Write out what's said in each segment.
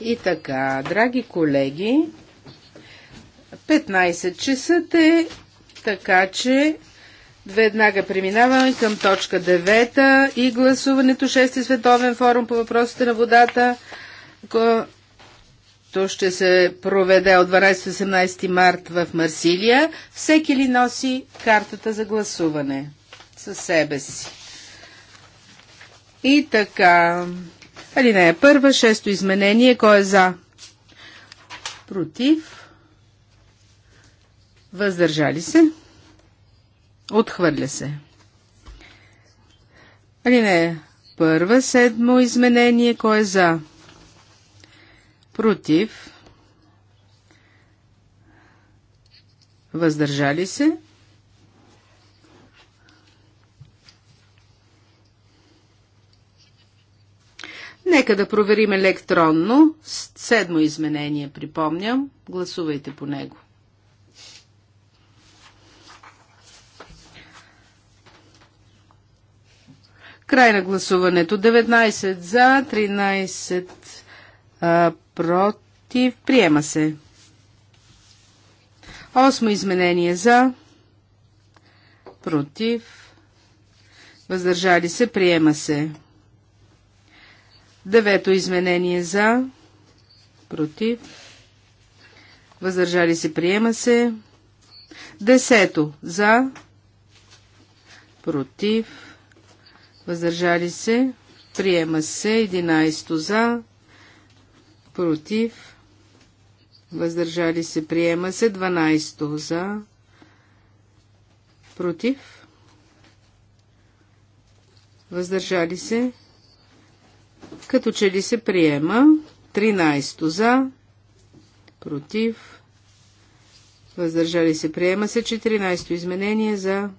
и така, драги колеги, 15 часа е, така че веднага преминаваме към точка 9 и гласуването 6 световен форум по въпросите на водата, който ще се проведе от 12-18 март в Марсилия. Всеки ли носи картата за гласуване със себе си? И така. Алинея първа, шесто изменение. Кой е за? Против. Въздържали се. Отхвърля се. Алинея първа, седмо изменение. Кой е за? Против. Въздържали се. Нека да проверим електронно. Седмо изменение, припомням. Гласувайте по него. Край на гласуването. 19 за, 13 а, против. Приема се. Осмо изменение за, против. Въздържали се. Приема се. Девето изменение за, против, въздържали се, приема се. Десето за, против, въздържали се, приема се. Единайсто за, против, въздържали се, приема се. Дванайсто за, против, въздържали се, като че ли се приема 13 за, против, въздържали се, приема се 14 изменение за,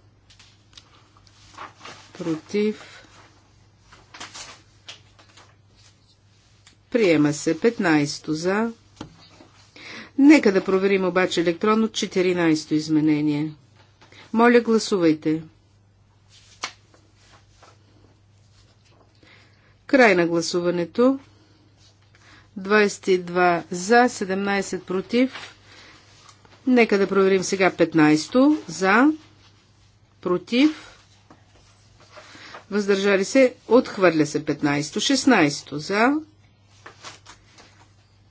против, приема се 15 за. Нека да проверим обаче електронно 14 изменение. Моля, гласувайте. Край на гласуването. 22 за, 17 против. Нека да проверим сега 15 за, против. Въздържали се, отхвърля се 15 16 за,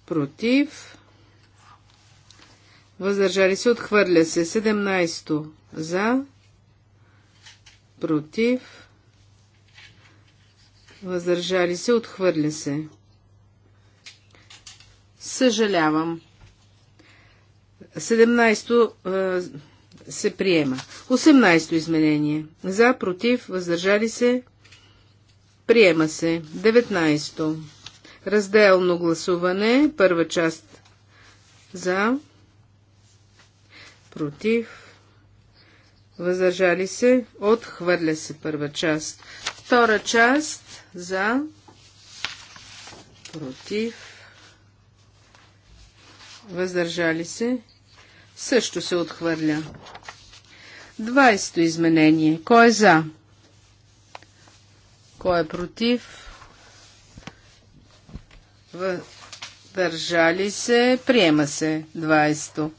против. Въздържали се, отхвърля се 17 за, против въздържали се, отхвърля се. Съжалявам. 17-то се приема. 18-то изменение. За, против, въздържали се, приема се. 19-то. Разделно гласуване. Първа част за, против, въздържали се, отхвърля се първа част. Втора част за, против, въздържали се, също се отхвърля. 20-то изменение. Кой е за? Кой е против? Въздържали се, приема се 20-то.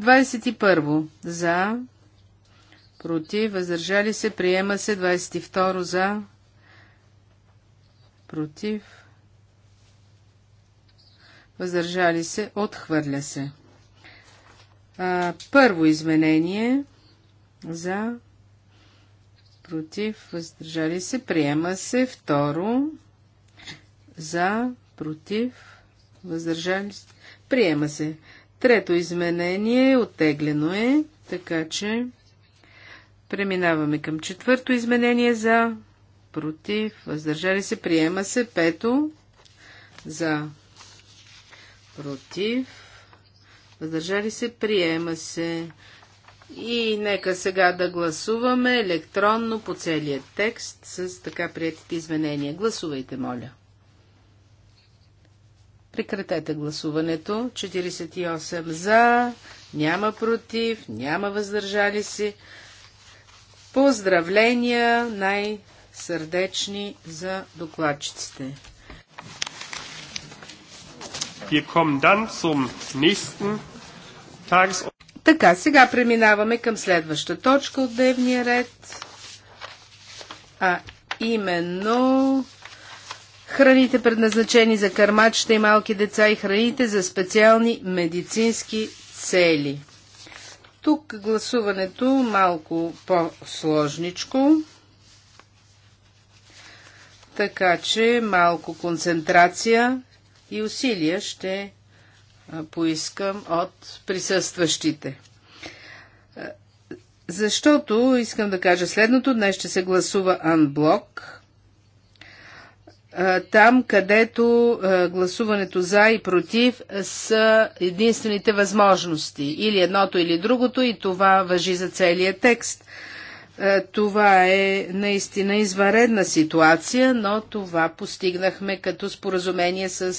21 за, против, въздържали се, приема се 22 за, против, въздържали се, отхвърля се. А, първо изменение за, против, въздържали се, приема се. Второ за, против, въздържали се, приема се. Трето изменение оттеглено е, така че преминаваме към четвърто изменение за против, въздържали се, приема се. Пето за, против, въздържали се, приема се. И нека сега да гласуваме електронно по целия текст с така приятите изменения. Гласувайте, моля. Прекратете гласуването. 48 за, няма против, няма въздържали се. Поздравления най- сърдечни за докладчиците. Така, сега преминаваме към следваща точка от дневния ред, а именно храните предназначени за кърмачета и малки деца и храните за специални медицински цели. Тук гласуването малко по-сложничко. Така че малко концентрация и усилия ще поискам от присъстващите. Защото искам да кажа следното. Днес ще се гласува анблок там, където гласуването за и против са единствените възможности. Или едното, или другото, и това въжи за целия текст. Е, това е наистина изваредна ситуация, но това постигнахме като споразумение с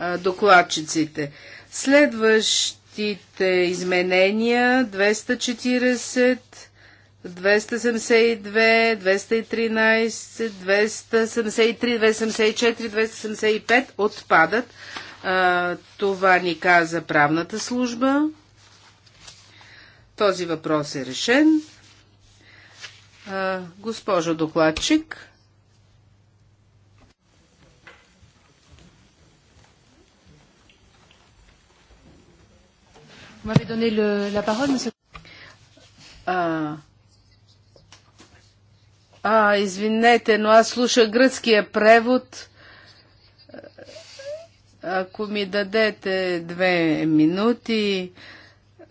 е, докладчиците. Следващите изменения 240, 272, 213, 273, 274, 275 отпадат. Е, това ни каза правната служба. Този въпрос е решен. Госпожо докладчик. А, а, извинете, но аз слушах гръцкия превод. Ако ми дадете две минути,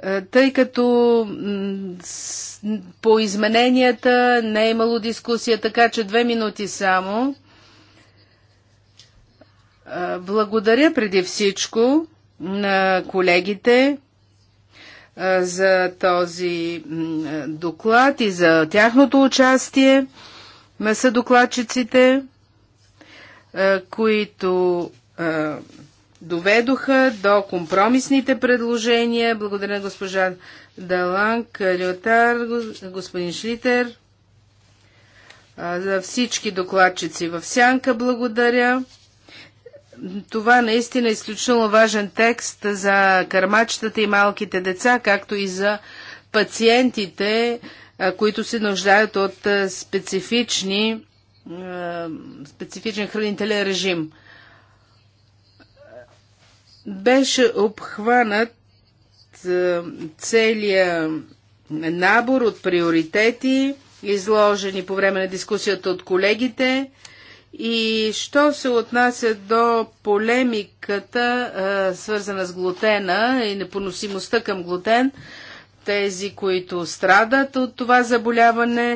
е, тъй като по измененията не е имало дискусия, така че две минути само. Е, благодаря преди всичко на колегите е, за този доклад и за тяхното участие са докладчиците, които доведоха до компромисните предложения. Благодаря госпожа Далан, Калиотар, господин Шлитер, за всички докладчици в Сянка. Благодаря. Това наистина е изключително важен текст за кармачетата и малките деца, както и за пациентите, които се нуждаят от специфични, специфичен хранителен режим беше обхванат е, целият набор от приоритети, изложени по време на дискусията от колегите. И що се отнася до полемиката, е, свързана с глутена и непоносимостта към глутен, тези, които страдат от това заболяване,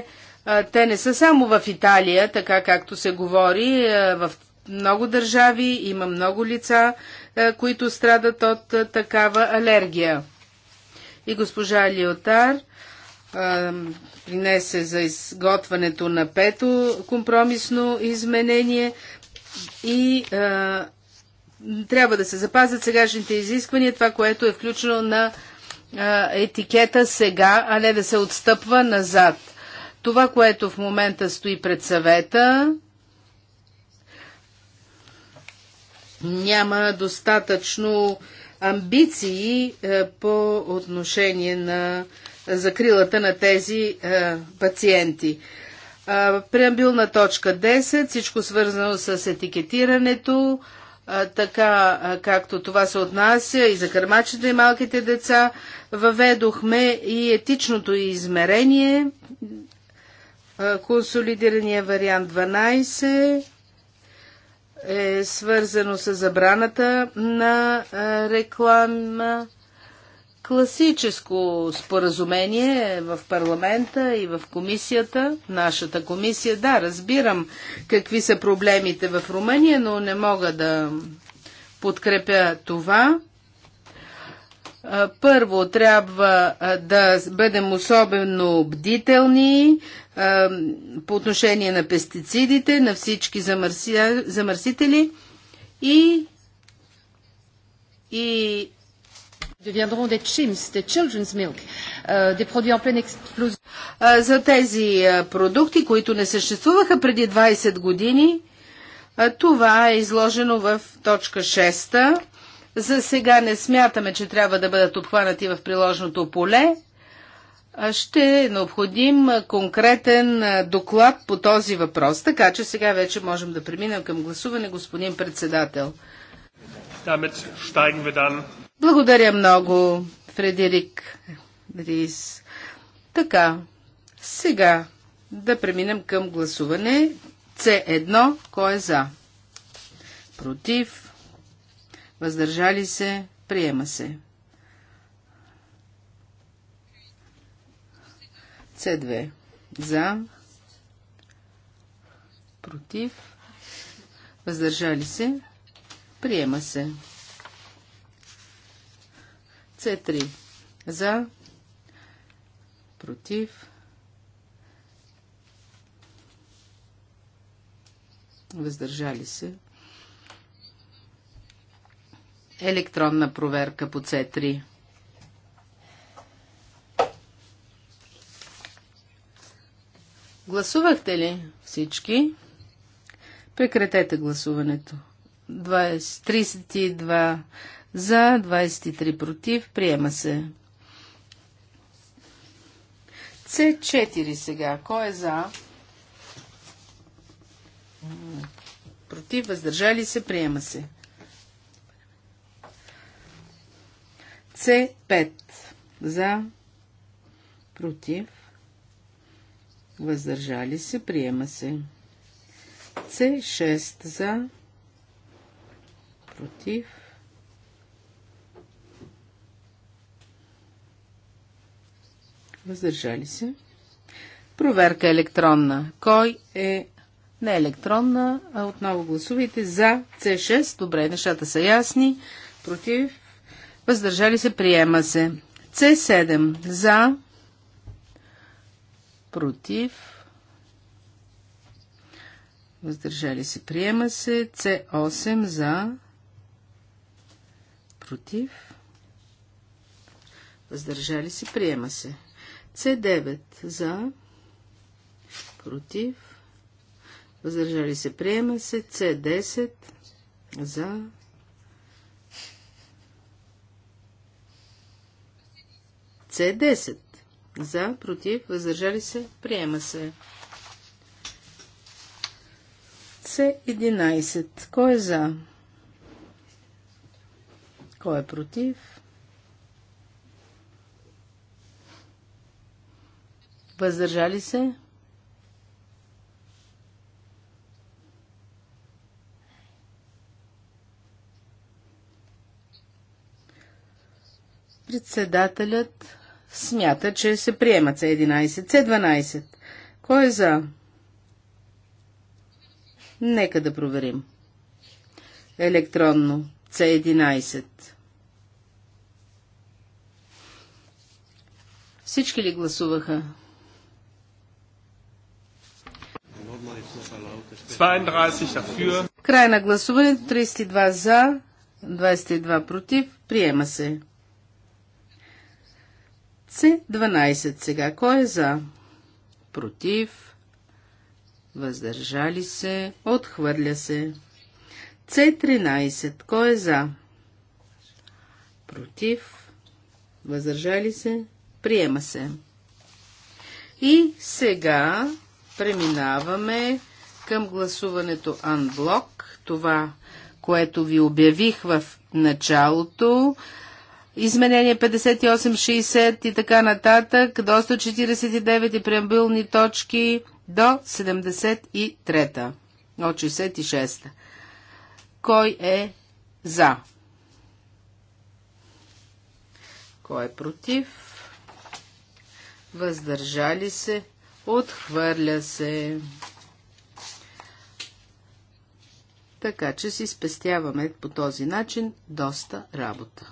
е, те не са само в Италия, така както се говори, в много държави има много лица, е, които страдат от е, такава алергия. И госпожа Лиотар е, принесе за изготвянето на пето компромисно изменение и а, трябва да се запазят сегашните изисквания, това, което е включено на а, етикета сега, а не да се отстъпва назад. Това, което в момента стои пред съвета, няма достатъчно амбиции е, по отношение на закрилата на тези е, пациенти. Е, преамбилна точка 10, всичко свързано с етикетирането, така както това се отнася и за кърмачите и малките деца, въведохме и етичното измерение, консолидирания вариант 12, е свързано с забраната на е, реклама. Класическо споразумение е в парламента и в комисията, нашата комисия. Да, разбирам какви са проблемите в Румъния, но не мога да подкрепя това. Първо, трябва да бъдем особено бдителни по отношение на пестицидите, на всички замърсители и, и deviendront des chimps, des children's milk, euh, des produits en pleine explosion. За тези продукти, които не съществуваха преди 20 години, това е изложено в точка 6 за сега не смятаме, че трябва да бъдат обхванати в приложното поле. Ще е необходим конкретен доклад по този въпрос, така че сега вече можем да преминем към гласуване, господин председател. Благодаря много, Фредерик Рис. Така, сега да преминем към гласуване. С1, кой е за? Против? въздържали се, приема се. С2. За, против, въздържали се, приема се. С3. За, против, въздържали се, електронна проверка по C3. Гласувахте ли всички? Прекратете гласуването. 20, 32 за, 23 против. Приема се. С4 сега. Кой е за? Против, въздържали се, приема се. С5 за, против, въздържали се, приема се. С6 за, против, въздържали се. Проверка електронна. Кой е не електронна, а отново гласувайте за С6. Добре, нещата са ясни. Против, въздържали се, приема се. С7 за, против, въздържали се, приема се. С8 за, против, въздържали се, приема се. С9 за, против, въздържали се, приема се. С10 за, против С 10 За, против, въздържали се, приема се. С 11 Кой е за? Кой е против? Въздържали се? Председателят смята, че се приема C11, C12. Кой е за? Нека да проверим. Електронно. C11. Всички ли гласуваха? 32 Край на гласуването. 32 за, 22 против. Приема се. С12 сега. Кой е за? Против. Въздържали се. Отхвърля се. С13. Кой е за? Против. Въздържали се. Приема се. И сега преминаваме към гласуването анблок. Това, което ви обявих в началото, Изменение 58, 60 и така нататък до 149 и преамбилни точки до 73 от 66. Кой е за? Кой е против? Въздържали се? Отхвърля се. Така че си спестяваме по този начин доста работа.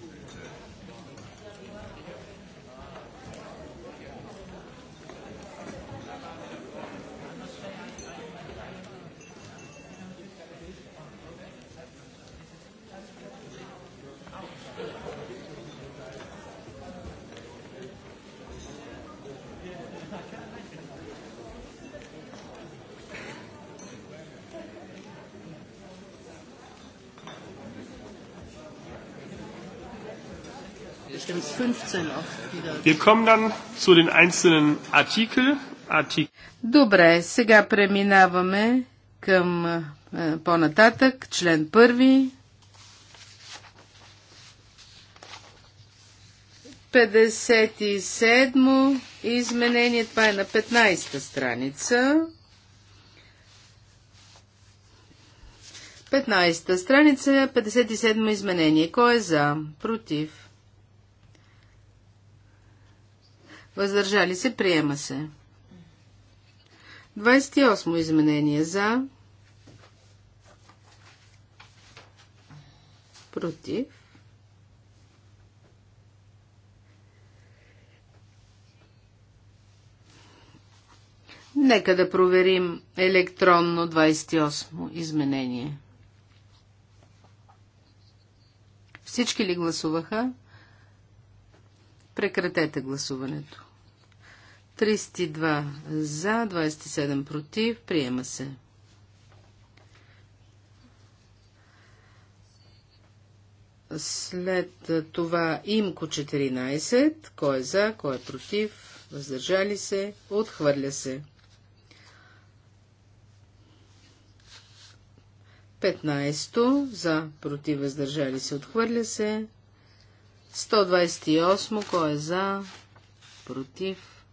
Wir kommen dann zu den einzelnen Artikel. Artik... Добре, сега преминаваме към е, по-нататък, член първи. 57 изменение, това е на 15-та страница. 15-та страница, 57 изменение. Кой е за? Против? Въздържали се, приема се. 28 изменение за. Против. Нека да проверим електронно 28 изменение. Всички ли гласуваха? Прекратете гласуването. 32 за, 27 против. Приема се. След това имко 14. Кой е за, кой е против? Въздържали се? Отхвърля се. 15. За, против, въздържали се, отхвърля се. 128. Кой е за? Против.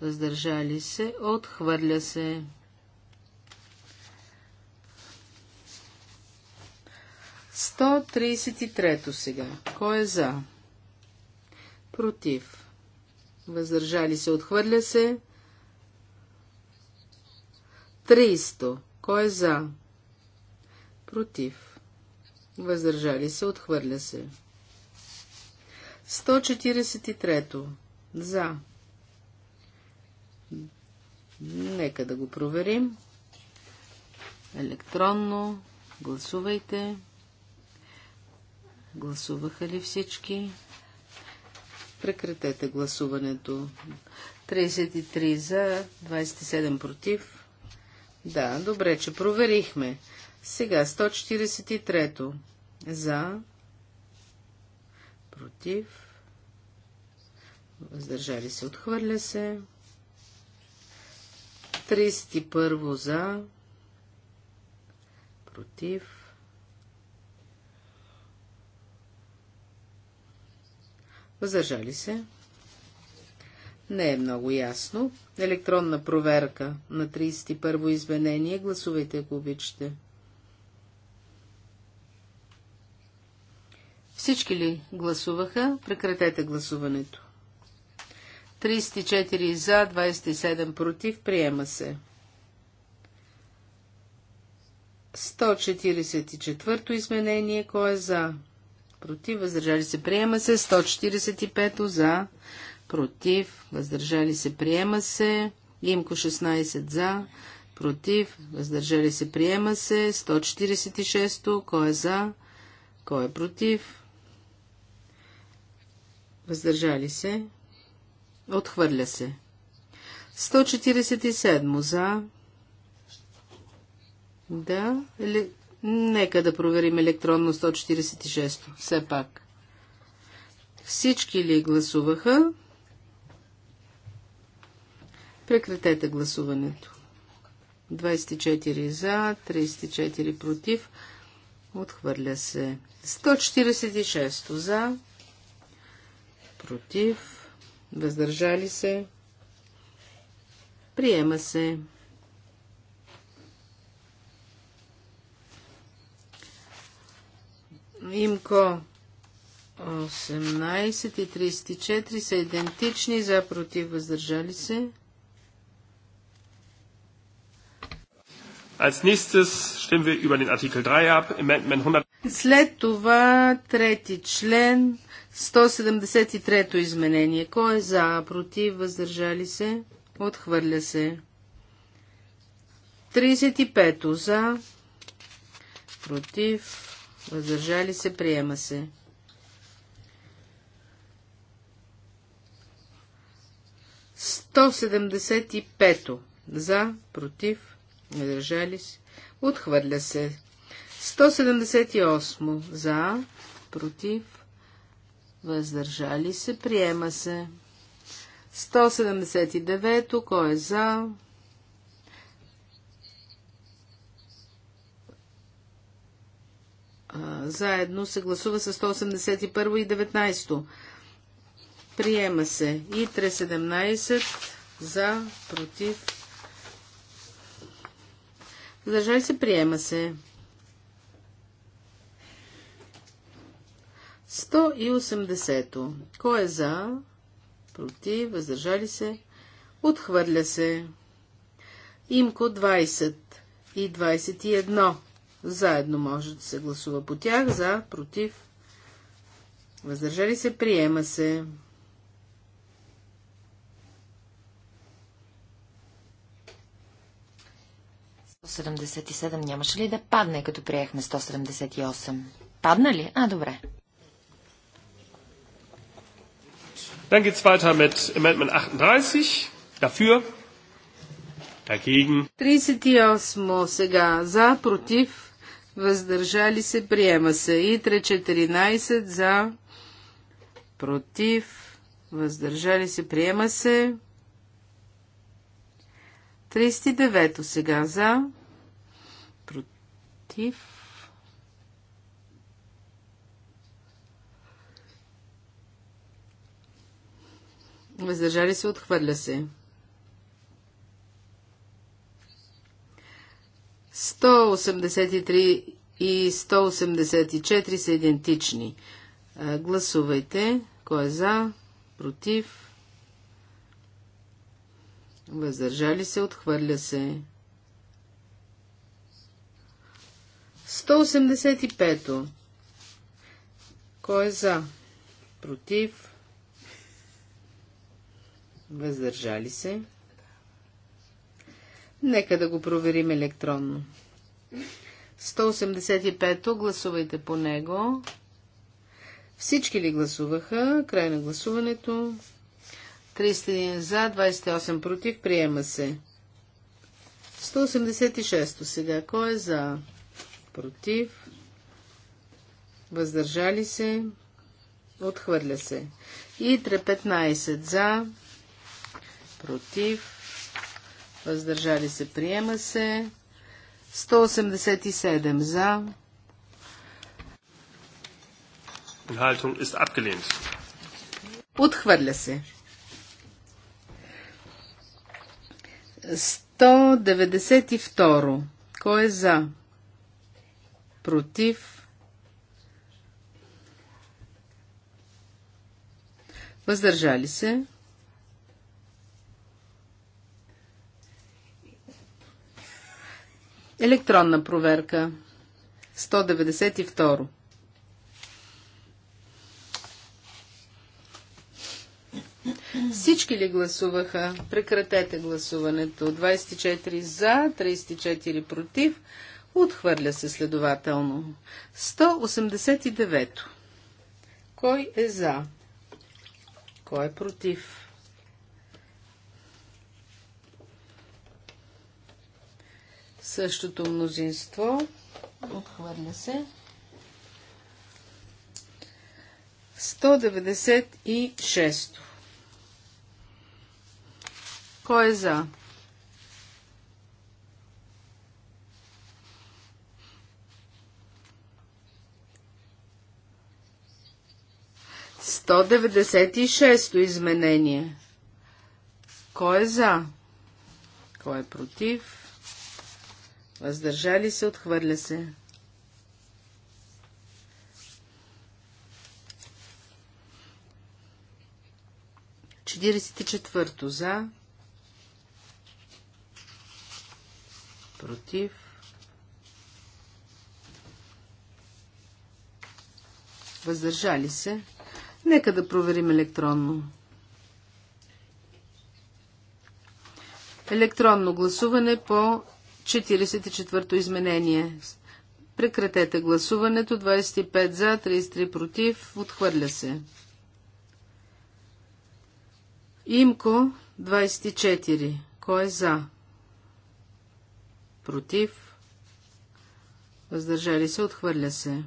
Въздържали се. Отхвърля се. Сто трето сега. Кой е за? Против. Въздържали се. Отхвърля се. 300. Кой е за? Против. Въздържали се. Отхвърля се. 143. За. Нека да го проверим. Електронно. Гласувайте. Гласуваха ли всички? Прекратете гласуването. 33 за, 27 против. Да, добре, че проверихме. Сега 143 За, против, въздържали се, отхвърля се. 31 за, против, въздържали се. Не е много ясно. Електронна проверка на 31 изменение. Гласувайте, ако обичате. Всички ли гласуваха? Прекратете гласуването. 34 за, 27 против. Приема се. 144 изменение. Кой е за? Против. Въздържали се. Приема се. 145 за. Против. Въздържали се. Приема се. Имко 16 за. Против. Въздържали се. Приема се. 146. Кой е за? Кой е против? въздържали се, отхвърля се. 147 за. Да, еле... нека да проверим електронно 146, все пак. Всички ли гласуваха? Прекратете гласуването. 24 за, 34 против. Отхвърля се. 146 за, против, въздържали се, приема се. Имко 18 и 34 са идентични, за против, въздържали се. Als nächstes stimmen wir über den Artikel 3 ab, Amendment 100. След това трети член 173-то изменение. Кой е за, против, въздържали се, отхвърля се. 35-то за, против, въздържали се, приема се. Сто седемдесет и пето. За, против, въздържали се, отхвърля се. Сто седемдесет и осмо. За, против, въздържали се, приема се. 179-то, кой е за? Заедно се гласува с 181 и 19. Приема се. И 317 за, против. Въздържали се, приема се. 180. Кой е за? Против? Въздържали се? Отхвърля се. Имко 20 и 21. Заедно може да се гласува по тях. За? Против? Въздържали се? Приема се. По 77 нямаше ли да падне, като приехме 178? Падна ли? А, добре. Dann geht es weiter mit Amendment 38. Dafür. Dagegen. 38 сега. За, против, въздържали се, приема се. Итре 14 за, против, въздържали се, приема се. 39 сега за, против, Въздържали се, отхвърля се. 183 и 184 са идентични. Гласувайте. Кой е за? Против? Въздържали се, отхвърля се. 185. Кой е за? Против? въздържали се. Нека да го проверим електронно. 185-то, гласувайте по него. Всички ли гласуваха? Край на гласуването. 31 за, 28 против, приема се. 186 сега. Кой е за? Против. Въздържали се. Отхвърля се. И 315 за против, въздържали се, приема се. 187 за. Enthaltung ist abgelehnt. Отхвърля се. 192. Кой е за? Против? Въздържали се? Електронна проверка. 192. Всички ли гласуваха? Прекратете гласуването. 24 за, 34 против. Отхвърля се следователно. 189. Кой е за? Кой е против? Същото мнозинство. Отхвърля се. 196. Кой е за? Сто деветдесет и шесто изменение. Кой е за? Кой е против? въздържали се, отхвърля се. Четиридесет и четвърто за, против, въздържали се. Нека да проверим електронно. Електронно гласуване по 44-то изменение. Прекратете гласуването. 25 за, 33 против. Отхвърля се. Имко 24. Кой е за? Против. Въздържали се. Отхвърля се.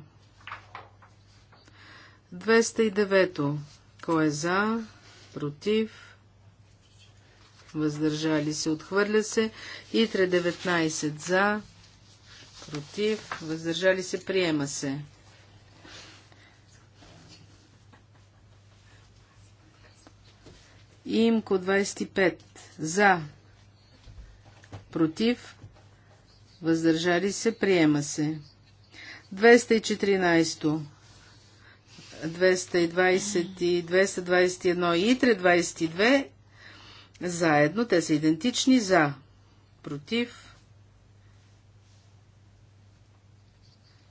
209. Кой е за? Против въздържали се, отхвърля се. Итре 19 за, против, въздържали се, приема се. Имко 25 за, против, въздържали се, приема се. 214 220 и 221 и 322 заедно те са идентични за, против,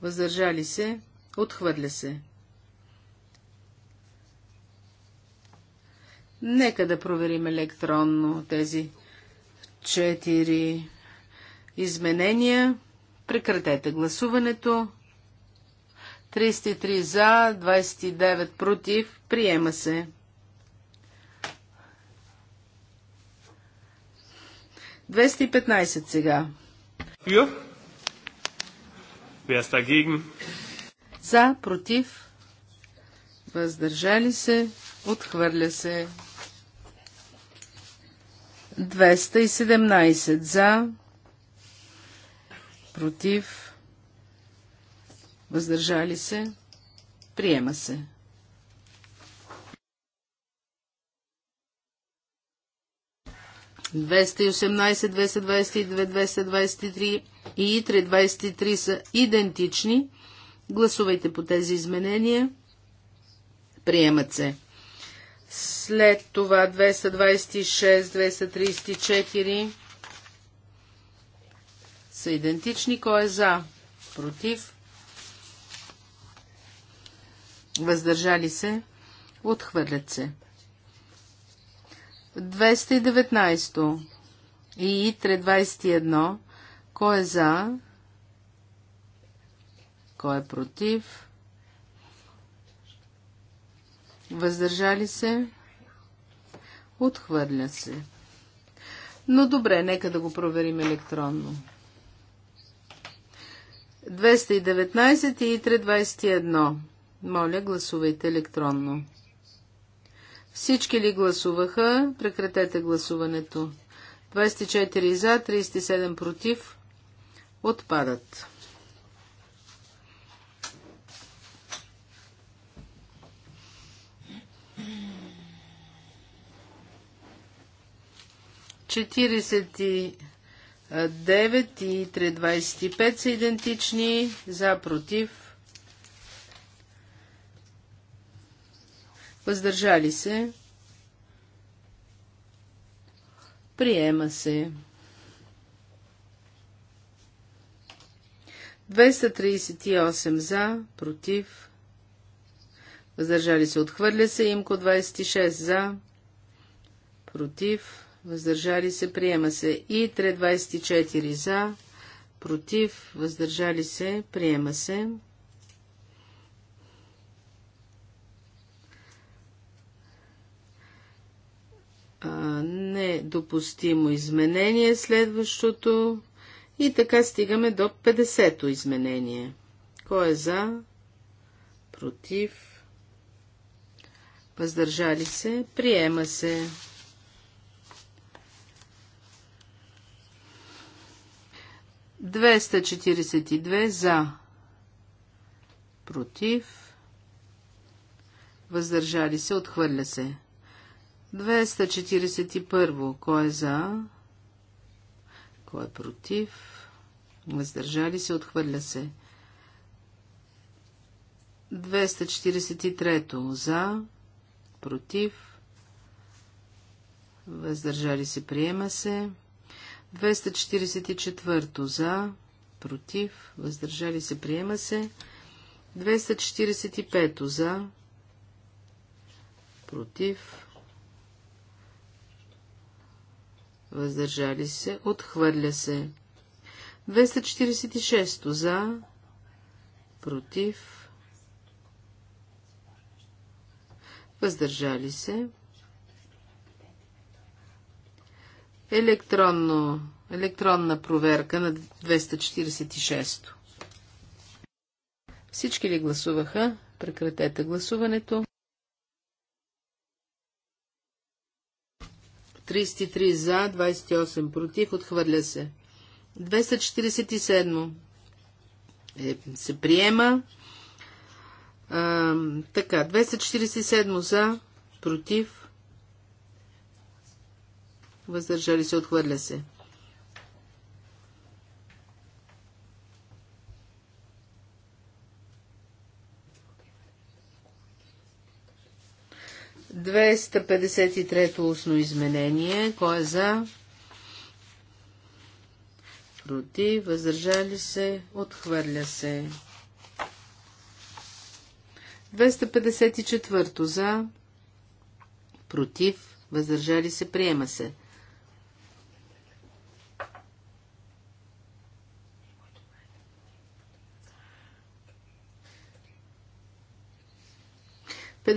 въздържали се, отхвърля се. Нека да проверим електронно тези четири изменения. Прекратете гласуването. 33 за, 29 против. Приема се. 215 сега. Wer ist dagegen? За, против, въздържали се, отхвърля се. 217 за, против, въздържали се, приема се. 218, 222, 223 и 323 са идентични. Гласувайте по тези изменения. Приемат се. След това 226, 234 са идентични. Кой е за? Против? Въздържали се? Отхвърлят се. 219 и ИТРЕ 21. Кой е за? Кой е против? Въздържали се? Отхвърля се. Но добре, нека да го проверим електронно. 219 и 321. Моля, гласувайте електронно. Всички ли гласуваха? Прекратете гласуването. 24 за, 37 против. Отпадат. Четиридесет и девет и пет са идентични, за, против, въздържали се, приема се. 238 за, против, въздържали се, отхвърля се, имко 26 за, против, въздържали се, приема се и 324 за, против, въздържали се, приема се. недопустимо изменение следващото и така стигаме до 50-то изменение. Кой е за? Против? Въздържали се? Приема се. Двеста четиридесет и две за. Против? Въздържали се? Отхвърля се. 241. Кой е за? Кой е против? Въздържали се, отхвърля се. 243. За, против, въздържали се, приема се. 244. За, против, въздържали се, приема се. 245. За, против, въздържали се, отхвърля се. 246 за, против, въздържали се. Електронно, електронна проверка на 246. Всички ли гласуваха? Прекратете гласуването. 33 за, 28 против, отхвърля се. 247 е, се приема. А, така, 247 за, против, въздържали се, отхвърля се. 253-то устно изменение. Кой е за? Против. Въздържали се. Отхвърля се. 254-то за. Против. Въздържали се. Приема се. 255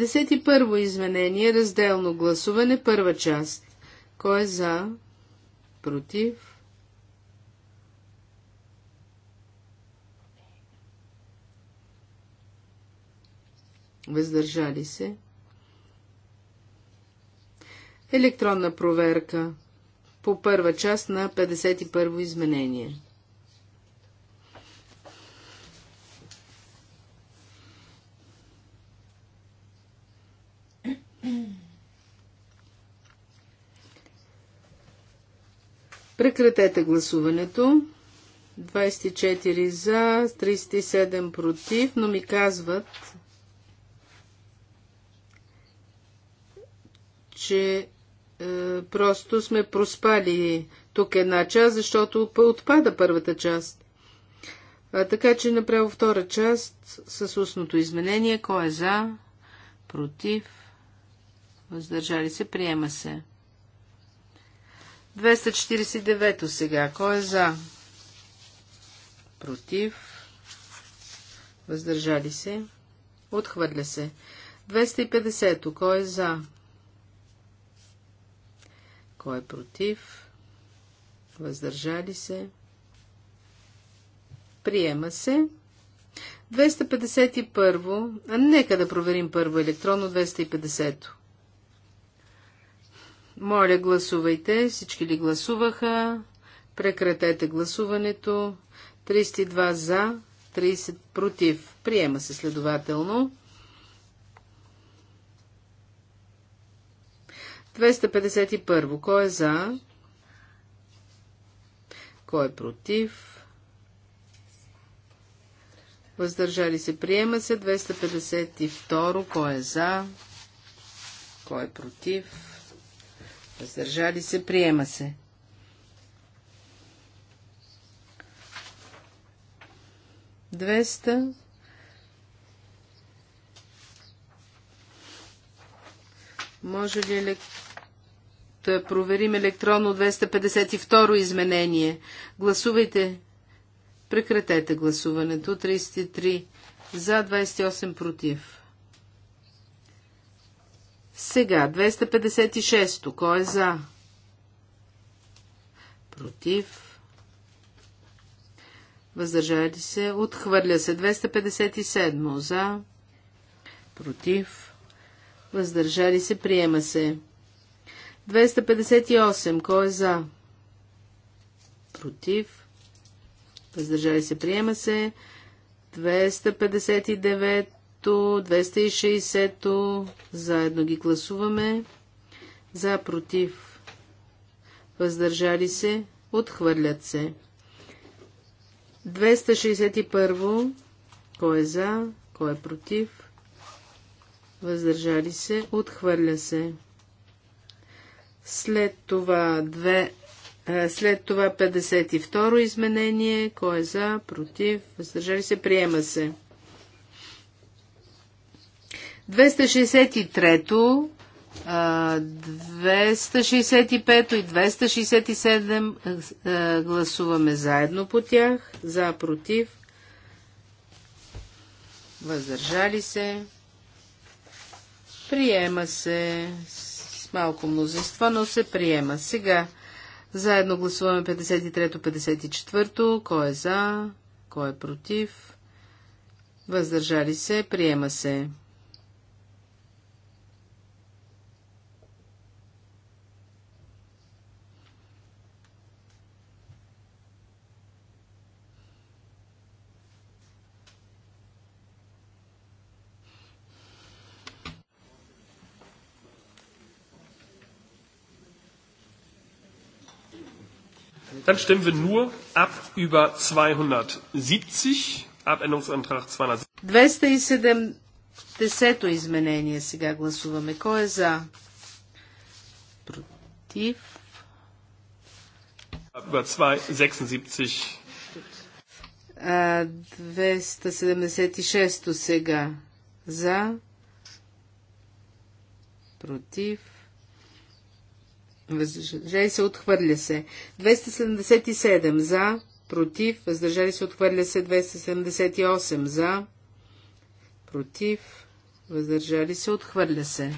51-во изменение, разделно гласуване, първа част. Кой е за? Против? Въздържали се? Електронна проверка по първа част на 51-во изменение. Прекратете гласуването. 24 за, 37 против, но ми казват, че е, просто сме проспали тук една част, защото отпада първата част. А, така че направо втора част с устното изменение. Кой е за? Против? Въздържали се? Приема се. 249 сега. Кой е за? Против. Въздържали се. Отхвърля се. 250 Кой е за? Кой е против? Въздържали се. Приема се. 251. А нека да проверим първо електронно 250. Моля, гласувайте. Всички ли гласуваха? Прекратете гласуването. 32 за, 30 против. Приема се следователно. 251. Кой е за? Кой е против? Въздържали се. Приема се. 252. Кой е за? Кой е против? Въздържали се, приема се. Двеста. Може ли елек... да проверим електронно 252 изменение? Гласувайте. Прекратете гласуването. 33 за, 28 против. Сега, 256-то. Кой е за? Против. Въздържали се. Отхвърля се. 257 за. Против. Въздържали се. Приема се. 258. Кой е за? Против. Въздържали се. Приема се. 259 260-то, заедно ги гласуваме. За, против, въздържали се, отхвърлят се. 261. Кой е за, кой е против? Въздържали се, отхвърля се. След това, две, е, след това 52 изменение. Кой е за, против? Въздържали се, приема се. 263-то, 265 и 267 гласуваме заедно по тях. За, против. Въздържали се. Приема се с малко мнозинство, но се приема. Сега заедно гласуваме 53-то, 54-то. Кой е за? Кой е против? Въздържали се. Приема се. Dann stimmen wir nur ab über 270, Abänderungsantrag 270. 270 Über 276. 276 сега. За? Против? въздържали се, отхвърля се. 277 за, против, въздържали се, отхвърля се. 278 за, против, въздържали се, отхвърля се.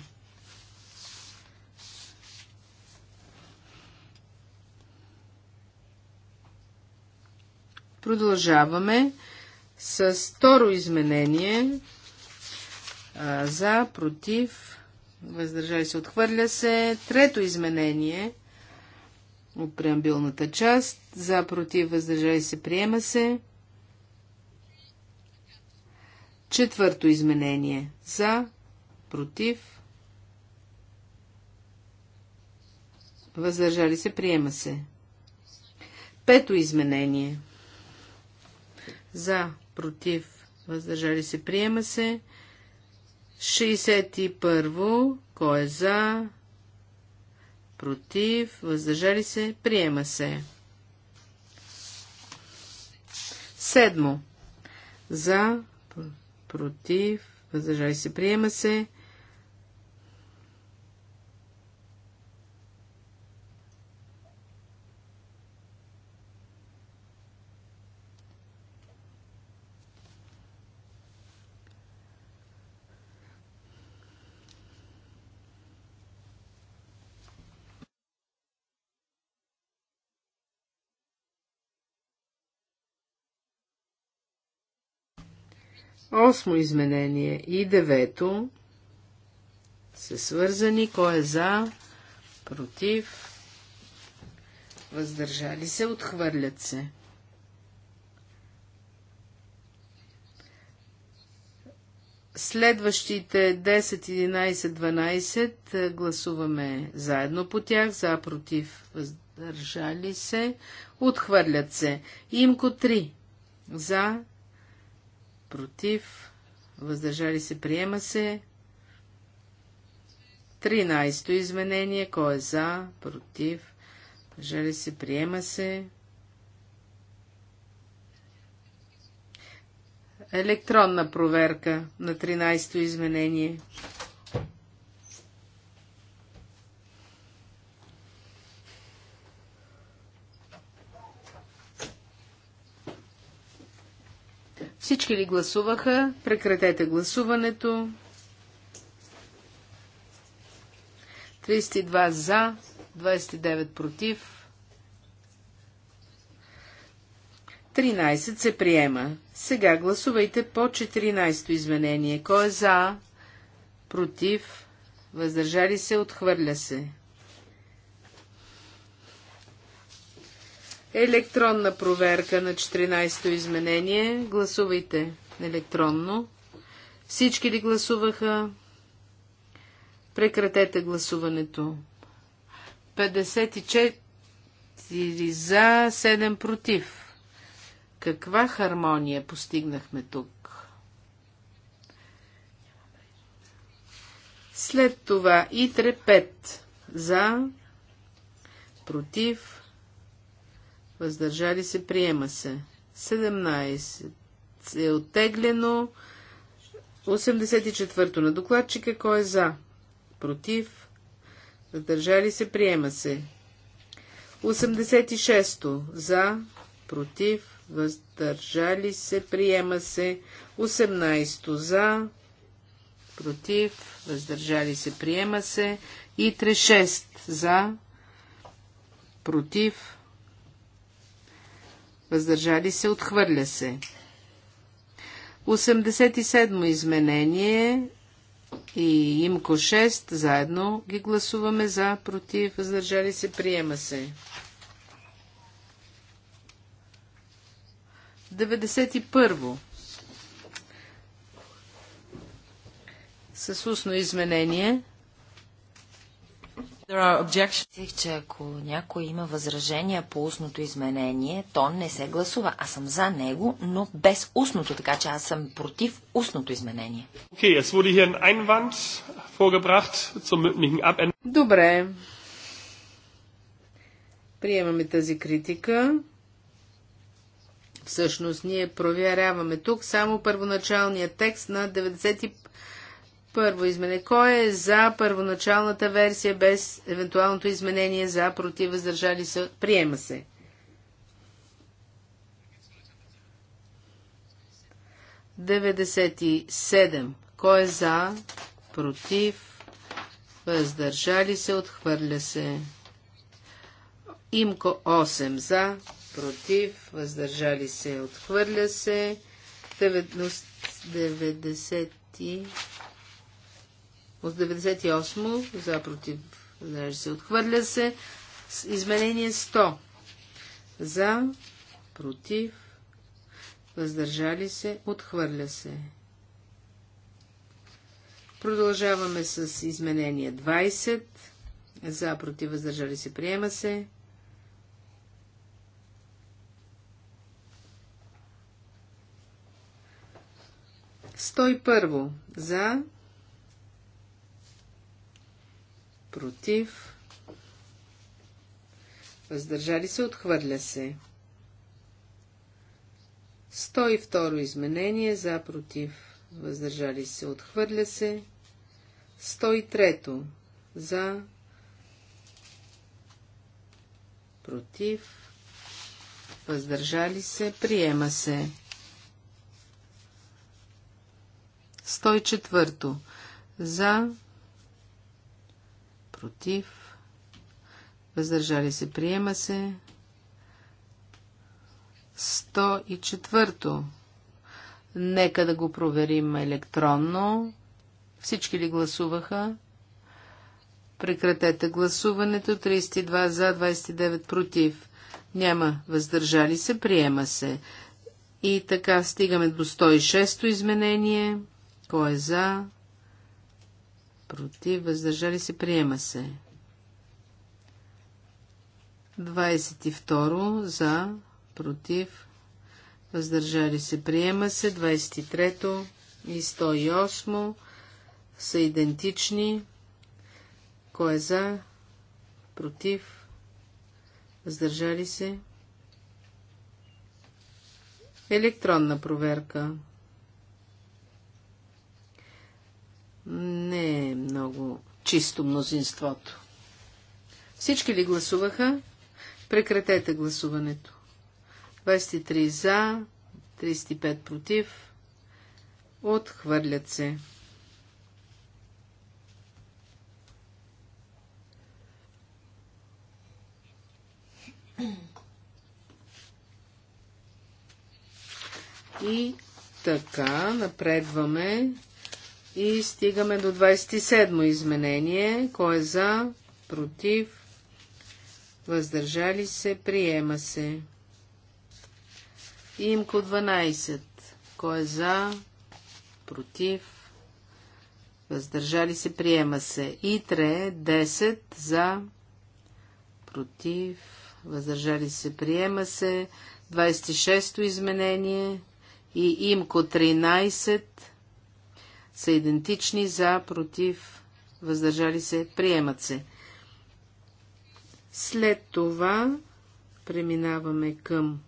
Продължаваме с второ изменение за, против, въздържали се, отхвърля се. Трето изменение от преамбилната част, за, против, въздържали се, приема се. Четвърто изменение, за, против, въздържали се, приема се. Пето изменение, за, против, въздържали се, приема се. 61. Кой е за? Против? Въздържали се? Приема се. Седмо. За? Против? Въздържали се? Приема се. Осмо изменение и девето са свързани. Кой е за? Против? Въздържали се? Отхвърлят се. Следващите 10, 11, 12 гласуваме заедно по тях, за, против, въздържали се, отхвърлят се. Имко 3, за, против, въздържали се, приема се. 13-то изменение, кой е за, против, въздържали се, приема се. Електронна проверка на 13-то изменение. Всички ли гласуваха? Прекратете гласуването. 32 за, 29 против. 13 се приема. Сега гласувайте по 14-то изменение. Кой е за? Против? Въздържали се? Отхвърля се. Електронна проверка на 14-то изменение. Гласувайте електронно. Всички ли гласуваха? Прекратете гласуването. 54 за, 7 против. Каква хармония постигнахме тук? След това и трепет за, против, въздържали се, приема се. 17 е оттеглено. 84 на докладчика, кой е за? Против, въздържали се, приема се. 86 за, против, въздържали се, приема се. 18 за, против, въздържали се, приема се. И 36 за, против, въздържали се, отхвърля се. 87 изменение и имко 6, заедно ги гласуваме за, против, въздържали се, приема се. 91. С устно изменение Обсих, че ако някой има възражения по устното изменение, то не се гласува. Аз съм за него, но без устното, така че аз съм против устното изменение. Okay, Добре. Приемаме тази критика. Всъщност ние проверяваме тук само първоначалния текст на 95 първо измене. Кой е за първоначалната версия без евентуалното изменение за против въздържали се? Приема се. Деведесет седем. Кой е за? Против? Въздържали се? Отхвърля се. Имко 8 за, против, въздържали се, отхвърля се. 90... 90... От 98 за против въздържали се. Отхвърля се. Изменение 100 за против въздържали се. Отхвърля се. Продължаваме с изменение 20. За, против, въздържали се, приема се. Стой първо. За, против, въздържали се, отхвърля се. 102 изменение за против, въздържали се, отхвърля се. 103 за против, въздържали се, приема се. 104 за против, въздържали се, приема се. 104. Нека да го проверим електронно. Всички ли гласуваха? Прекратете гласуването. 32 за, 29 против. Няма въздържали се, приема се. И така стигаме до 106-то изменение. Кой е за? против, въздържали се, приема се. 22 за, против, въздържали се, приема се. 23 и 108 са идентични. Кой е за, против, въздържали се. Електронна проверка. Не е много чисто мнозинството. Всички ли гласуваха? Прекратете гласуването. 23 за, 35 против. Отхвърлят се. И така, напредваме и стигаме до 27 изменение. Кой е за? Против? Въздържали се? Приема се. Имко 12. Кой е за? Против? Въздържали се? Приема се. Итре 10 за? Против? Въздържали се? Приема се. 26-то изменение. И имко 13 са идентични за, против, въздържали се, приемат се. След това преминаваме към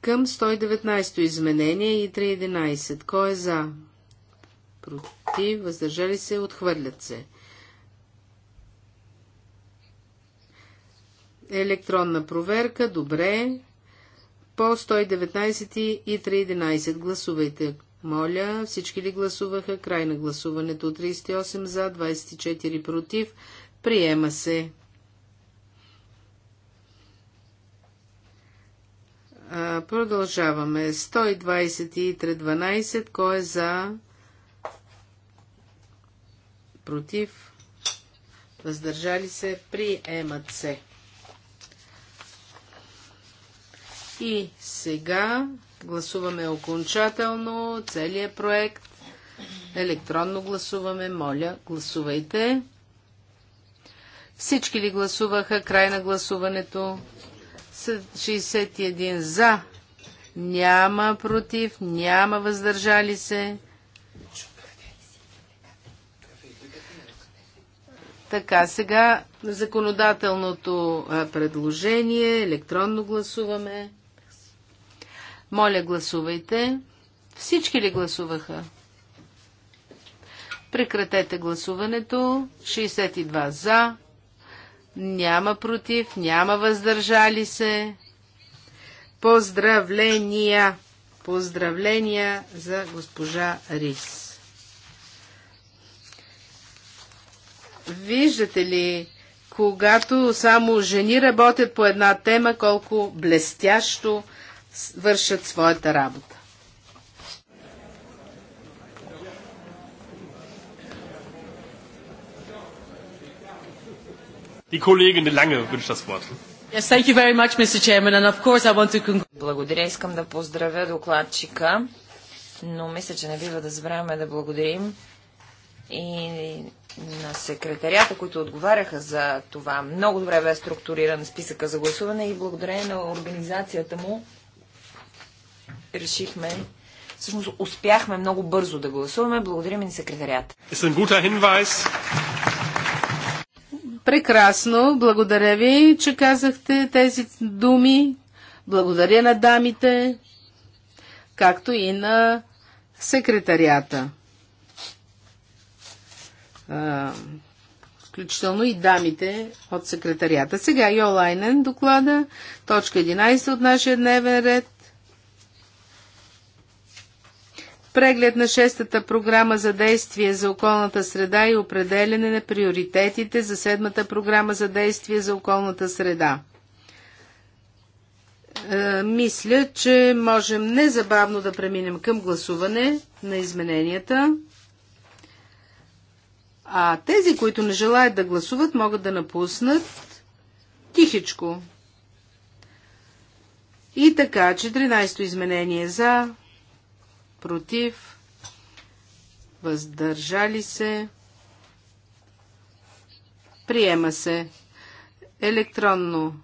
към 119 изменение и 3.11. Кой е за? Против, въздържали се, отхвърлят се. Електронна проверка, добре. По 119 и 311 гласувайте. Моля, всички ли гласуваха? Край на гласуването. 38 за, 24 против. Приема се. Продължаваме. 123-12. Кой е за? Против? Въздържали се? Приемат се. И сега гласуваме окончателно целият проект. Електронно гласуваме. Моля, гласувайте. Всички ли гласуваха? Край на гласуването. 61 за. Няма против, няма въздържали се. Така, сега законодателното предложение, електронно гласуваме. Моля, гласувайте. Всички ли гласуваха? Прекратете гласуването. 62 за. Няма против, няма въздържали се. Поздравления! Поздравления за госпожа Рис. Виждате ли, когато само жени работят по една тема, колко блестящо вършат своята работа. Die Kollegin Lange wünscht das Wort. Yes, thank you very much, Mr. Chairman, and of course I want to Благодаря, искам да поздравя докладчика, но мисля, че не бива да забравяме да благодарим и на секретарията, които отговаряха за това. Много добре бе структуриран списъка за гласуване и благодарение на организацията му решихме, всъщност успяхме много бързо да гласуваме. Благодарим ни секретарията. Прекрасно, благодаря ви, че казахте тези думи. Благодаря на дамите, както и на секретарията. включително и дамите от секретарията. Сега Йолайнен доклада, точка 11 от нашия дневен ред. преглед на шестата програма за действие за околната среда и определене на приоритетите за седмата програма за действие за околната среда. Е, мисля, че можем незабавно да преминем към гласуване на измененията. А тези, които не желаят да гласуват, могат да напуснат тихичко. И така, 14-то изменение за против, въздържали се, приема се. Електронно,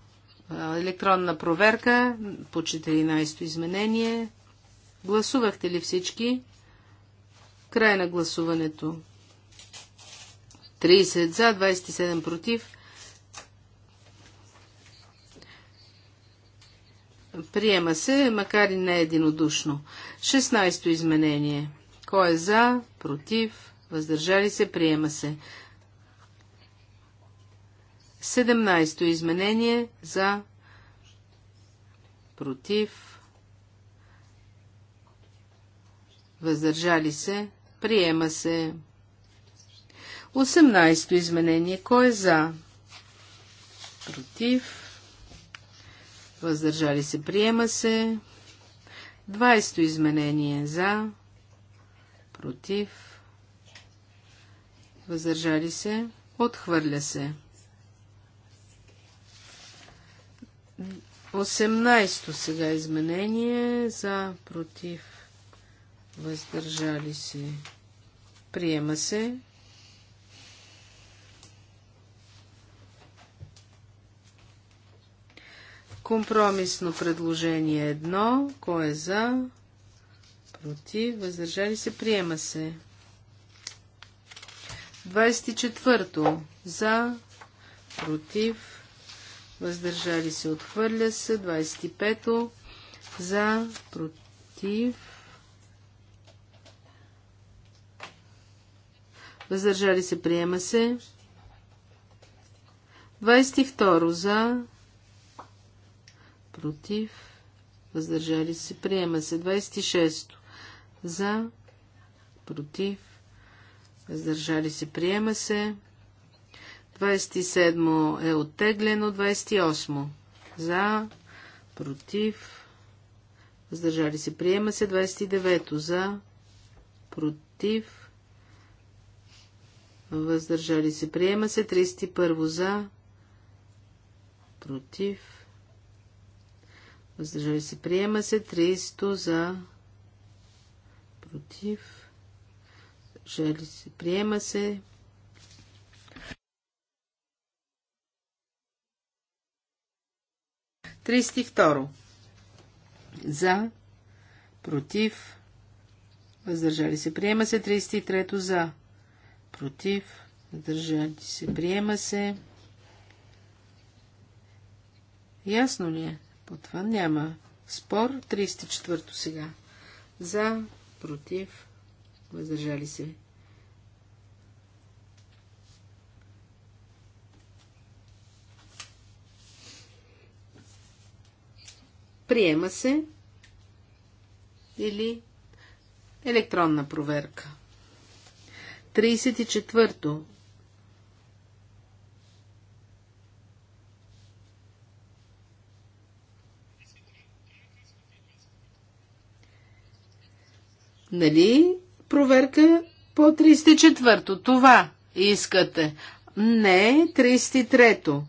електронна проверка по 14-то изменение. Гласувахте ли всички? Край на гласуването. 30 за, 27 против. Приема се, макар и не единодушно. 16-то изменение. Кой е за, против, въздържали се, приема се. 17-то изменение за, против, въздържали се, приема се. 18-то изменение. Кой е за, против, въздържали се, приема се. 20-то изменение за, против, въздържали се, отхвърля се. 18-то сега изменение за, против, въздържали се, приема се. Компромисно предложение едно. Кой е за? Против. Въздържали се. Приема се. 24. За. Против. Въздържали се. Отхвърля се. 25. За. Против. Въздържали се. Приема се. 22. За против, въздържали се, приема се. 26 за, против, въздържали се, приема се. 27 е оттеглено, 28 за, против, въздържали се, приема се. 29 за, против, въздържали се, приема се. 31 за, против, Въздържали се. Приема се 300 за. Против. Въздържали се. Приема се. Тристи второ. За. Против. Въздържали се. Приема се. 33 за. Против. Въздържали се. Приема се. Ясно ли е? По това няма спор. 34-то сега. За, против, въздържали се. Приема се или електронна проверка. 34-то Нали? Проверка по 34-то. Това искате. Не, 33-то.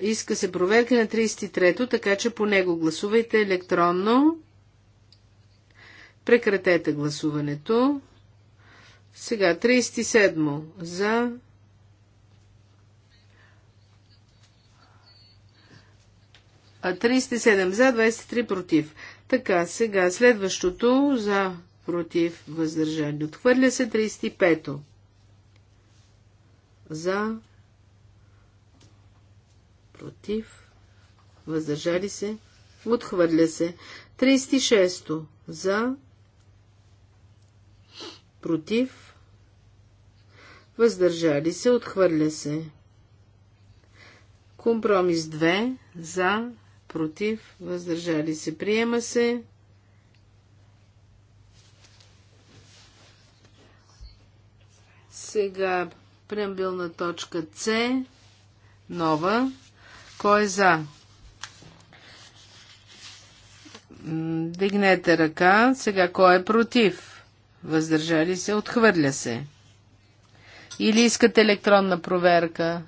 Иска се проверка на 33-то, така че по него гласувайте електронно. Прекратете гласуването. Сега 37 за а 37 за, 23 против. Така, сега следващото за против, въздържани. Отхвърля се 35-то. За, против, въздържали се, отхвърля се. 36-то. За, против, въздържали се, отхвърля се. Компромис 2. За, против, въздържали се, приема се. Сега преамбилна точка С, нова. Кой е за? Дигнете ръка. Сега кой е против? Въздържали се? Отхвърля се. Или искате електронна проверка?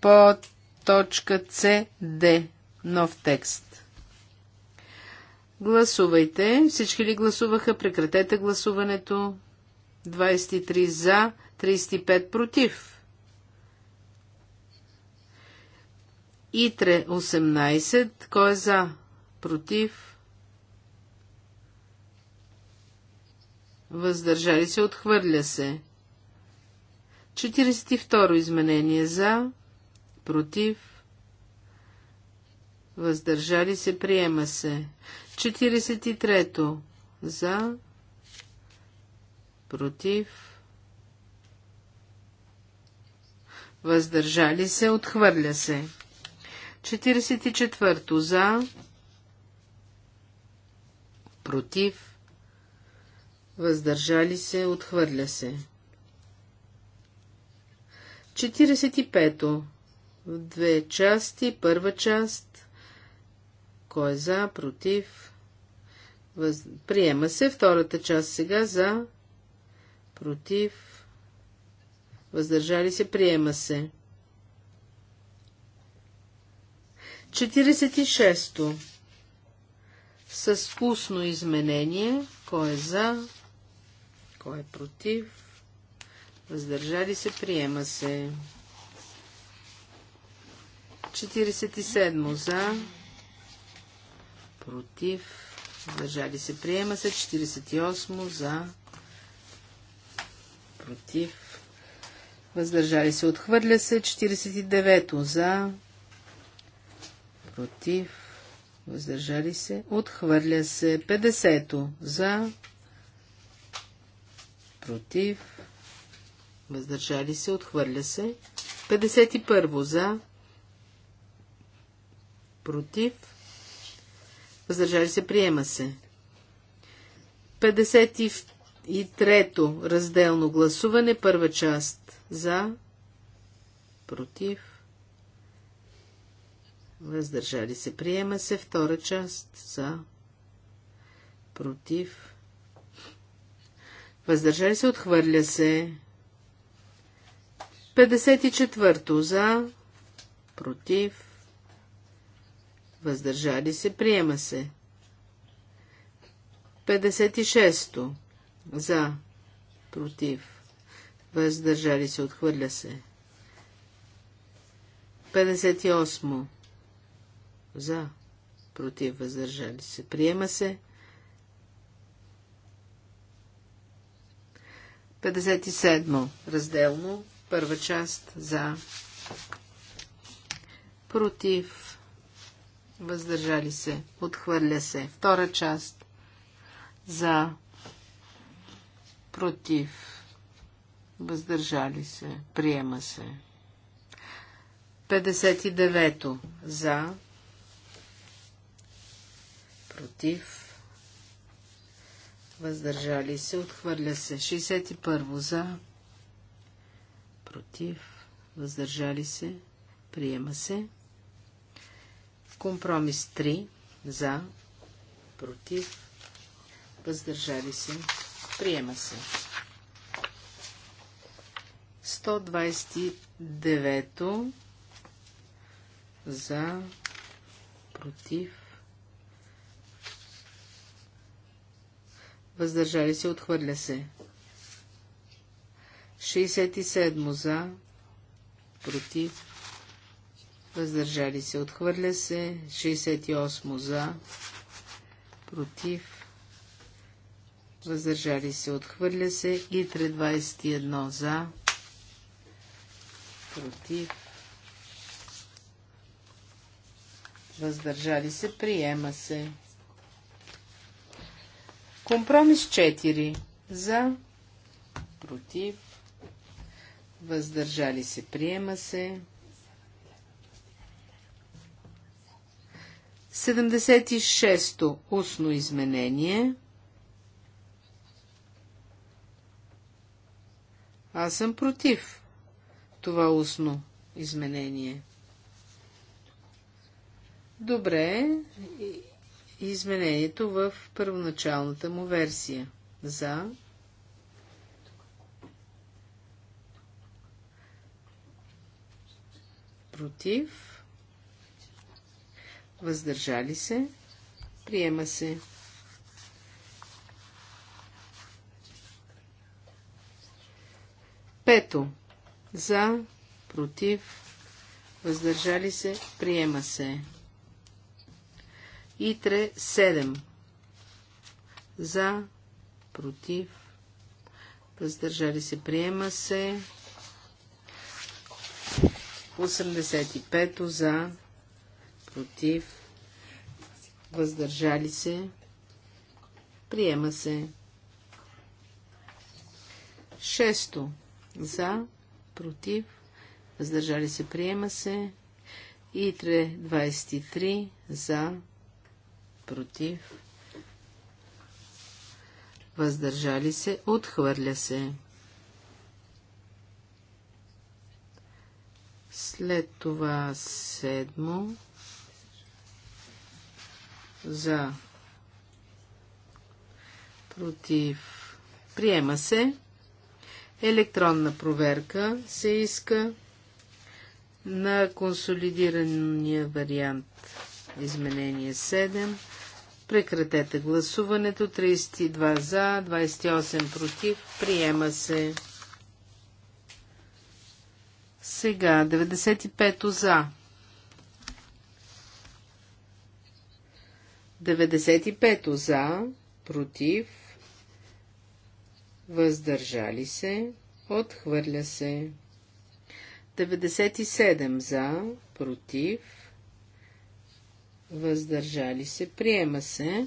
По точка С, Д. Нов текст. Гласувайте. Всички ли гласуваха? Прекратете гласуването. 23 за, 35 против. Итре 18. Кой е за? Против. Въздържали се, отхвърля се. 42 изменение за, против, въздържали се, приема се. 43 за, против, въздържали се, отхвърля се. 44 за, против, въздържали се, отхвърля се. 45 то в две части, първа част, кой е за, против, въз... приема се, втората част сега за, против, въздържали се, приема се. 46-то с устно изменение, кой е за, кой е против, въздържали се, приема се. 47 за, против, въздържали се, приема се. 48 за, против, въздържали се, отхвърля се. 49-то за, против, въздържали се, отхвърля се. 50-то за, против, въздържали се, отхвърля се. 51 за, против, въздържали се, приема се. И трето, разделно гласуване, първа част. За, против, въздържали се. Приема се втора част. За, против, въздържали се, отхвърля се. 54-то за, против, въздържали се, приема се. 56-то за. Против. Въздържали се. Отхвърля се. 58. За. Против. Въздържали се. Приема се. 57. Разделно. Първа част. За. Против. Въздържали се. Отхвърля се. Втора част. За против, въздържали се, приема се. 59-то за, против, въздържали се, отхвърля се. 61-во за, против, въздържали се, приема се. Компромис 3 за, против, въздържали се, Приема се. 129 за против. Въздържали се, отхвърля се. 67 за против. Въздържали се, отхвърля се. 68 за против въздържали се, отхвърля се. И 321 за, против, въздържали се, приема се. Компромис 4 за, против, въздържали се, приема се. 76-то устно изменение Аз съм против това устно изменение. Добре, изменението в първоначалната му версия. За. Против. Въздържали се. Приема се. Пето. За, против, въздържали се, приема се. Итре 7. За, против, въздържали се, приема се. 85 за, против, въздържали се, приема се. Шесто за, против, въздържали се, приема се. И 3, 23 за, против, въздържали се, отхвърля се. След това седмо за против. Приема се. Електронна проверка се иска на консолидирания вариант изменение 7. Прекратете гласуването. 32 за, 28 против. Приема се. Сега 95 за. 95 за, против въздържали се, отхвърля се. 97 за, против, въздържали се, приема се.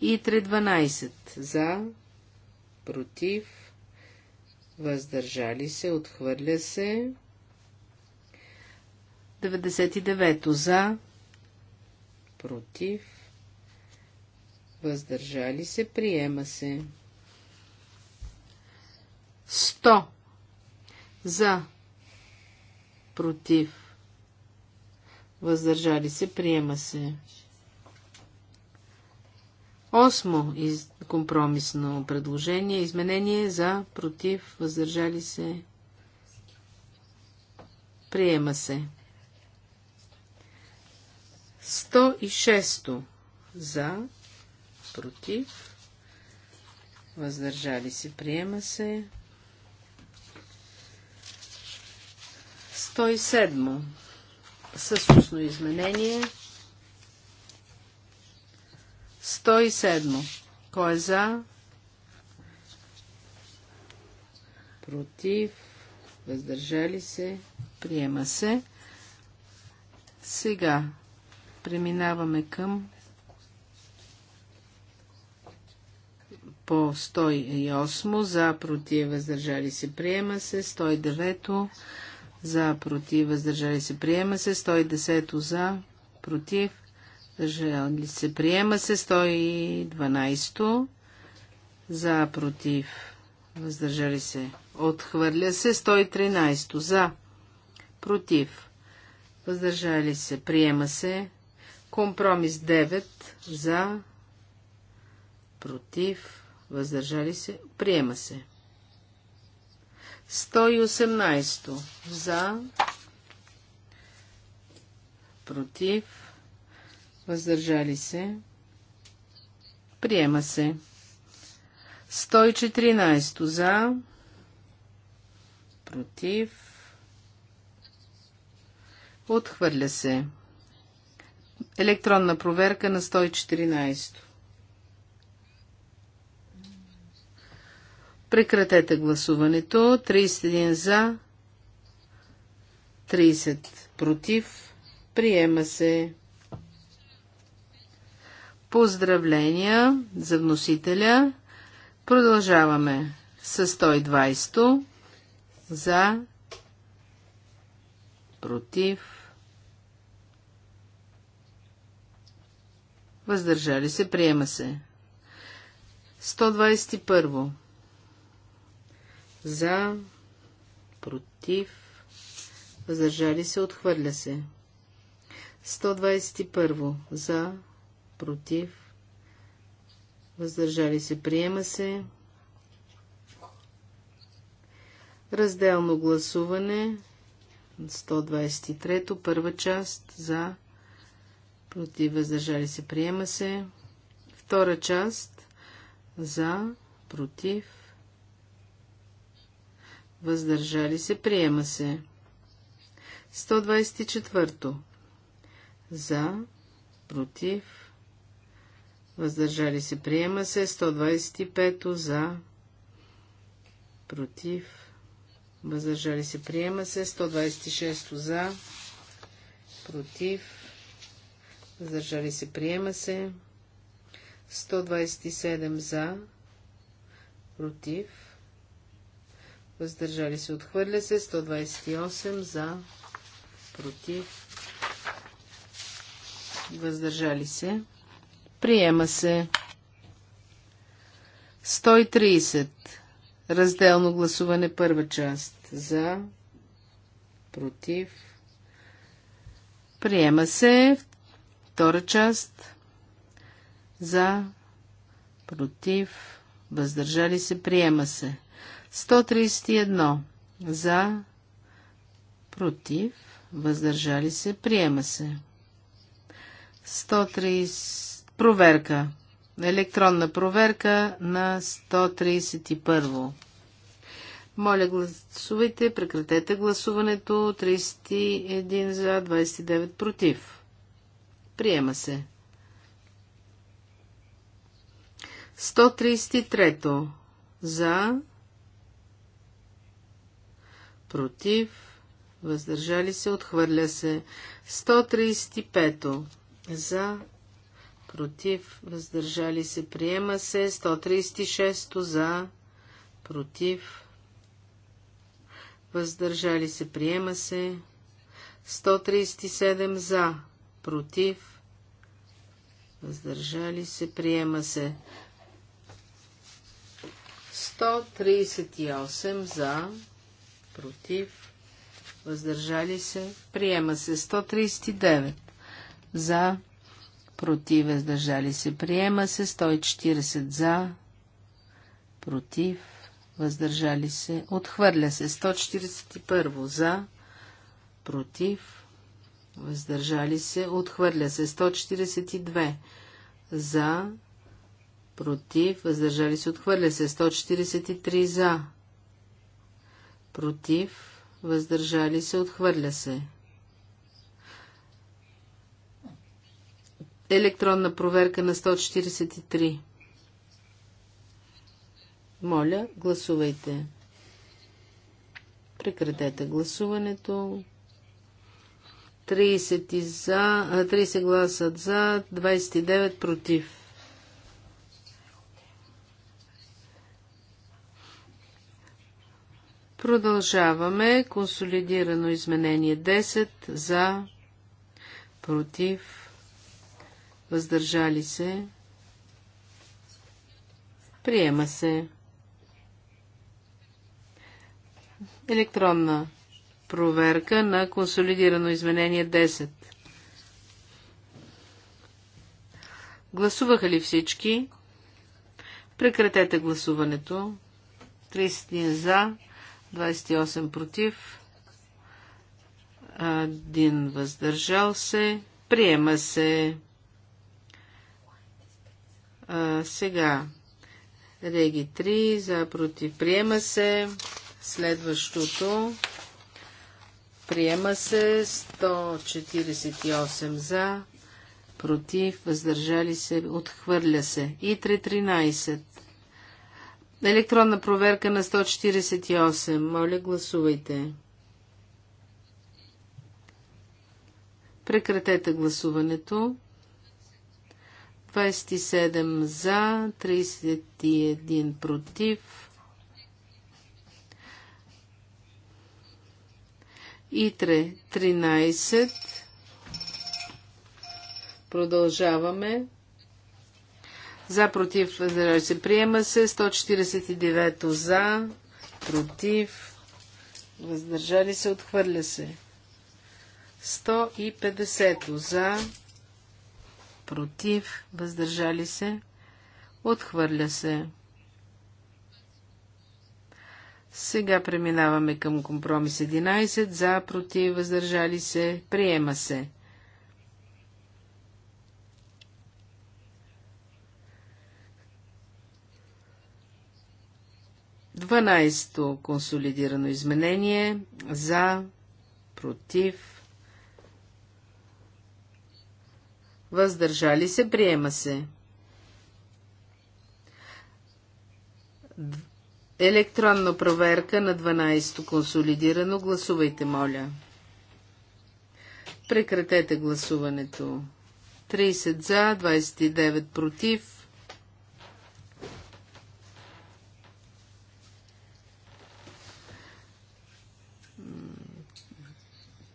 И 312 за, против, въздържали се, отхвърля се. 99 за, против, въздържали се, приема се. 100 за, против, въздържали се, приема се. Осмо из... компромисно предложение, изменение за, против, въздържали се, приема се. 106 за, против, въздържали се, приема се. 107 Съсусно изменение. 107. Кой е за? Против. Въздържали се. Приема се. Сега преминаваме към по 108. За, против, въздържали се. Приема се. 109 за, против, въздържали се, приема се. 110 за, против, въздържали се, приема се. 112 за, против, въздържали се, отхвърля се. 113 за, против, въздържали се, приема се. Компромис 9 за, против, въздържали се, приема се. 118 за, против, въздържали се, приема се. 114 за, против, отхвърля се. Електронна проверка на 114. Прекратете гласуването. 31 за, 30 против. Приема се. Поздравления за вносителя. Продължаваме с 120 за, против, въздържали се, приема се. 121 за, против, въздържали се, отхвърля се. 121. За, против, въздържали се, приема се. Разделно гласуване. 123. Първа част. За, против, въздържали се, приема се. Втора част. За, против, въздържали се, приема се. 124. За, против, въздържали се, приема се. 125. За, против, въздържали се, приема се. 126. За, против, въздържали се, приема се. 127 за, против, въздържали се, отхвърля се, 128 за, против, въздържали се, приема се, 130, разделно гласуване първа част, за, против, приема се, втора част, за, против, въздържали се, приема се. 131 за, против, въздържали се, приема се. 130... Проверка. Електронна проверка на 131. Моля, гласувайте, прекратете гласуването. 31 за, 29 против. Приема се. 133 за, против, въздържали се, отхвърля се. 135 за, против, въздържали се, приема се. 136 за, против, въздържали се, приема се. 137 за, против, въздържали се, приема се. 138 за, против, въздържали се, приема се 139 за, против, въздържали се, приема се 140 за, против, въздържали се, отхвърля се 141 за, против, въздържали се, отхвърля се 142 за, против, въздържали се, отхвърля се 143 за, против, въздържали се, отхвърля се. Електронна проверка на 143. Моля, гласувайте. Прекратете гласуването. 30, за, 30 гласа за, 29 против. Продължаваме. Консолидирано изменение 10 за, против, въздържали се. Приема се. Електронна проверка на консолидирано изменение 10. Гласуваха ли всички? Прекратете гласуването. 30 за, 28 против, един въздържал се, приема се. А, сега, реги 3, за против, приема се. Следващото, приема се, 148 за, против, въздържали се, отхвърля се. И 313 Електронна проверка на 148. Моля, гласувайте. Прекратете гласуването. 27 за, 31 против. Итре 13. Продължаваме. За, против, въздържали се, приема се. 149 за, против, въздържали се, отхвърля се. 150 за, против, въздържали се, отхвърля се. Сега преминаваме към компромис 11. За, против, въздържали се, приема се. 12-то консолидирано изменение за, против, въздържали се, приема се. Електронна проверка на 12-то консолидирано. Гласувайте, моля. Прекратете гласуването. 30 за, 29 против,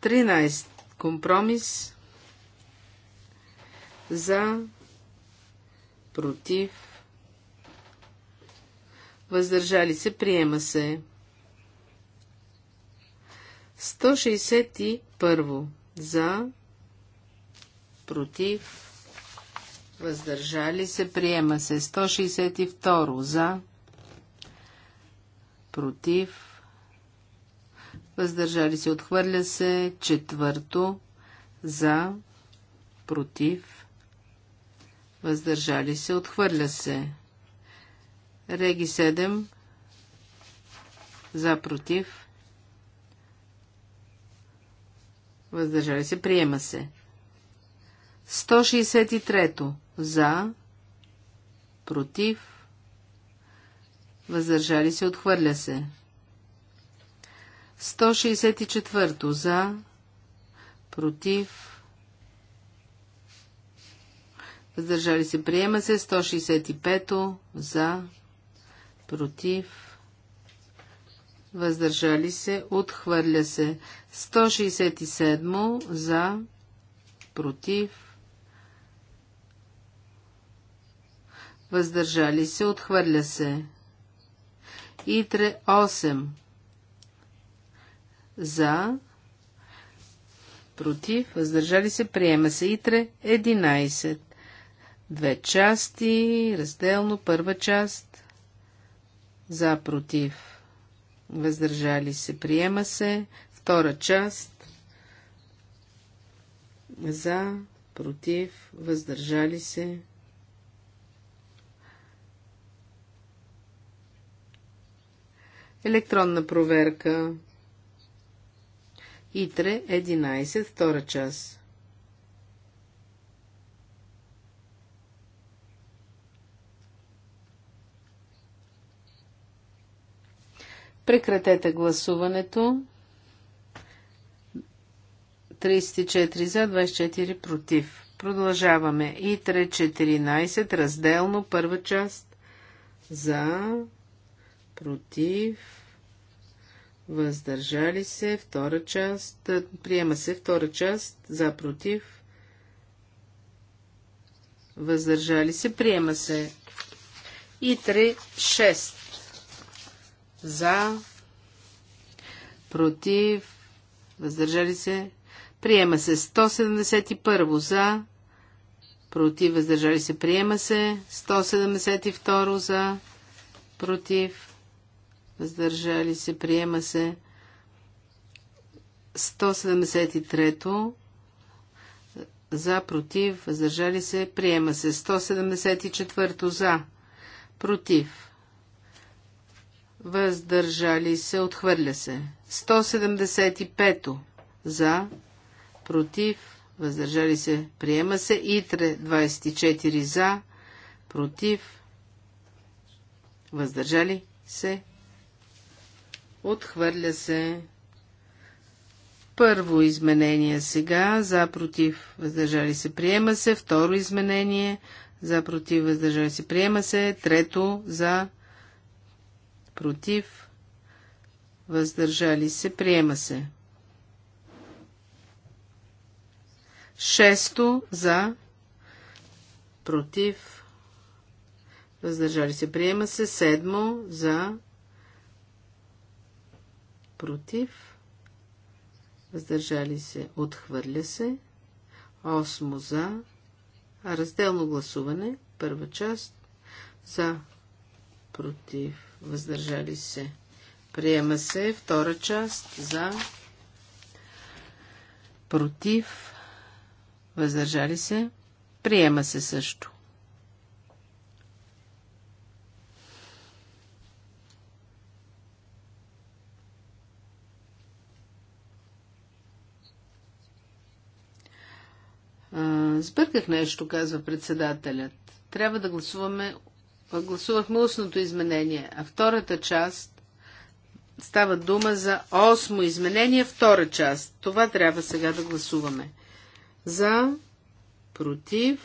13. Компромис за, против, въздържали се, приема се. 161. За, против, въздържали се, приема се. 162. За, против, въздържали се, отхвърля се. Четвърто за, против, въздържали се, отхвърля се. Реги 7 за, против, въздържали се, приема се. 163 за, против, въздържали се, отхвърля се. 164 за, против, въздържали се, приема се. 165 за, против, въздържали се, отхвърля се. 167 за, против, въздържали се, отхвърля се. Итре 8 за, против, въздържали се, приема се. Итре 11. Две части, разделно, първа част, за, против, въздържали се, приема се. Втора част, за, против, въздържали се. Електронна проверка. Итре 11, втора част. Прекратете гласуването. 34 за, 24 против. Продължаваме. И 14, разделно, първа част. За, против, въздържали се, втора част, е, приема се втора част, за, против, въздържали се, приема се. И 3, 6, за, против, въздържали се, приема се. 171 за, против, въздържали се, приема се. 172 за, против, въздържали се, приема се 173-то, за, против, въздържали се, приема се 174-то, за, против, въздържали се, отхвърля се 175-то, за, против, въздържали се, приема се ИТРЕ 24 за, против, въздържали се, Отхвърля се. Първо изменение сега, за против, въздържали се, приема се. Второ изменение, за против, въздържали се, приема се. Трето, за против, въздържали се, приема се. Шесто, за против, въздържали се, приема се. Седмо, за против, въздържали се, отхвърля се. Осмо за, разделно гласуване, първа част, за, против, въздържали се. Приема се втора част за, против, въздържали се. Приема се също. Сбърках нещо, казва председателят. Трябва да гласуваме. Гласувахме устното изменение, а втората част става дума за осмо изменение, втора част. Това трябва сега да гласуваме. За, против,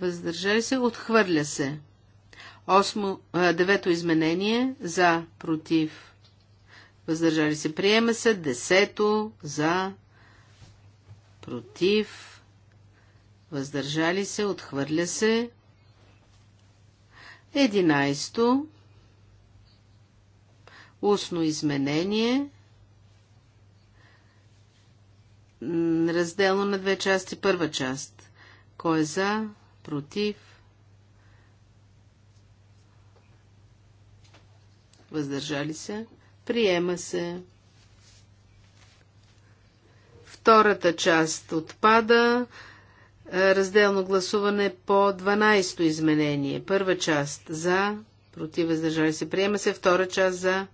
въздържали се, отхвърля се. Осмо, а, девето изменение, за, против, въздържали се, приема се. Десето, за, против, въздържали се, отхвърля се. 11. Устно изменение. Разделно на две части. Първа част. Кой е за? Против? Въздържали се? Приема се. Втората част отпада. Е, разделно гласуване по 12-то изменение. Първа част за, против, въздържали се, приема се. Втора част за,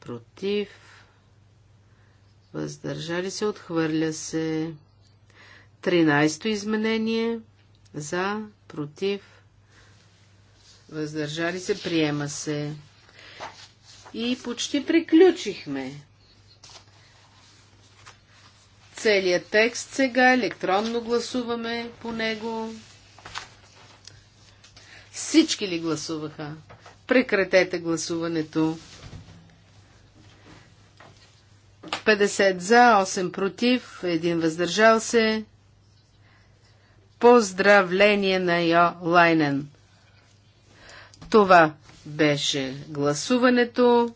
против, въздържали се, отхвърля се. 13-то изменение за, против, въздържали се, приема се. И почти приключихме целият текст сега, електронно гласуваме по него. Всички ли гласуваха? Прекратете гласуването. 50 за, 8 против, 1 въздържал се. Поздравление на Йо Лайнен. Това беше гласуването.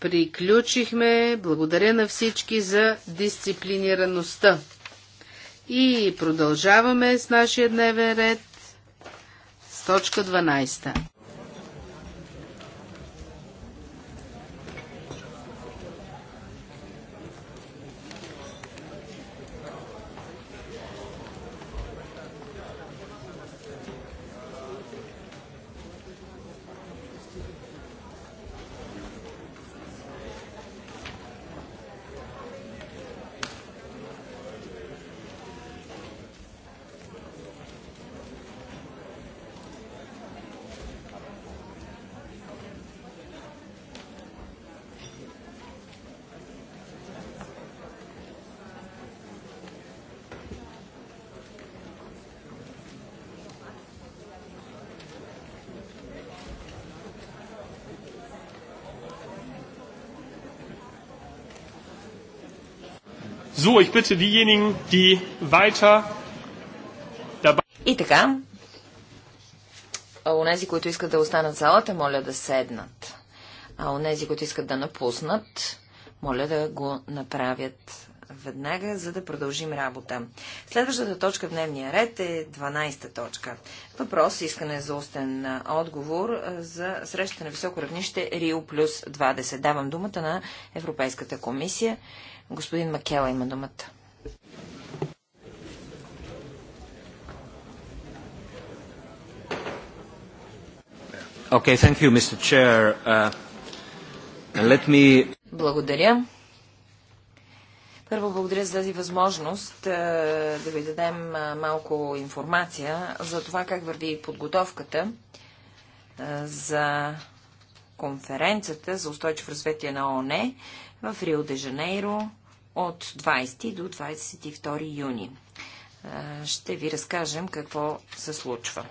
Приключихме. Благодаря на всички за дисциплинираността. И продължаваме с нашия дневен ред с точка 12. So, ich bitte diejenigen, die weiter dabei... И така, онези, които искат да останат в залата, моля да седнат. А онези, които искат да напуснат, моля да го направят веднага, за да продължим работа. Следващата точка в дневния ред е 12-та точка. Въпрос, искане за устен отговор за срещата на високо равнище Рио плюс 20. Давам думата на Европейската комисия. Господин Макела има думата. Okay, you, uh, me... Благодаря. Първо благодаря за тази възможност е, да ви дадем е, малко информация за това как върви подготовката е, за конференцията за устойчиво развитие на ООН в Рио де Жанейро от 20 до 22 юни. Ще ви разкажем какво се случва.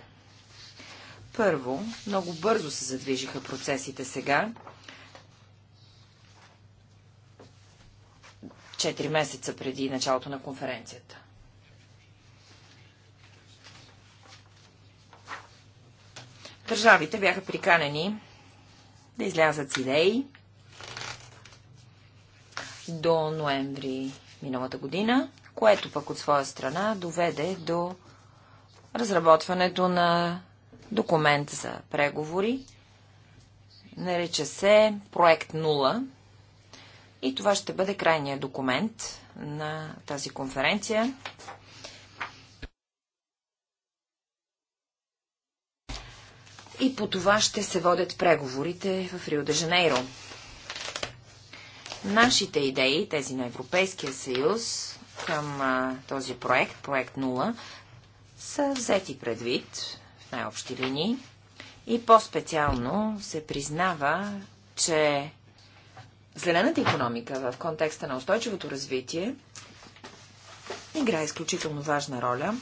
Първо, много бързо се задвижиха процесите сега 4 месеца преди началото на конференцията. Държавите бяха приканени да излязат с идеи до ноември миналата година, което пък от своя страна доведе до разработването на документ за преговори. Нарича се Проект 0 и това ще бъде крайният документ на тази конференция. И по това ще се водят преговорите в Рио де Жанейро. Нашите идеи, тези на Европейския съюз, към а, този проект, проект 0, са взети предвид в най-общи линии и по-специално се признава, че зелената економика в контекста на устойчивото развитие играе изключително важна роля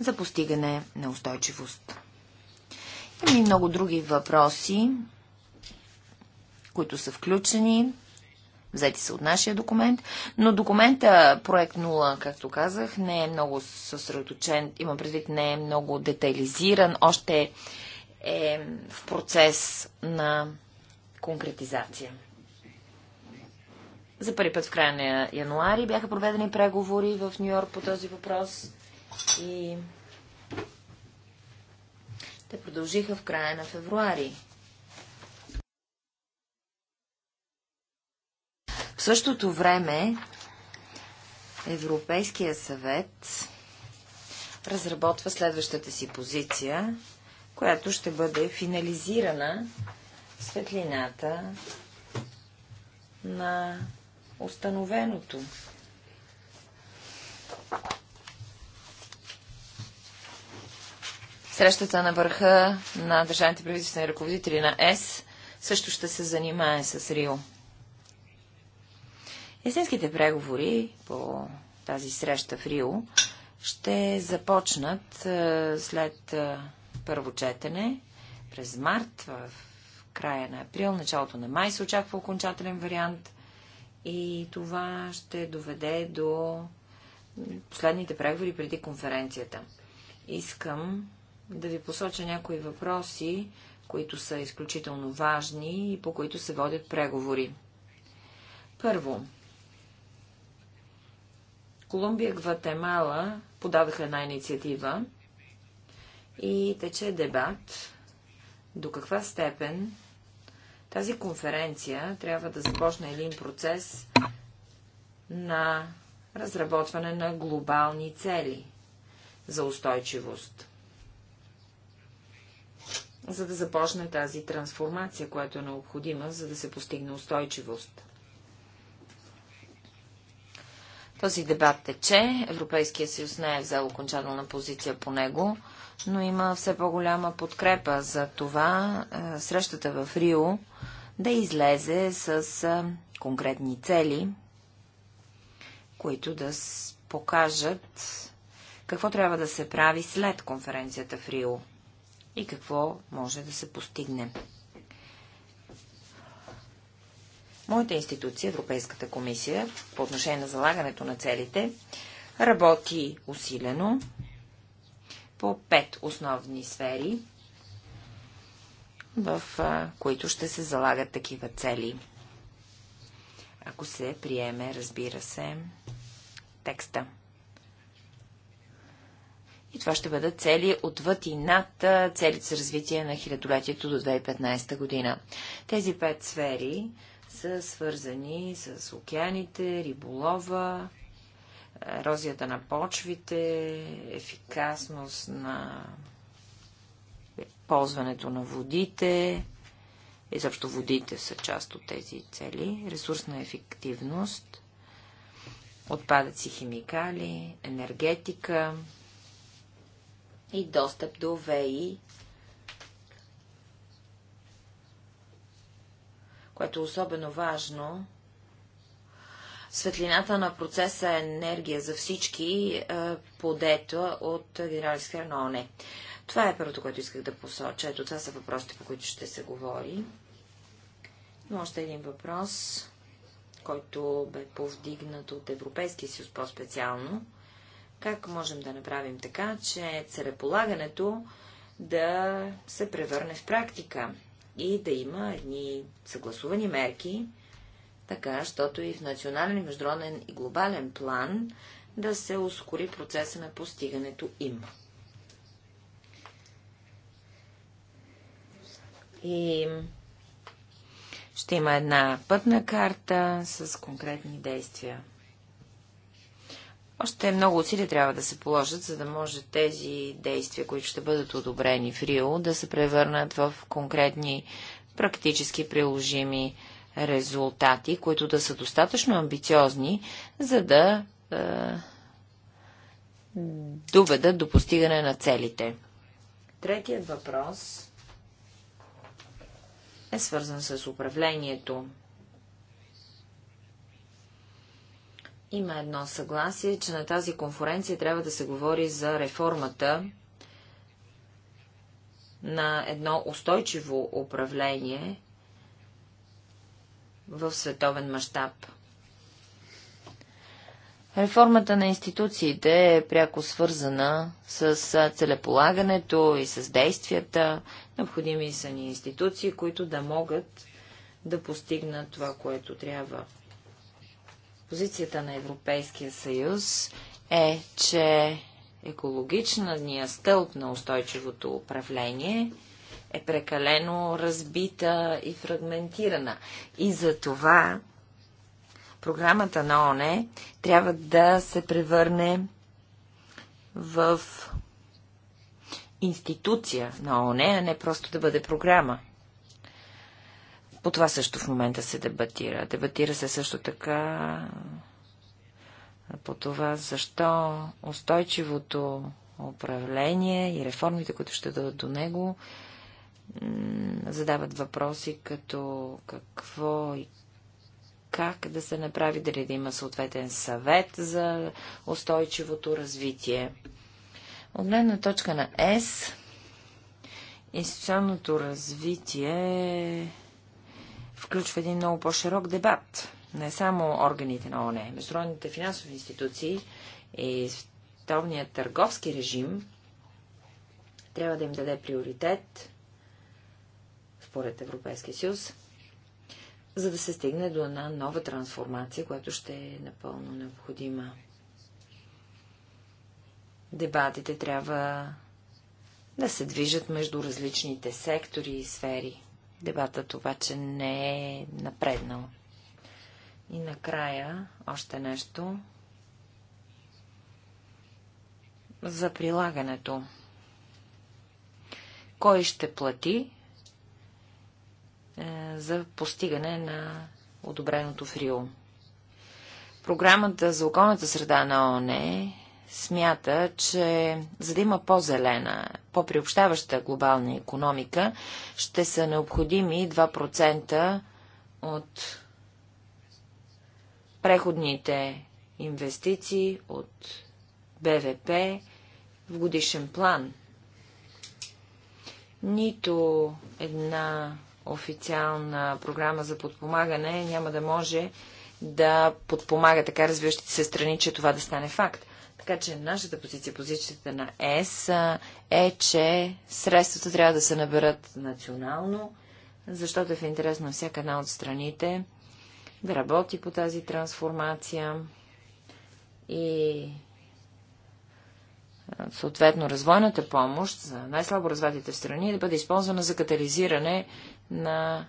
за постигане на устойчивост. Има и много други въпроси, които са включени, взети са от нашия документ, но документа проект 0, както казах, не е много съсредоточен, имам предвид, не е много детайлизиран, още е в процес на конкретизация. За първи път в края на януари бяха проведени преговори в Нью Йорк по този въпрос и те продължиха в края на февруари. В същото време Европейския съвет разработва следващата си позиция, която ще бъде финализирана светлината на установеното. Срещата на върха на държавните правителствени ръководители на ЕС също ще се занимае с Рио. Истинските преговори по тази среща в Рио ще започнат е, след е, първо четене през март в края на април, началото на май се очаква окончателен вариант и това ще доведе до последните преговори преди конференцията. Искам да ви посоча някои въпроси, които са изключително важни и по които се водят преговори. Първо, Колумбия, Гватемала подадаха една инициатива и тече дебат до каква степен тази конференция трябва да започне един процес на разработване на глобални цели за устойчивост. За да започне тази трансформация, която е необходима, за да се постигне устойчивост. Този дебат тече. Европейския съюз не е взел окончателна позиция по него но има все по-голяма подкрепа за това е, срещата в Рио да излезе с е, конкретни цели, които да покажат какво трябва да се прави след конференцията в Рио и какво може да се постигне. Моята институция, Европейската комисия, по отношение на залагането на целите, работи усилено по пет основни сфери, в които ще се залагат такива цели. Ако се приеме, разбира се, текста. И това ще бъдат цели отвъд и над целите за развитие на хилядолетието до 2015 година. Тези пет сфери са свързани с океаните, риболова, ерозията на почвите, ефикасност на ползването на водите. И защо водите са част от тези цели. Ресурсна ефективност, отпадъци химикали, енергетика и достъп до ВИ, което е особено важно, светлината на процеса е енергия за всички, е, подета от генерален секретар на ОНЕ. Това е първото, което исках да посоча. Ето това са въпросите, по които ще се говори. Но още един въпрос, който бе повдигнат от Европейския съюз по-специално. Как можем да направим така, че целеполагането да се превърне в практика и да има едни съгласувани мерки, така, щото и в национален, международен и глобален план да се ускори процеса на постигането им. И ще има една пътна карта с конкретни действия. Още много усилия трябва да се положат, за да може тези действия, които ще бъдат одобрени в Рио, да се превърнат в конкретни практически приложими резултати, които да са достатъчно амбициозни, за да е, доведат до постигане на целите. Третият въпрос е свързан с управлението. Има едно съгласие, че на тази конференция трябва да се говори за реформата на едно устойчиво управление в световен мащаб. Реформата на институциите е пряко свързана с целеполагането и с действията. Необходими са ни институции, които да могат да постигнат това, което трябва. Позицията на Европейския съюз е, че екологичният стълб на устойчивото управление – е прекалено разбита и фрагментирана. И за това програмата на ОНЕ трябва да се превърне в институция на ОНЕ, а не просто да бъде програма. По това също в момента се дебатира. Дебатира се също така по това, защо устойчивото управление и реформите, които ще дадат до него, задават въпроси като какво и как да се направи, дали да има съответен съвет за устойчивото развитие. От гледна точка на С, институционното развитие включва един много по-широк дебат. Не само органите на ОНЕ, международните финансови институции и световният търговски режим трябва да им даде приоритет според Европейския съюз, за да се стигне до една нова трансформация, която ще е напълно необходима. Дебатите трябва да се движат между различните сектори и сфери. Дебатът обаче не е напреднал. И накрая още нещо за прилагането. Кой ще плати е, за постигане на одобреното в Рио. Програмата за околната среда на ООН смята, че за да има по-зелена, по-приобщаваща глобална економика, ще са необходими 2% от преходните инвестиции от БВП в годишен план. Нито една официална програма за подпомагане, няма да може да подпомага така развиващите се страни, че това да стане факт. Така че нашата позиция, позицията на ЕС е, че средствата трябва да се наберат национално, защото е в интерес на всяка една от страните да работи по тази трансформация и съответно развойната помощ за най-слабо развитите страни да бъде използвана за катализиране на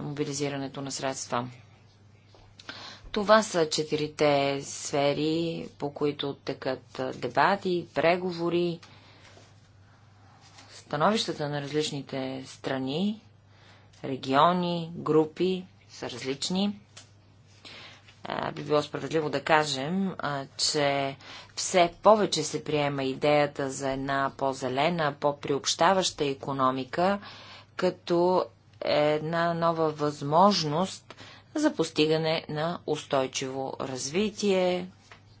мобилизирането на средства. Това са четирите сфери, по които текат дебати, преговори, становищата на различните страни, региони, групи са различни. Би било справедливо да кажем, че все повече се приема идеята за една по-зелена, по-приобщаваща економика, като е една нова възможност за постигане на устойчиво развитие,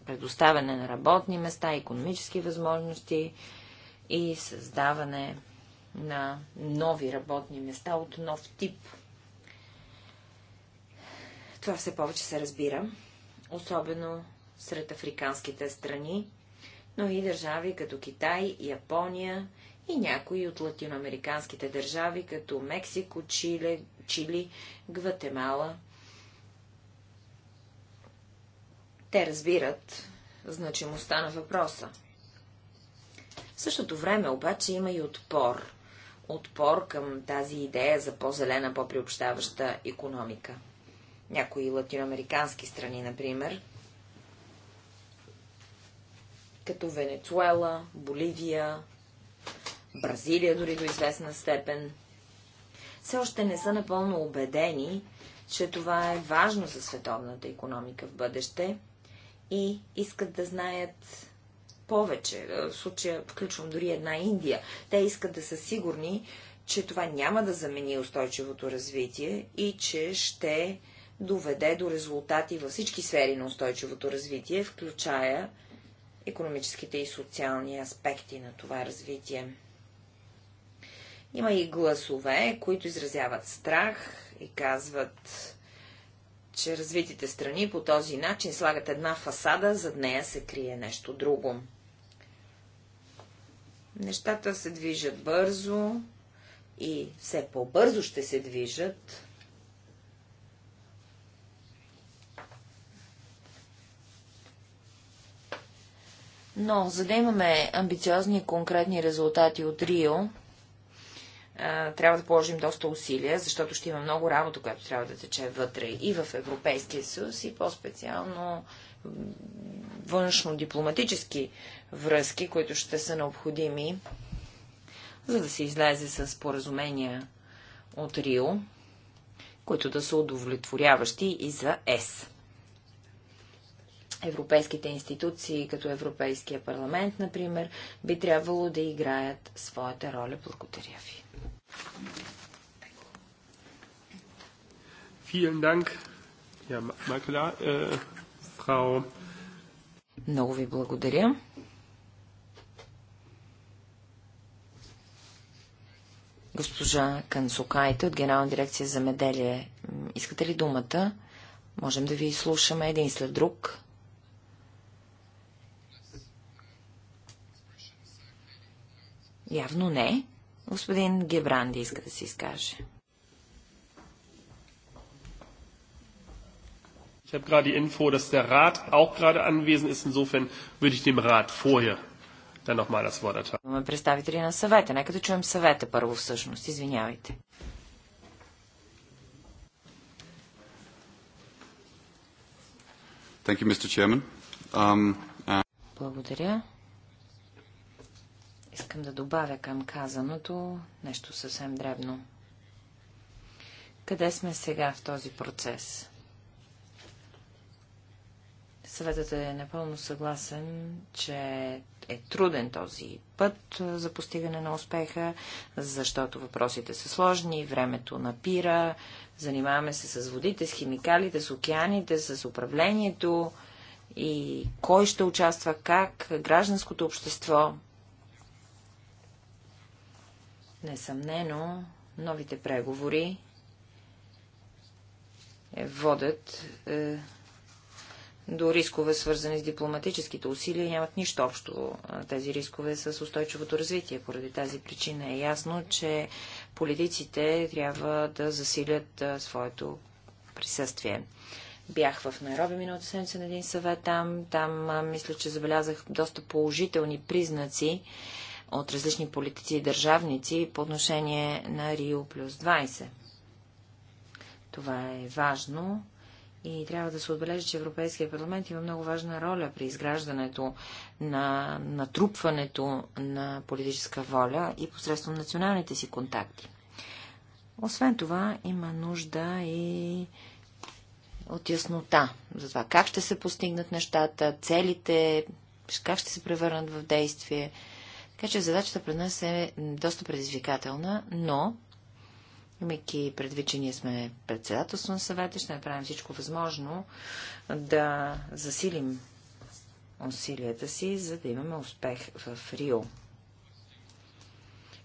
предоставяне на работни места, економически възможности и създаване на нови работни места от нов тип. Това все повече се разбира, особено сред африканските страни, но и държави като Китай, Япония и някои от латиноамериканските държави, като Мексико, Чили, Чили Гватемала. Те разбират значимостта на въпроса. В същото време обаче има и отпор. Отпор към тази идея за по-зелена, по-приобщаваща економика. Някои латиноамерикански страни, например, като Венецуела, Боливия, Бразилия дори до известна степен. Все още не са напълно убедени, че това е важно за световната економика в бъдеще и искат да знаят повече. Е, в случая включвам дори една Индия. Те искат да са сигурни, че това няма да замени устойчивото развитие и че ще доведе до резултати във всички сфери на устойчивото развитие, включая економическите и социални аспекти на това развитие. Има и гласове, които изразяват страх и казват, че развитите страни по този начин слагат една фасада, зад нея се крие нещо друго. Нещата се движат бързо и все по-бързо ще се движат, Но, за да имаме амбициозни и конкретни резултати от Рио, трябва да положим доста усилия, защото ще има много работа, която трябва да тече вътре и в Европейския съюз, и по-специално външно-дипломатически връзки, които ще са необходими, за да се излезе с поразумения от Рио, които да са удовлетворяващи и за ЕС европейските институции, като Европейския парламент, например, би трябвало да играят своята роля. Благодаря ви. Äh, Много ви благодаря. Госпожа Канцукайте от Генерална дирекция за меделие. Искате ли думата? Можем да ви слушаме един след друг. Явно не. Господин Гебранди иска да се изкаже. Ich habe gerade die Info, dass der Rat auch gerade anwesend ist. Insofern würde ich dem Rat vorher dann nochmal das Wort erteilen. Имаме Thank you, Mr. Chairman. Um, uh... Искам да добавя към казаното нещо съвсем дребно. Къде сме сега в този процес? Съветът е напълно съгласен, че е труден този път за постигане на успеха, защото въпросите са сложни, времето напира, занимаваме се с водите, с химикалите, с океаните, с управлението и кой ще участва как, гражданското общество. Несъмнено, новите преговори е, водят е, до рискове, свързани с дипломатическите усилия, и нямат нищо общо е, тези рискове с устойчивото развитие. Поради тази причина е ясно, че политиците трябва да засилят е, своето присъствие. Бях в Найроби миналата седмица на един съвет там. Там а, мисля, че забелязах доста положителни признаци от различни политици и държавници по отношение на Рио плюс 20. Това е важно и трябва да се отбележи, че Европейския парламент има много важна роля при изграждането на натрупването на политическа воля и посредством националните си контакти. Освен това, има нужда и от яснота за това как ще се постигнат нещата, целите, как ще се превърнат в действие. Така че задачата пред нас е доста предизвикателна, но, имайки предвид, че ние сме председателство на съвета, ще направим всичко възможно да засилим усилията си, за да имаме успех в Рио.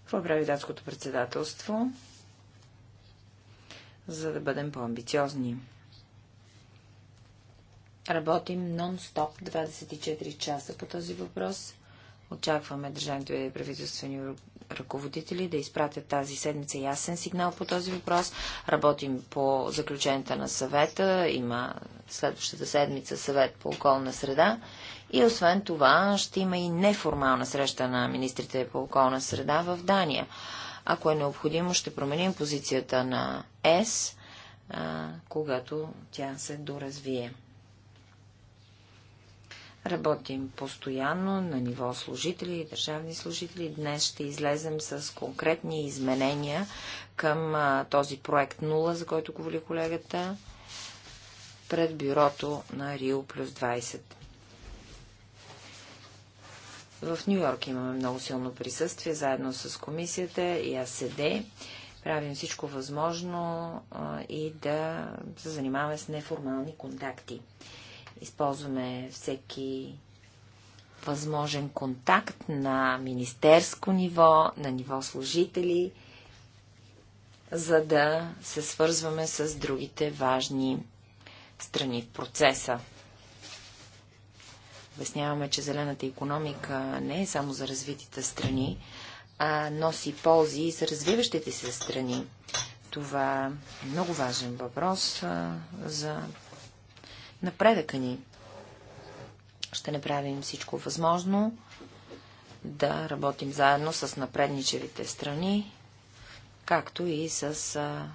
Какво прави датското председателство, за да бъдем по-амбициозни? Работим нон-стоп 24 часа по този въпрос Очакваме държавните и правителствени ръководители да изпратят тази седмица ясен сигнал по този въпрос. Работим по заключенията на съвета. Има следващата седмица съвет по околна среда. И освен това ще има и неформална среща на министрите по околна среда в Дания. Ако е необходимо, ще променим позицията на ЕС, а, когато тя се доразвие. Работим постоянно на ниво служители и държавни служители. Днес ще излезем с конкретни изменения към а, този проект 0, за който говори колегата, пред бюрото на Рио плюс 20. В Нью Йорк имаме много силно присъствие, заедно с комисията и АСД. Правим всичко възможно а, и да се занимаваме с неформални контакти. Използваме всеки възможен контакт на министерско ниво, на ниво служители, за да се свързваме с другите важни страни в процеса. Обясняваме, че зелената економика не е само за развитите страни, а носи ползи и за развиващите се страни. Това е много важен въпрос за напредъка ни. Ще направим всичко възможно да работим заедно с напредничевите страни, както и с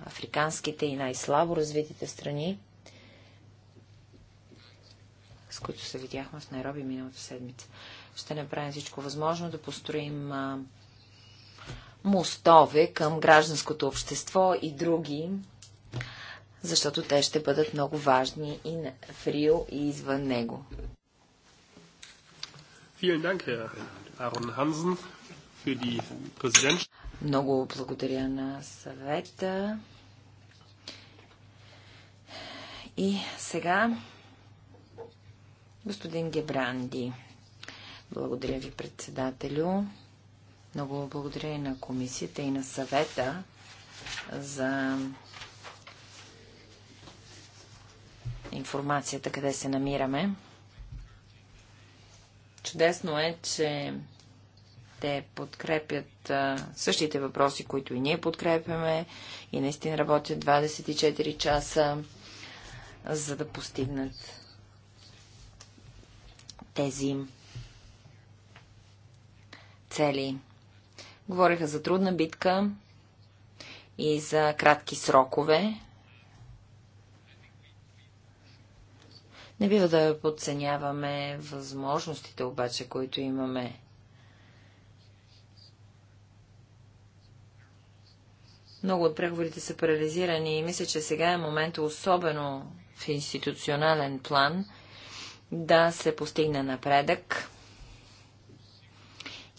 африканските и най-слабо развитите страни, с които се видяхме в Найроби миналата седмица. Ще направим всичко възможно да построим мостове към гражданското общество и други защото те ще бъдат много важни и в Рио, и извън него. Много благодаря на съвета. И сега господин Гебранди. Благодаря ви, председателю. Много благодаря и на комисията и на съвета за информацията, къде се намираме. Чудесно е, че те подкрепят същите въпроси, които и ние подкрепяме и наистина работят 24 часа, за да постигнат тези цели. Говориха за трудна битка и за кратки срокове, Не бива да подценяваме възможностите обаче, които имаме. Много от преговорите са парализирани и мисля, че сега е момент, особено в институционален план, да се постигне напредък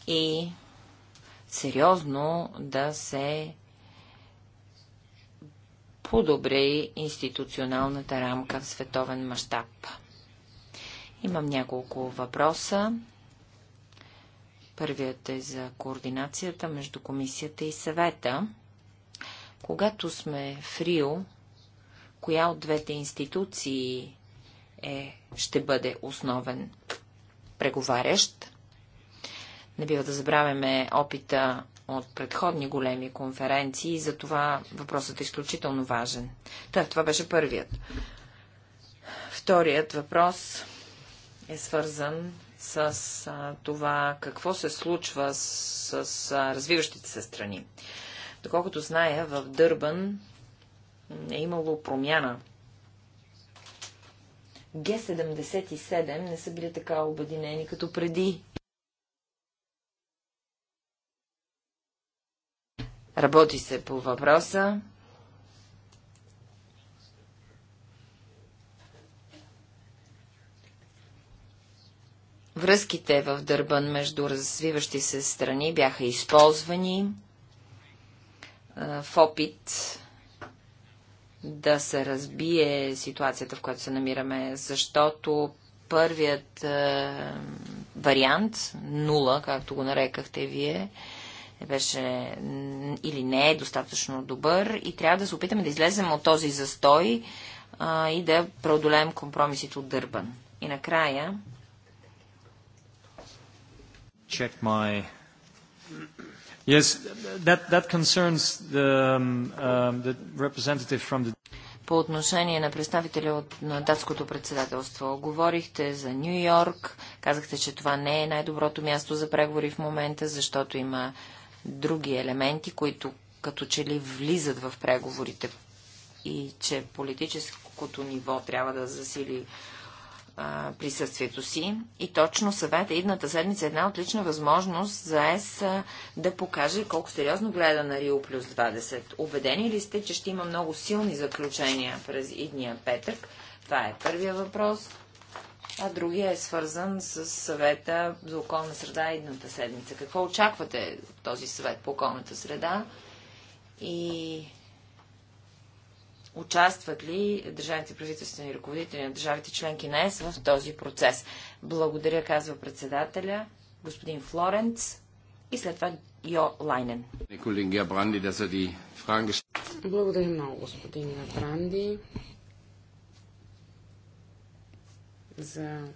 и сериозно да се Подобре институционалната рамка в световен мащаб. Имам няколко въпроса. Първият е за координацията между комисията и съвета. Когато сме в Рио, коя от двете институции е, ще бъде основен преговарящ? Не бива да забравяме опита от предходни големи конференции и за това въпросът е изключително важен. Та, това беше първият. Вторият въпрос е свързан с а, това какво се случва с, с а, развиващите се страни. Доколкото зная, в Дърбан е имало промяна. Г-77 не са били така обединени като преди Работи се по въпроса. Връзките в Дърбан между развиващи се страни бяха използвани в опит да се разбие ситуацията, в която се намираме, защото първият вариант, нула, както го нарекахте вие, беше или не е достатъчно добър и трябва да се опитаме да излезем от този застой а, и да преодолеем компромисите от Дърбан. И накрая... Check my... Yes, that, that concerns the, um, um the representative from the по отношение на представителя от, на датското председателство. Говорихте за Нью Йорк, казахте, че това не е най-доброто място за преговори в момента, защото има uh, други елементи, които като че ли влизат в преговорите и че политическото ниво трябва да засили а, присъствието си. И точно съвета идната седмица е една отлична възможност за ЕС да покаже колко сериозно гледа на Рио плюс 20. Обедени ли сте, че ще има много силни заключения през идния петък? Това е първия въпрос а другия е свързан с съвета за околна среда едната седмица. Какво очаквате този съвет по околната среда и участват ли държавните правителствени ръководители на държавите членки на ЕС в този процес? Благодаря, казва председателя, господин Флоренц и след това Йо Лайнен. Благодаря много, господин Бранди за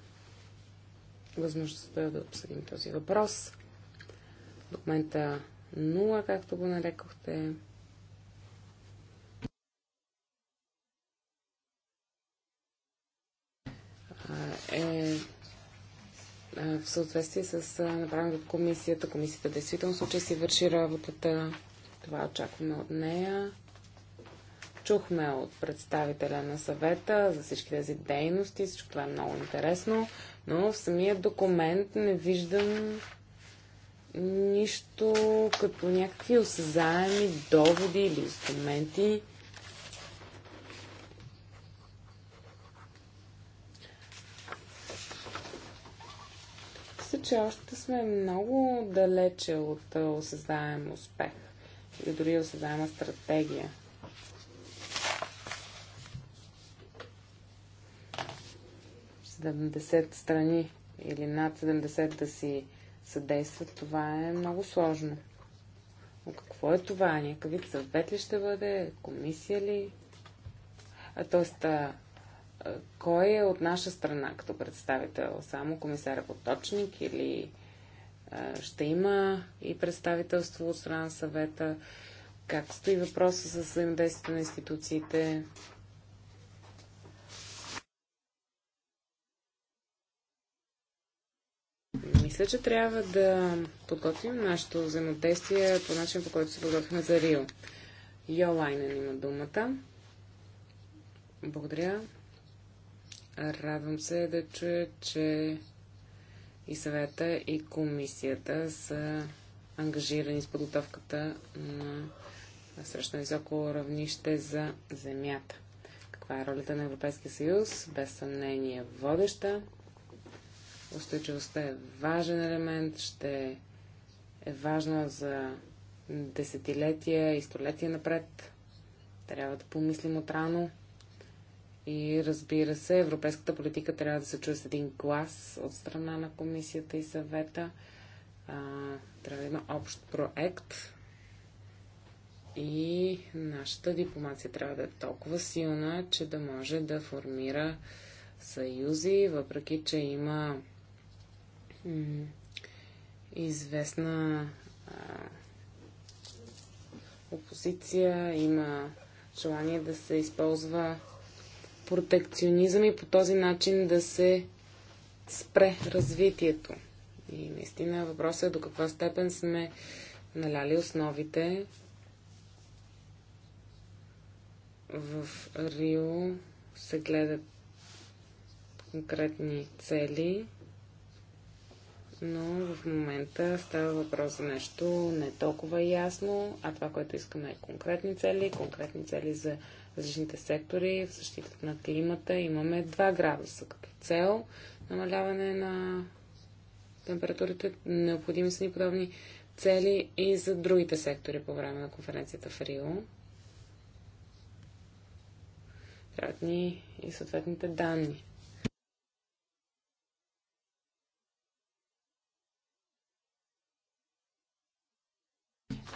възможността да обсъдим този въпрос. Документа 0, както го нарекохте. е в съответствие с направеното от комисията. Комисията действително случай си върши работата. Това очакваме от нея чухме от представителя на съвета за всички тези дейности. Всичко това е много интересно, но в самия документ не виждам нищо като някакви осезаеми доводи или инструменти. Мисля, че още сме много далече от осезаем успех и дори осезаема стратегия. 70 страни или над 70 да си съдействат, това е много сложно. Но какво е това? Някакви съвет ли ще бъде? Комисия ли? А, тоест, а, а, кой е от наша страна като представител? Само комисаря Поточник или а, ще има и представителство от страна на съвета? Как стои въпроса с взаимодействието на институциите? Мисля, че трябва да подготвим нашето взаимодействие по начин, по който се подготвихме за Рио. Йолайнен има думата. Благодаря. Радвам се да чуя, че и съвета, и комисията са ангажирани с подготовката на срещу високо равнище за земята. Каква е ролята на Европейския съюз? Без съмнение водеща. Устойчивостта е важен елемент, ще е важна за десетилетия и столетия напред. Трябва да помислим отрано. И разбира се, европейската политика трябва да се чуе с един глас от страна на комисията и съвета. А, трябва да има общ проект. И нашата дипломация трябва да е толкова силна, че да може да формира съюзи, въпреки че има известна а, опозиция, има желание да се използва протекционизъм и по този начин да се спре развитието. И наистина въпросът е до каква степен сме наляли основите в Рио се гледат конкретни цели, но в момента става въпрос за нещо не толкова ясно, а това, което искаме е конкретни цели, конкретни цели за различните сектори, в защитата на климата. Имаме 2 градуса като цел, намаляване на температурите, необходими са ни подобни цели и за другите сектори по време на конференцията в Рио. Трябват ни и съответните данни.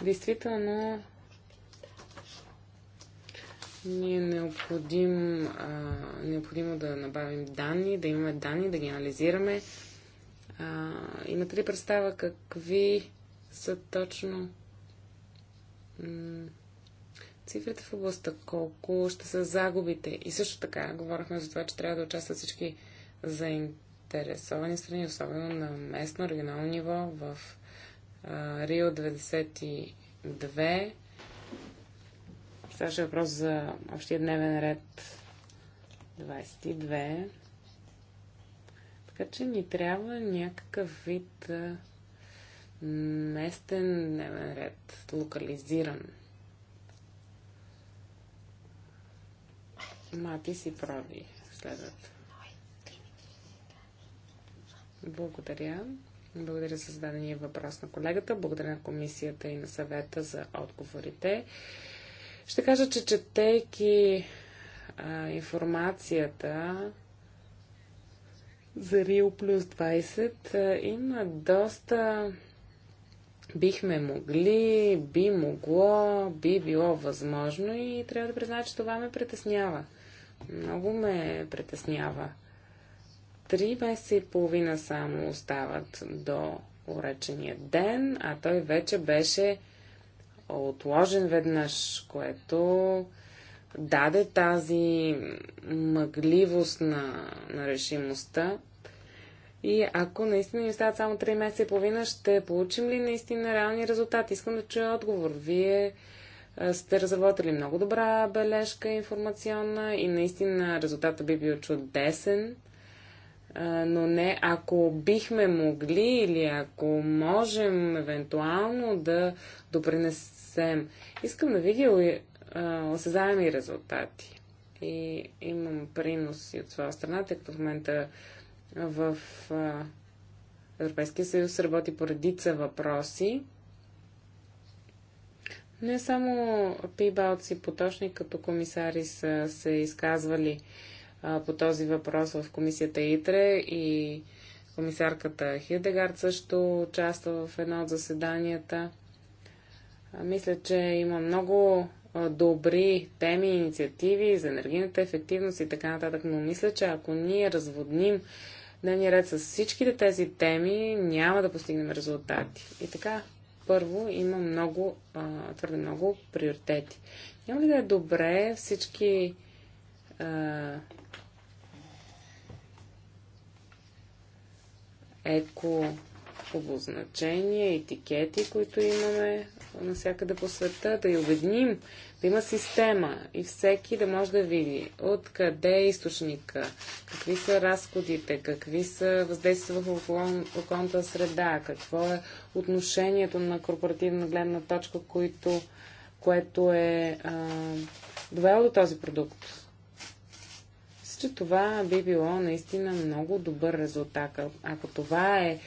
Действително ни е необходим, а, необходимо да набавим данни, да имаме данни, да ги анализираме. А, имате ли представа какви са точно цифрите в областта, колко ще са загубите. И също така, говорихме за това, че трябва да участват всички заинтересовани страни, особено на местно, регионално ниво, в Рио 92. ще въпрос за общия дневен ред 22. Така че ни трябва някакъв вид местен дневен ред, локализиран. Мати си прави следват. Благодаря. Благодаря за зададения въпрос на колегата. Благодаря на комисията и на съвета за отговорите. Ще кажа, че четейки а, информацията за Рио плюс 20 има доста бихме могли, би могло, би било възможно и трябва да призная, че това ме притеснява. Много ме притеснява. Три месеца и половина само остават до уречения ден, а той вече беше отложен веднъж, което даде тази мъгливост на, на решимостта. И ако наистина ни остават само 3 месеца и половина, ще получим ли наистина реални резултати? Искам да чуя отговор. Вие е, сте разработили много добра бележка информационна и наистина резултата би бил чудесен но не ако бихме могли или ако можем евентуално да допринесем. Искам да видя осезаеми резултати. И имам принос и от своя страна, тъй като в момента в Европейския съюз работи по редица въпроси. Не само пибалци, поточни като комисари са се изказвали а, по този въпрос в комисията ИТРЕ и комисарката Хилдегард също участва в едно от заседанията. А, мисля, че има много добри теми, инициативи за енергийната ефективност и така нататък, но мисля, че ако ние разводним дневния ред с всичките тези теми, няма да постигнем резултати. И така, първо, има много, а, твърде много приоритети. Няма ли да е добре всички еко обозначения, етикети, които имаме навсякъде по света, да я обедним, да има система и всеки да може да види откъде е източника, какви са разходите, какви са въздействия в околната среда, какво е отношението на корпоративна гледна точка, което е а, довело до този продукт че това би било наистина много добър резултат. Ако това е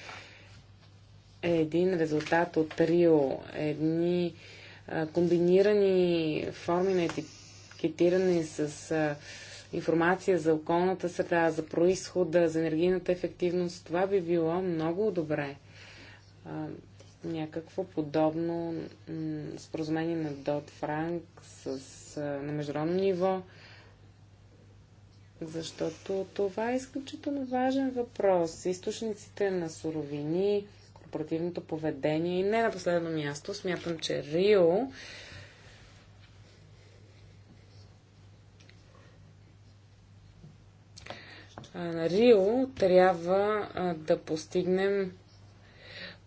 един резултат от Рио, едни а, комбинирани форми на етикетиране с а, информация за околната среда, за происхода, за енергийната ефективност, това би било много добре. А, някакво подобно споразумение на Дот Франк с, на международно ниво защото това е изключително важен въпрос. Източниците на суровини, корпоративното поведение и не на последно място, смятам, че Рио на Рио трябва да постигнем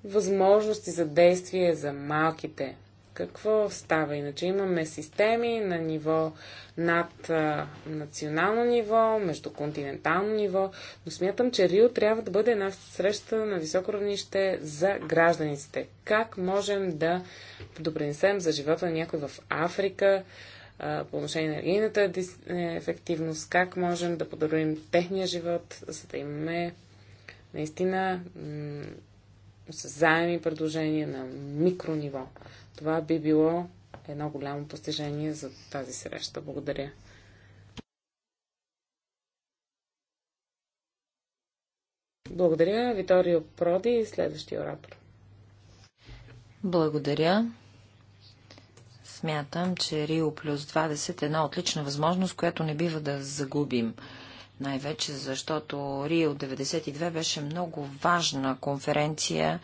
възможности за действие за малките какво става? Иначе имаме системи на ниво над а, национално ниво, междуконтинентално ниво, но смятам, че Рио трябва да бъде една среща на високо равнище за гражданиците. Как можем да допринесем за живота на някой в Африка, по отношение на енергийната е, ефективност, как можем да подобрим техния живот, за да имаме наистина с заеми предложения на микрониво. Това би било едно голямо постижение за тази среща. Благодаря. Благодаря, Виторио Проди и следващия оратор. Благодаря. Смятам, че Рио плюс 20 е една отлична възможност, която не бива да загубим. Най-вече защото Рио 92 беше много важна конференция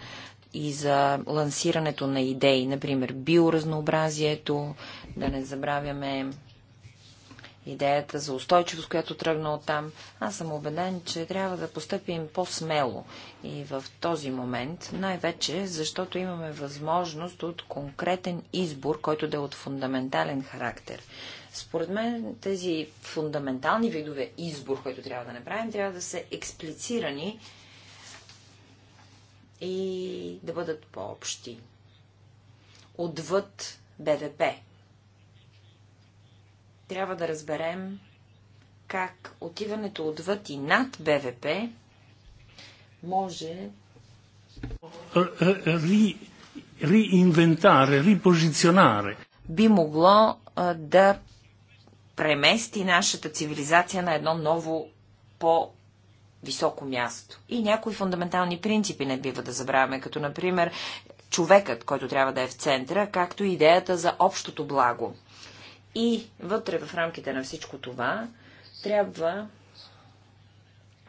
и за лансирането на идеи, например биоразнообразието, да не забравяме идеята за устойчивост, която тръгна от там. Аз съм убеден, че трябва да постъпим по-смело и в този момент, най-вече защото имаме възможност от конкретен избор, който да е от фундаментален характер. Според мен тези фундаментални видове избор, който трябва да направим, трябва да са експлицирани и да бъдат по-общи. Отвъд БВП. Трябва да разберем как отиването отвъд и над БВП може реинвентаре, репозиционаре. Би могло да премести нашата цивилизация на едно ново, по високо място. И някои фундаментални принципи не бива да забравяме, като например човекът, който трябва да е в центъра, както и идеята за общото благо. И вътре в рамките на всичко това трябва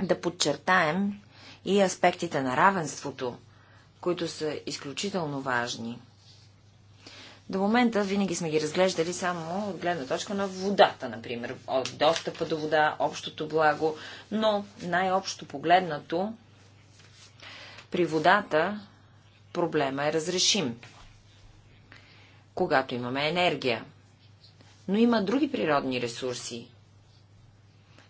да подчертаем и аспектите на равенството, които са изключително важни – до момента винаги сме ги разглеждали само от гледна точка на водата, например, от достъпа до вода, общото благо, но най-общо погледнато при водата проблема е разрешим, когато имаме енергия. Но има други природни ресурси,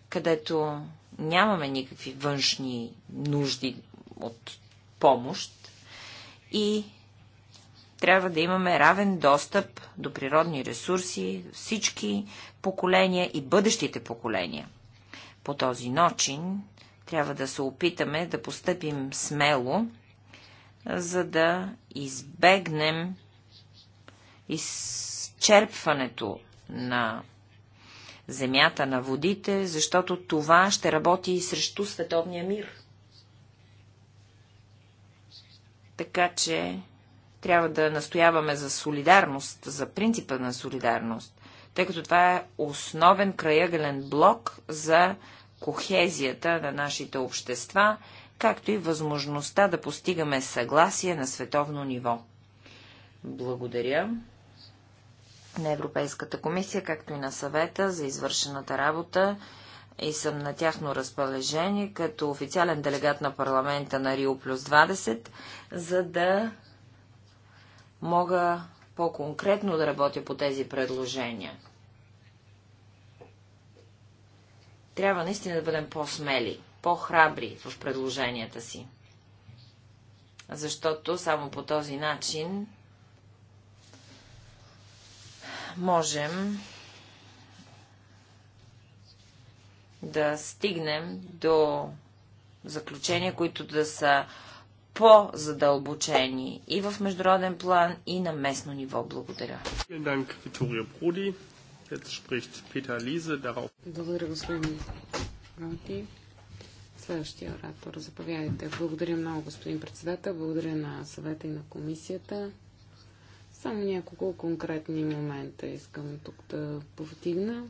където нямаме никакви външни нужди от помощ и трябва да имаме равен достъп до природни ресурси всички поколения и бъдещите поколения. По този начин трябва да се опитаме да постъпим смело, за да избегнем изчерпването на земята, на водите, защото това ще работи и срещу световния мир. Така че трябва да настояваме за солидарност, за принципа на солидарност, тъй като това е основен краягълен блок за кохезията на нашите общества, както и възможността да постигаме съгласие на световно ниво. Благодаря на Европейската комисия, както и на съвета за извършената работа и съм на тяхно разположение като официален делегат на парламента на Рио плюс 20, за да мога по-конкретно да работя по тези предложения. Трябва наистина да бъдем по-смели, по-храбри в предложенията си. Защото само по този начин можем да стигнем до заключения, които да са по-задълбочени и в международен план, и на местно ниво. Благодаря. Благодаря, господин Роти, Следващия оратор, заповядайте. Благодаря много, господин председател. Благодаря на съвета и на комисията. Само няколко конкретни момента искам тук да повдигна.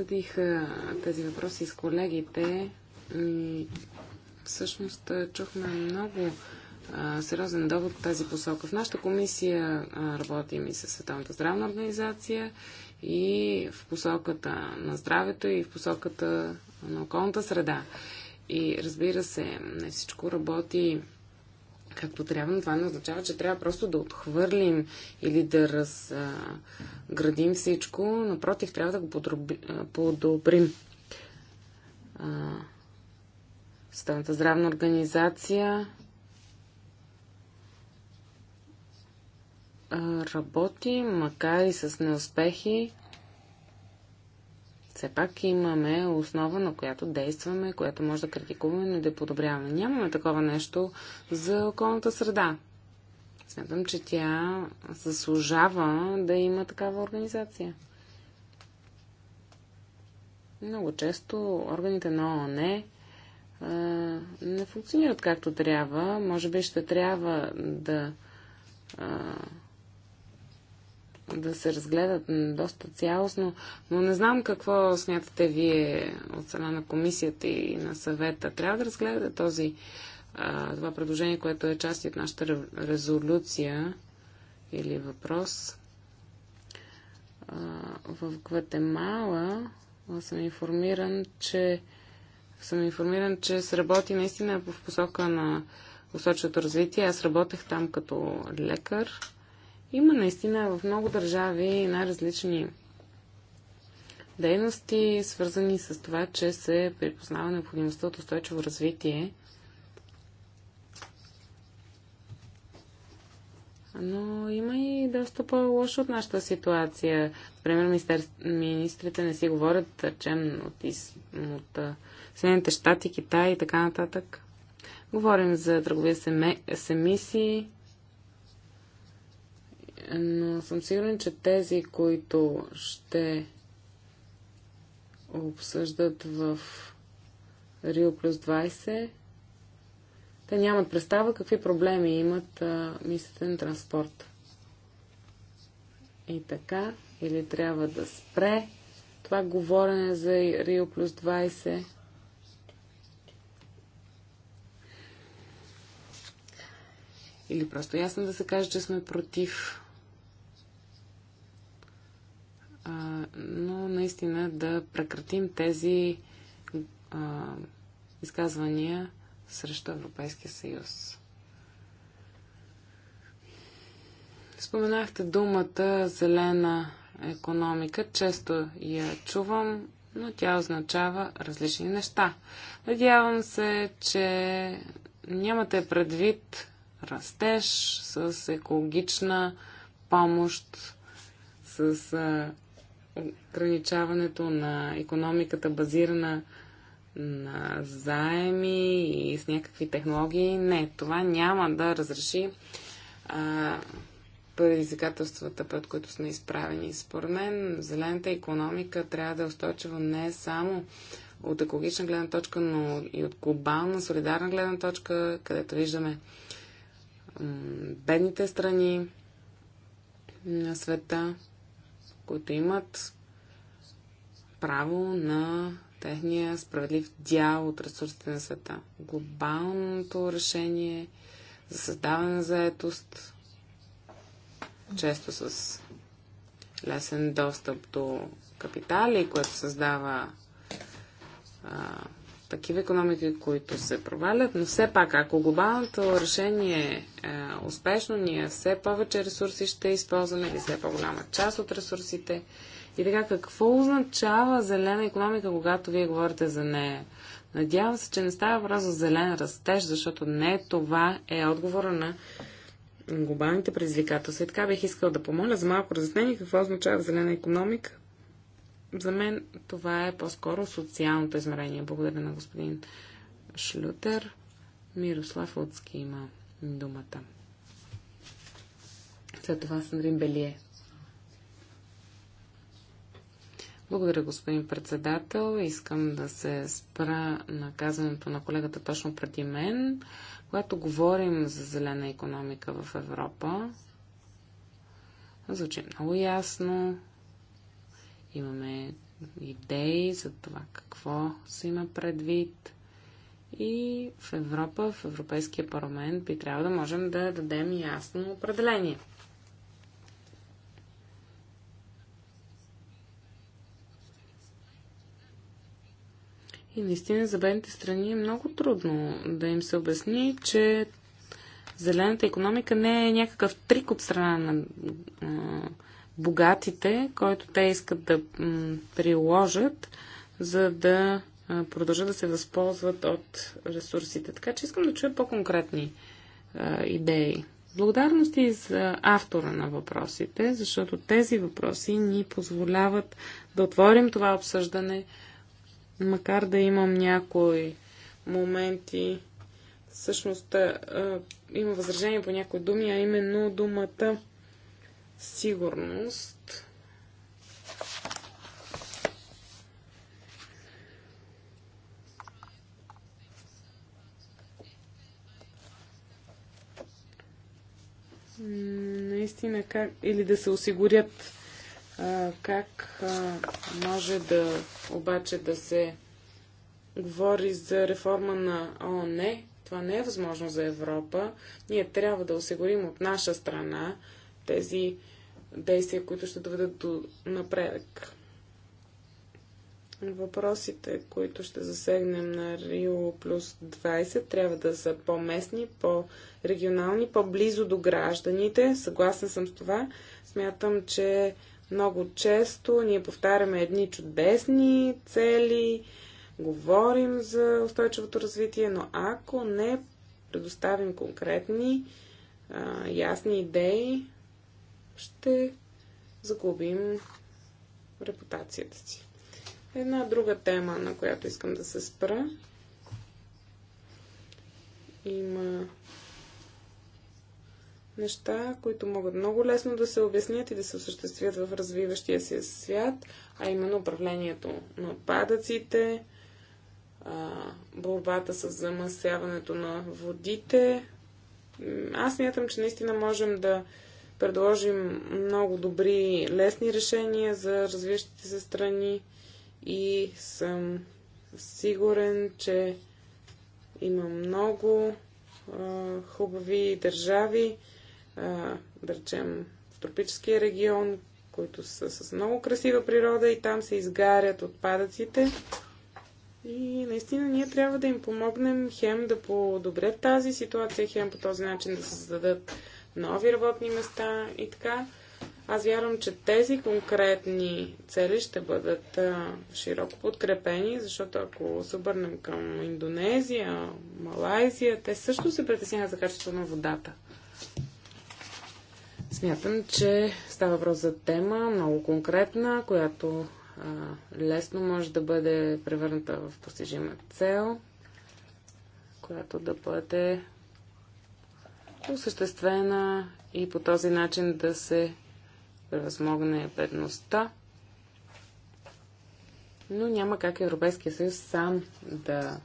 обсъдих тези въпроси с колегите всъщност чухме много сериозен довод в тази посока. В нашата комисия работим и с Световната здравна организация и в посоката на здравето и в посоката на околната среда. И разбира се, не всичко работи както трябва, това не означава, че трябва просто да отхвърлим или да разградим всичко. Напротив, трябва да го подобрим. Съвната здравна организация работи, макар и с неуспехи, все пак имаме основа, на която действаме, която може да критикуваме, но да подобряваме. Нямаме такова нещо за околната среда. Смятам, че тя заслужава да има такава организация. Много често органите на ООН е, не функционират както трябва. Може би ще трябва да е, да се разгледат доста цялостно, но не знам какво смятате вие от страна на комисията и на съвета. Трябва да разгледате този, това предложение, което е част от нашата резолюция или въпрос. В Гватемала съм информиран, че съм информиран, че се работи наистина в посока на устойчивото развитие. Аз работех там като лекар има наистина в много държави най-различни дейности, свързани с това, че се припознава необходимостта от устойчиво развитие. Но има и доста по-лошо от нашата ситуация. Например, министр... министрите не си говорят, че речем, от, из... от Съединените щати, Китай и така нататък. Говорим за търговия с, еми... с емисии, но съм сигурен, че тези, които ще обсъждат в Рио плюс 20, те нямат представа какви проблеми имат мислите на транспорт. И така, или трябва да спре това говорене за Рио плюс 20. Или просто ясно да се каже, че сме против а, но наистина да прекратим тези а, изказвания срещу Европейския съюз. Споменахте думата зелена економика. Често я чувам, но тя означава различни неща. Надявам се, че нямате предвид растеж с екологична помощ, с ограничаването на економиката базирана на заеми и с някакви технологии. Не, това няма да разреши а, предизвикателствата, пред които сме изправени. Според мен, зелената економика трябва да е устойчива не само от екологична гледна точка, но и от глобална, солидарна гледна точка, където виждаме бедните страни на света, които имат право на техния справедлив дял от ресурсите на света. Глобалното решение за създаване на заетост, често с лесен достъп до капитали, което създава а, такива економики, които се провалят, но все пак, ако глобалното решение е, е успешно, ние все повече ресурси ще използваме или все по-голяма част от ресурсите. И така, какво означава зелена економика, когато вие говорите за нея? Надявам се, че не става въпрос за зелен растеж, защото не това е отговора на глобалните предизвикателства. И така бих искал да помоля за малко разяснение какво означава зелена економика за мен това е по-скоро социалното измерение. Благодаря на господин Шлютер. Мирослав Луцки има думата. След това Сандрин Белие. Благодаря, господин председател. Искам да се спра на казването на колегата точно преди мен. Когато говорим за зелена економика в Европа, звучи много ясно, Имаме идеи за това какво се има предвид. И в Европа, в Европейския парламент би трябвало да можем да дадем ясно определение. И наистина за бедните страни е много трудно да им се обясни, че зелената економика не е някакъв трик от страна на богатите, който те искат да приложат, за да продължат да се възползват от ресурсите. Така че искам да чуя по-конкретни идеи. Благодарности за автора на въпросите, защото тези въпроси ни позволяват да отворим това обсъждане, макар да имам някои моменти. Всъщност има възражение по някои думи, а именно думата сигурност наистина как или да се осигурят а, как а, може да обаче да се говори за реформа на ООН. Това не е възможно за Европа. Ние трябва да осигурим от наша страна тези действия, които ще доведат до напредък. Въпросите, които ще засегнем на Рио плюс 20, трябва да са по-местни, по-регионални, по-близо до гражданите. Съгласен съм с това. Смятам, че много често ние повтаряме едни чудесни цели, говорим за устойчивото развитие, но ако не предоставим конкретни, ясни идеи, ще загубим репутацията си. Една друга тема, на която искам да се спра. Има неща, които могат много лесно да се обяснят и да се осъществят в развиващия се свят, а именно управлението на отпадъците, борбата с замъсяването на водите. Аз мятам, че наистина можем да предложим много добри, лесни решения за развиващите се страни и съм сигурен, че има много а, хубави държави, а, да речем в тропическия регион, които са с много красива природа и там се изгарят отпадъците. И наистина ние трябва да им помогнем хем да подобрят тази ситуация, хем по този начин да се създадат нови работни места и така. Аз вярвам, че тези конкретни цели ще бъдат а, широко подкрепени, защото ако се обърнем към Индонезия, Малайзия, те също се притесняват за качеството на водата. Смятам, че става въпрос за тема много конкретна, която а, лесно може да бъде превърната в постижима цел, която да бъде осъществена и по този начин да се превъзмогне бедността. Но няма как Европейския съюз сам да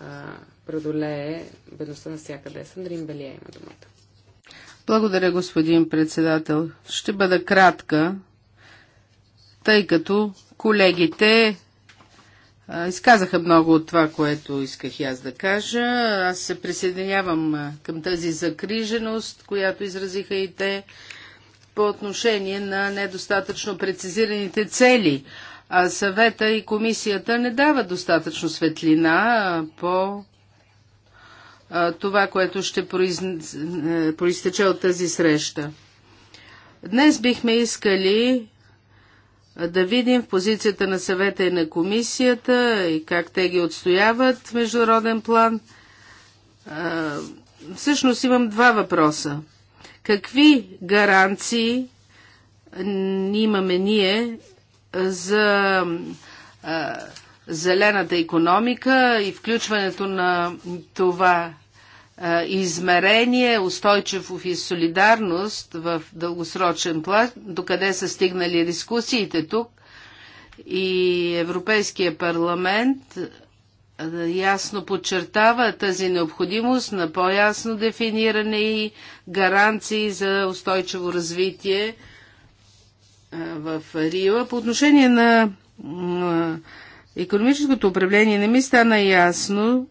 а, преодолее бедността навсякъде. Сандрин Белия има думата. Благодаря, господин председател. Ще бъда кратка, тъй като колегите Изказаха много от това, което исках и аз да кажа. Аз се присъединявам към тази закриженост, която изразиха и те по отношение на недостатъчно прецизираните цели. А съвета и комисията не дават достатъчно светлина по това, което ще произ... Е, произтече от тази среща. Днес бихме искали да видим в позицията на съвета и на комисията и как те ги отстояват в международен план. Всъщност имам два въпроса. Какви гаранции имаме ние за зелената економика и включването на това е, измерение, устойчиво и солидарност в дългосрочен план, докъде са стигнали дискусиите тук и Европейския парламент е, ясно подчертава тази необходимост на по-ясно дефиниране и гаранции за устойчиво развитие е, в Рила. По отношение на економическото управление не ми стана ясно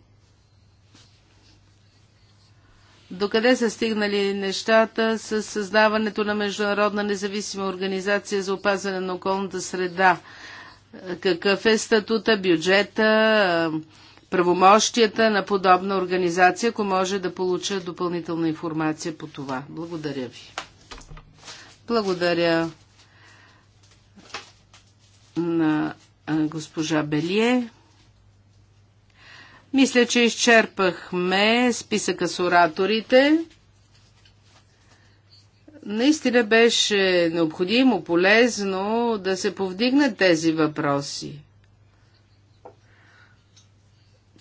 Докъде са стигнали нещата с създаването на Международна независима организация за опазване на околната среда? Какъв е статута, бюджета, правомощията на подобна организация, ако може да получа допълнителна информация по това? Благодаря ви. Благодаря на госпожа Белие. Мисля, че изчерпахме списъка с ораторите. Наистина беше необходимо, полезно да се повдигнат тези въпроси.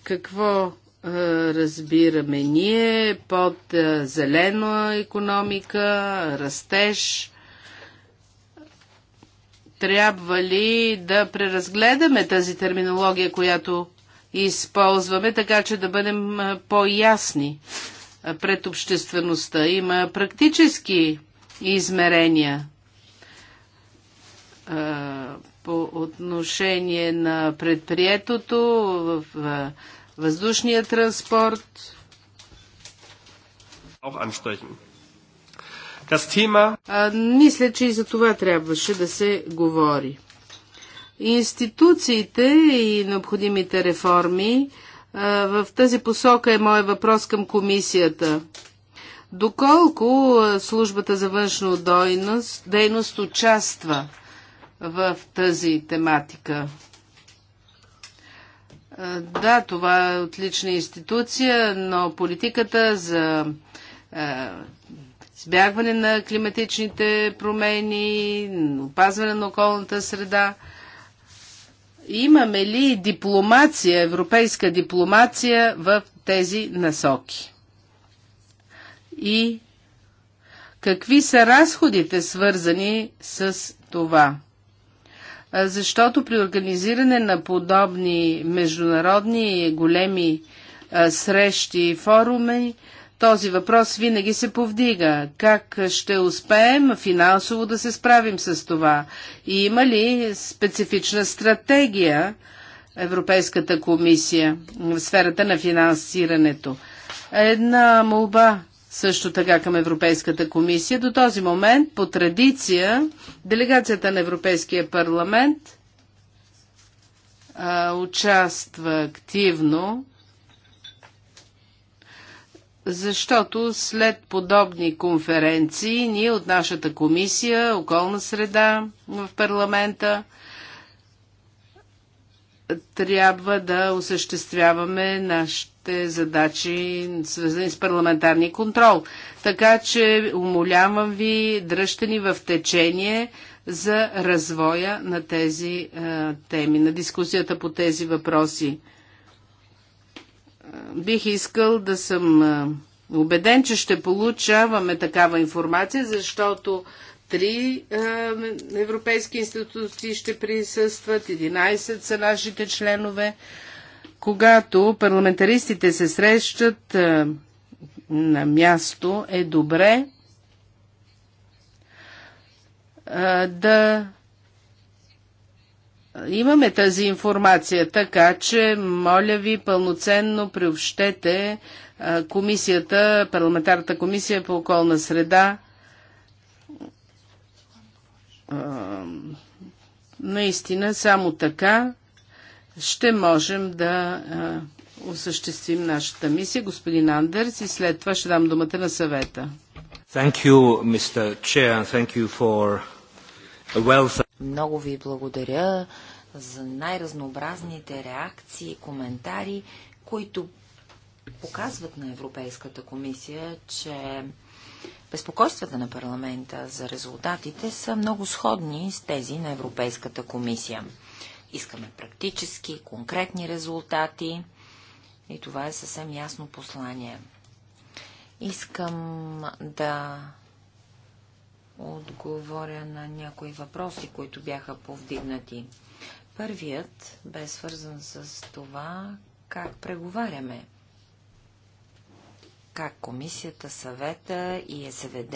Какво е, разбираме ние под е, зелена економика, растеж? Трябва ли да преразгледаме тази терминология, която използваме, така че да бъдем по-ясни пред обществеността. Има практически измерения по отношение на предприетото в въздушния транспорт. Мисля, че и за това трябваше да се говори институциите и необходимите реформи. В тази посока е мой въпрос към комисията. Доколко службата за външно дейност, дейност участва в тази тематика? Да, това е отлична институция, но политиката за избягване на климатичните промени, опазване на околната среда – имаме ли дипломация, европейска дипломация в тези насоки? И какви са разходите свързани с това? Защото при организиране на подобни международни големи срещи и форуми този въпрос винаги се повдига. Как ще успеем финансово да се справим с това? И има ли специфична стратегия Европейската комисия в сферата на финансирането? Една молба също така към Европейската комисия. До този момент, по традиция, делегацията на Европейския парламент а, участва активно защото след подобни конференции ние от нашата комисия околна среда в парламента трябва да осъществяваме нашите задачи, свързани с парламентарни контрол. Така че умолявам ви, дръжте ни в течение за развоя на тези теми, на дискусията по тези въпроси бих искал да съм убеден, че ще получаваме такава информация, защото три европейски институции ще присъстват, 11 са нашите членове. Когато парламентаристите се срещат на място, е добре да имаме тази информация, така че, моля ви, пълноценно приобщете комисията, парламентарната комисия по околна среда. Наистина, само така ще можем да осъществим нашата мисия, господин Андерс, и след това ще дам думата на съвета. Thank you, Mr. Chair, thank you for a wealth много ви благодаря за най-разнообразните реакции, коментари, които показват на Европейската комисия, че безпокойствата на парламента за резултатите са много сходни с тези на Европейската комисия. Искаме практически, конкретни резултати и това е съвсем ясно послание. Искам да отговоря на някои въпроси, които бяха повдигнати. Първият бе свързан с това, как преговаряме. Как комисията, съвета и СВД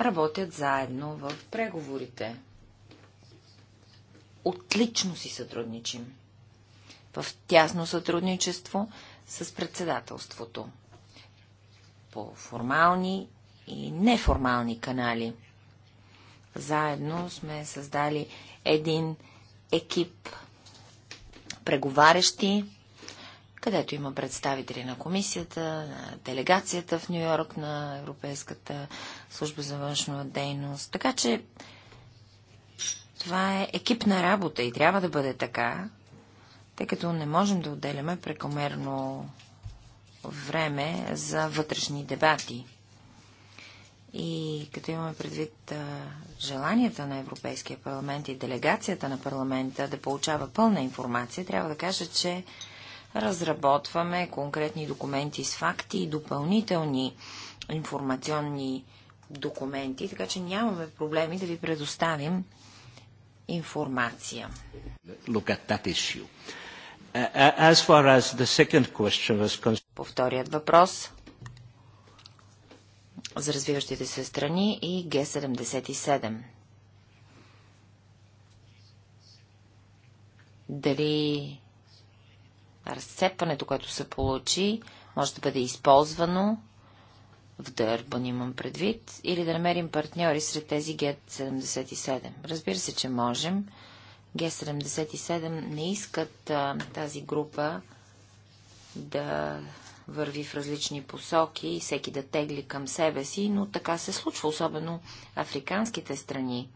работят заедно в преговорите. Отлично си сътрудничим. В тясно сътрудничество с председателството. По формални и неформални канали. Заедно сме създали един екип преговарящи, където има представители на комисията, на делегацията в Нью Йорк, на Европейската служба за външна дейност. Така че това е екипна работа и трябва да бъде така, тъй като не можем да отделяме прекомерно време за вътрешни дебати. И като имаме предвид а, желанията на Европейския парламент и делегацията на парламента да получава пълна информация, трябва да кажа, че разработваме конкретни документи с факти и допълнителни информационни документи, така че нямаме проблеми да ви предоставим информация. As as question... По вторият въпрос за развиващите се страни и Г-77. Дали разцепването, което се получи, може да бъде използвано в Дърбан имам предвид, или да намерим партньори сред тези Г-77. Разбира се, че можем. Г-77 не искат а, тази група да върви в различни посоки и всеки да тегли към себе си, но така се случва, особено африканските страни.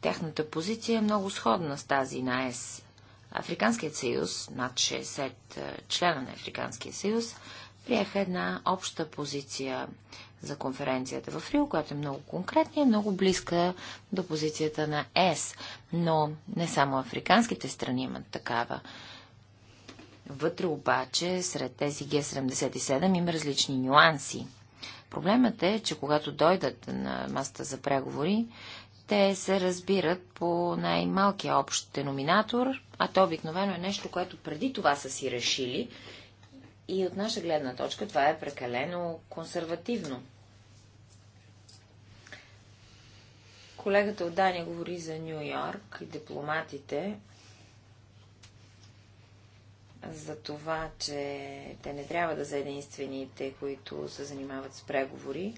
Тяхната позиция е много сходна с тази на ЕС. Африканският съюз, над 60 е, члена на Африканския съюз, приеха една обща позиция за конференцията в Рио, която е много конкретна и е много близка до позицията на ЕС. Но не само африканските страни имат такава. Вътре обаче, сред тези Г-77 има различни нюанси. Проблемът е, че когато дойдат на масата за преговори, те се разбират по най-малкия общ деноминатор, а то обикновено е нещо, което преди това са си решили. И от наша гледна точка това е прекалено консервативно. Колегата от Дания говори за Нью Йорк и дипломатите за това, че те не трябва да са единствените, които се занимават с преговори.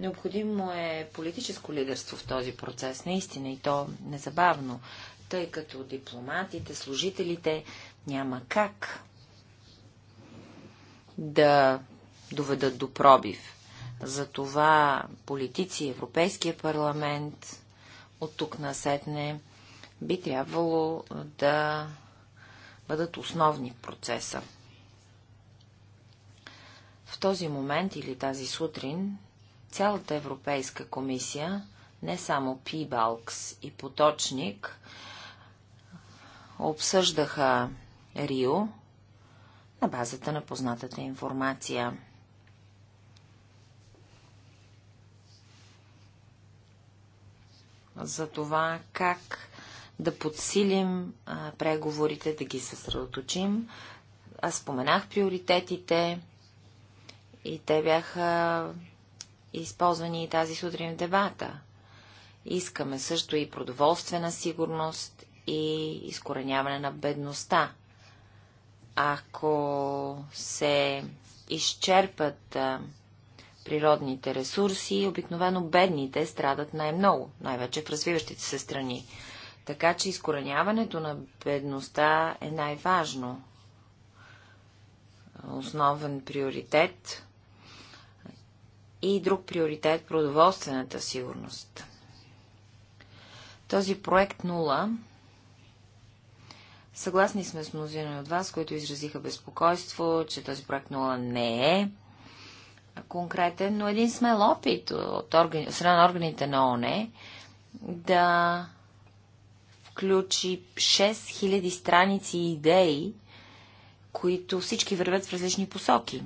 Необходимо е политическо лидерство в този процес, наистина, и то незабавно, тъй като дипломатите, служителите няма как да доведат до пробив затова политици, Европейския парламент от тук насетне би трябвало да бъдат основни в процеса. В този момент или тази сутрин цялата Европейска комисия, не само Пибалкс и Поточник, обсъждаха Рио на базата на познатата информация – за това как да подсилим а, преговорите, да ги съсредоточим. Аз споменах приоритетите и те бяха използвани и тази сутрин в дебата. Искаме също и продоволствена сигурност и изкореняване на бедността. Ако се изчерпат а, природните ресурси, обикновено бедните страдат най-много, най-вече в развиващите се страни. Така че изкореняването на бедността е най-важно. Основен приоритет и друг приоритет – продоволствената сигурност. Този проект Нула Съгласни сме с мнозина от вас, които изразиха безпокойство, че този проект Нула не е конкретен, но един смел опит от органи, страна на органите на ОНЕ да включи 6000 страници идеи, които всички вървят в различни посоки.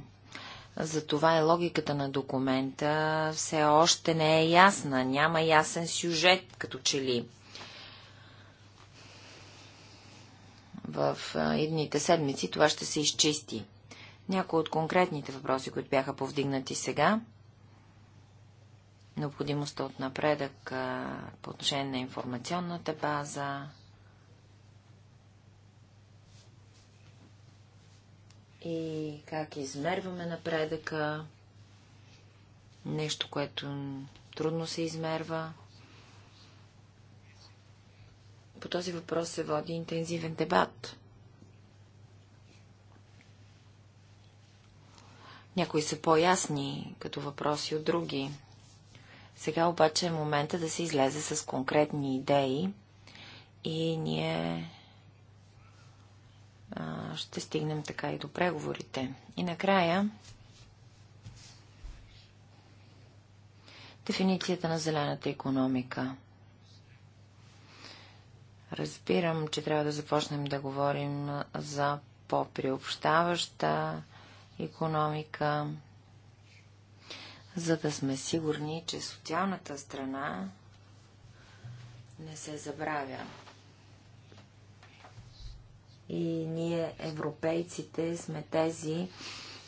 Затова е логиката на документа все още не е ясна, няма ясен сюжет, като че ли. В идните седмици това ще се изчисти. Някои от конкретните въпроси, които бяха повдигнати сега, необходимостта от напредък по отношение на информационната база, и как измерваме напредъка, нещо, което трудно се измерва. По този въпрос се води интензивен дебат. Някои са по-ясни като въпроси от други. Сега обаче е момента да се излезе с конкретни идеи и ние а, ще стигнем така и до преговорите. И накрая дефиницията на зелената економика. Разбирам, че трябва да започнем да говорим за по-приобщаваща економика, за да сме сигурни, че социалната страна не се забравя. И ние, европейците, сме тези,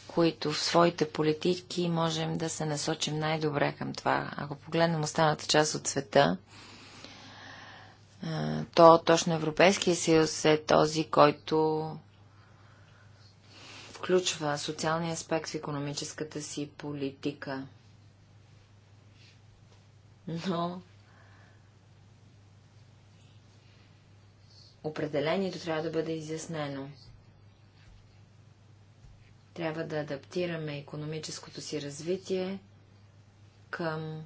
които в своите политики можем да се насочим най-добре към това. Ако погледнем останата част от света, то точно Европейския съюз е този, който включва социалния аспект в економическата си политика. Но определението трябва да бъде изяснено. Трябва да адаптираме економическото си развитие към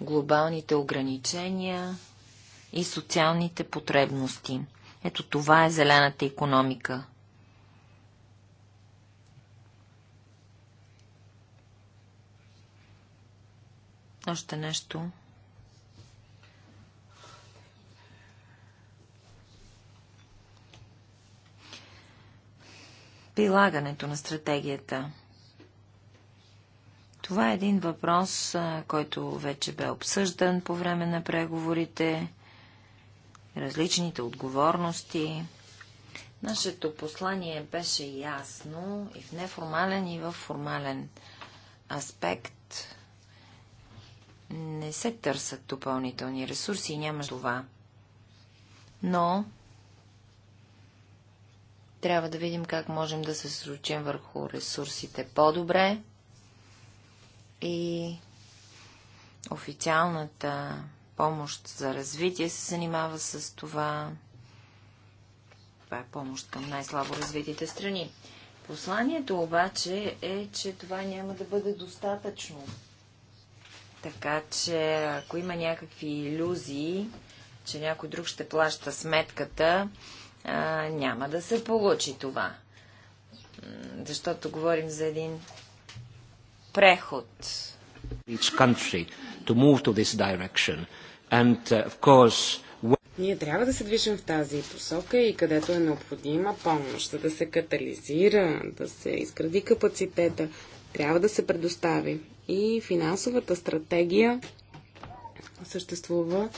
глобалните ограничения и социалните потребности. Ето това е зелената економика. Още нещо. Прилагането на стратегията. Това е един въпрос, който вече бе обсъждан по време на преговорите различните отговорности. Нашето послание беше ясно и в неформален, и в формален аспект. Не се търсят допълнителни ресурси и няма това. Но трябва да видим как можем да се сручим върху ресурсите по-добре и официалната помощ за развитие се занимава с това. Това е помощ към най-слабо развитите страни. Посланието обаче е, че това няма да бъде достатъчно. Така че, ако има някакви иллюзии, че някой друг ще плаща сметката, а, няма да се получи това. Защото говорим за един преход. Each country to move to this direction. And uh, of course, ние трябва да се движим в тази посока и където е необходима помощ, за да се катализира, да се изгради капацитета, трябва да се предостави. И финансовата стратегия съществува,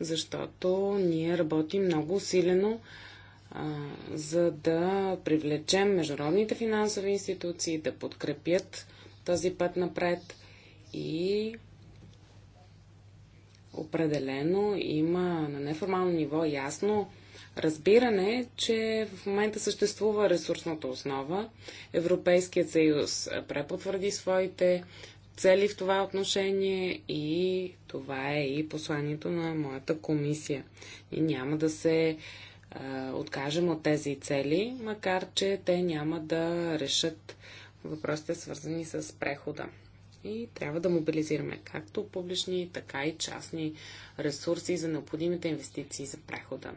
защото ние работим много усилено за да привлечем международните финансови институции да подкрепят този път напред и определено има на неформално ниво ясно разбиране, че в момента съществува ресурсната основа. Европейският съюз препотвърди своите цели в това отношение и това е и посланието на моята комисия. И няма да се а, откажем от тези цели, макар че те няма да решат въпросите свързани с прехода и трябва да мобилизираме както публични, така и частни ресурси за необходимите инвестиции за прехода.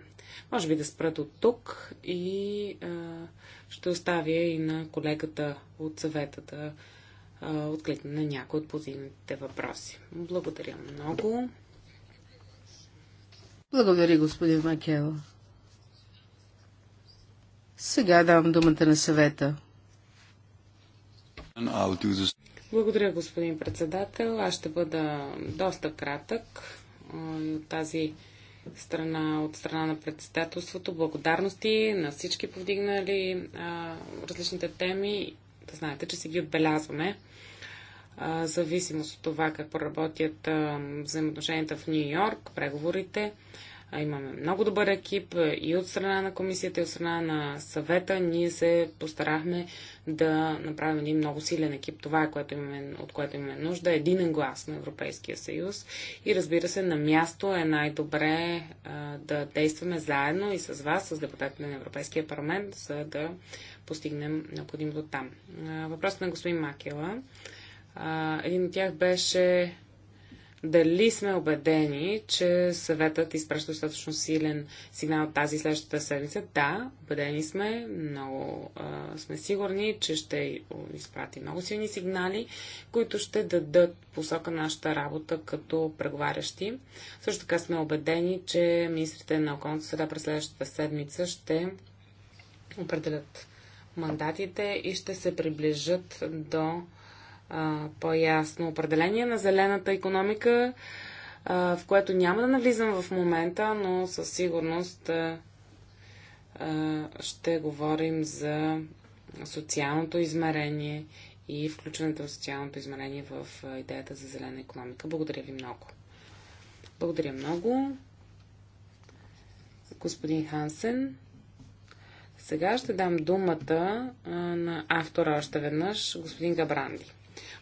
Може би да спра до тук и а, ще оставя и на колегата от съвета да а, откликне на някои от позивните въпроси. Благодаря много. Благодаря, господин Макева. Сега давам думата на съвета. Благодаря, господин председател. Аз ще бъда доста кратък от тази страна, от страна на председателството. Благодарности на всички повдигнали а, различните теми. Да знаете, че си ги отбелязваме. А, зависимост от това как проработят а, взаимоотношенията в Нью Йорк, преговорите. Имаме много добър екип и от страна на комисията, и от страна на съвета. Ние се постарахме да направим един много силен екип. Това е което имаме, от което имаме нужда. Единен глас на Европейския съюз. И разбира се, на място е най-добре да действаме заедно и с вас, с депутатите на Европейския парламент, за да постигнем необходимото там. Въпрос на господин Макела. Един от тях беше дали сме убедени, че съветът изпраща достатъчно силен сигнал тази следващата седмица. Да, убедени сме, много а, сме сигурни, че ще изпрати много силни сигнали, които ще дадат посока на нашата работа като преговарящи. Също така сме убедени, че министрите на околната среда през следващата седмица ще определят мандатите и ще се приближат до по-ясно определение на зелената економика, а, в което няма да навлизам в момента, но със сигурност а, а, ще говорим за социалното измерение и включването на социалното измерение в идеята за зелена економика. Благодаря ви много. Благодаря много. Господин Хансен. Сега ще дам думата на автора още веднъж, господин Габранди.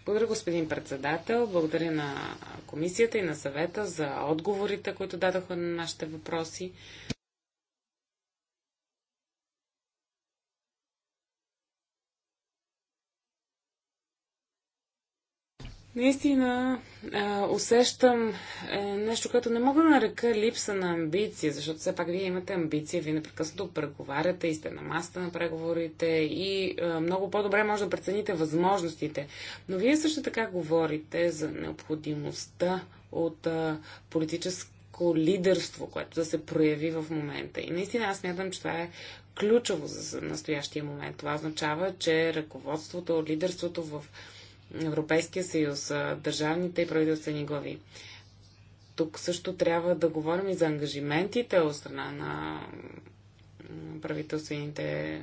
Благодаря, господин председател. Благодаря на комисията и на съвета за отговорите, които дадоха на нашите въпроси. Наистина а, усещам а, нещо, което не мога да нарека липса на амбиции, защото все пак вие имате амбиции, вие непрекъснато преговаряте и сте на масата на преговорите и а, много по-добре може да прецените възможностите. Но вие също така говорите за необходимостта от а, политическо лидерство, което да се прояви в момента. И наистина аз смятам, че това е ключово за настоящия момент. Това означава, че ръководството, лидерството в Европейския съюз, държавните и правителствени глави. Тук също трябва да говорим и за ангажиментите от страна на правителствените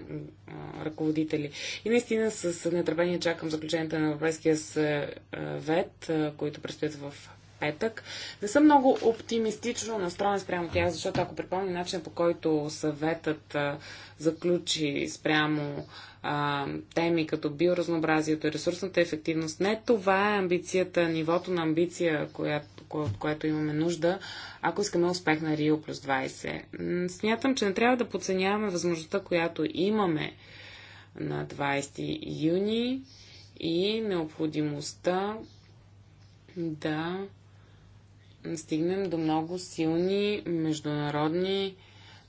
ръководители. И наистина с нетърпение чакам заключенията на Европейския съвет, които предстоят в петък. Не съм много оптимистично настроен спрямо тях, защото ако припомня начин по който съветът а, заключи спрямо а, теми като биоразнообразието и ресурсната ефективност, не това е амбицията, нивото на амбиция, която, от което имаме нужда, ако искаме успех на Рио плюс 20. Смятам, че не трябва да подценяваме възможността, която имаме на 20 юни и необходимостта да стигнем до много силни международни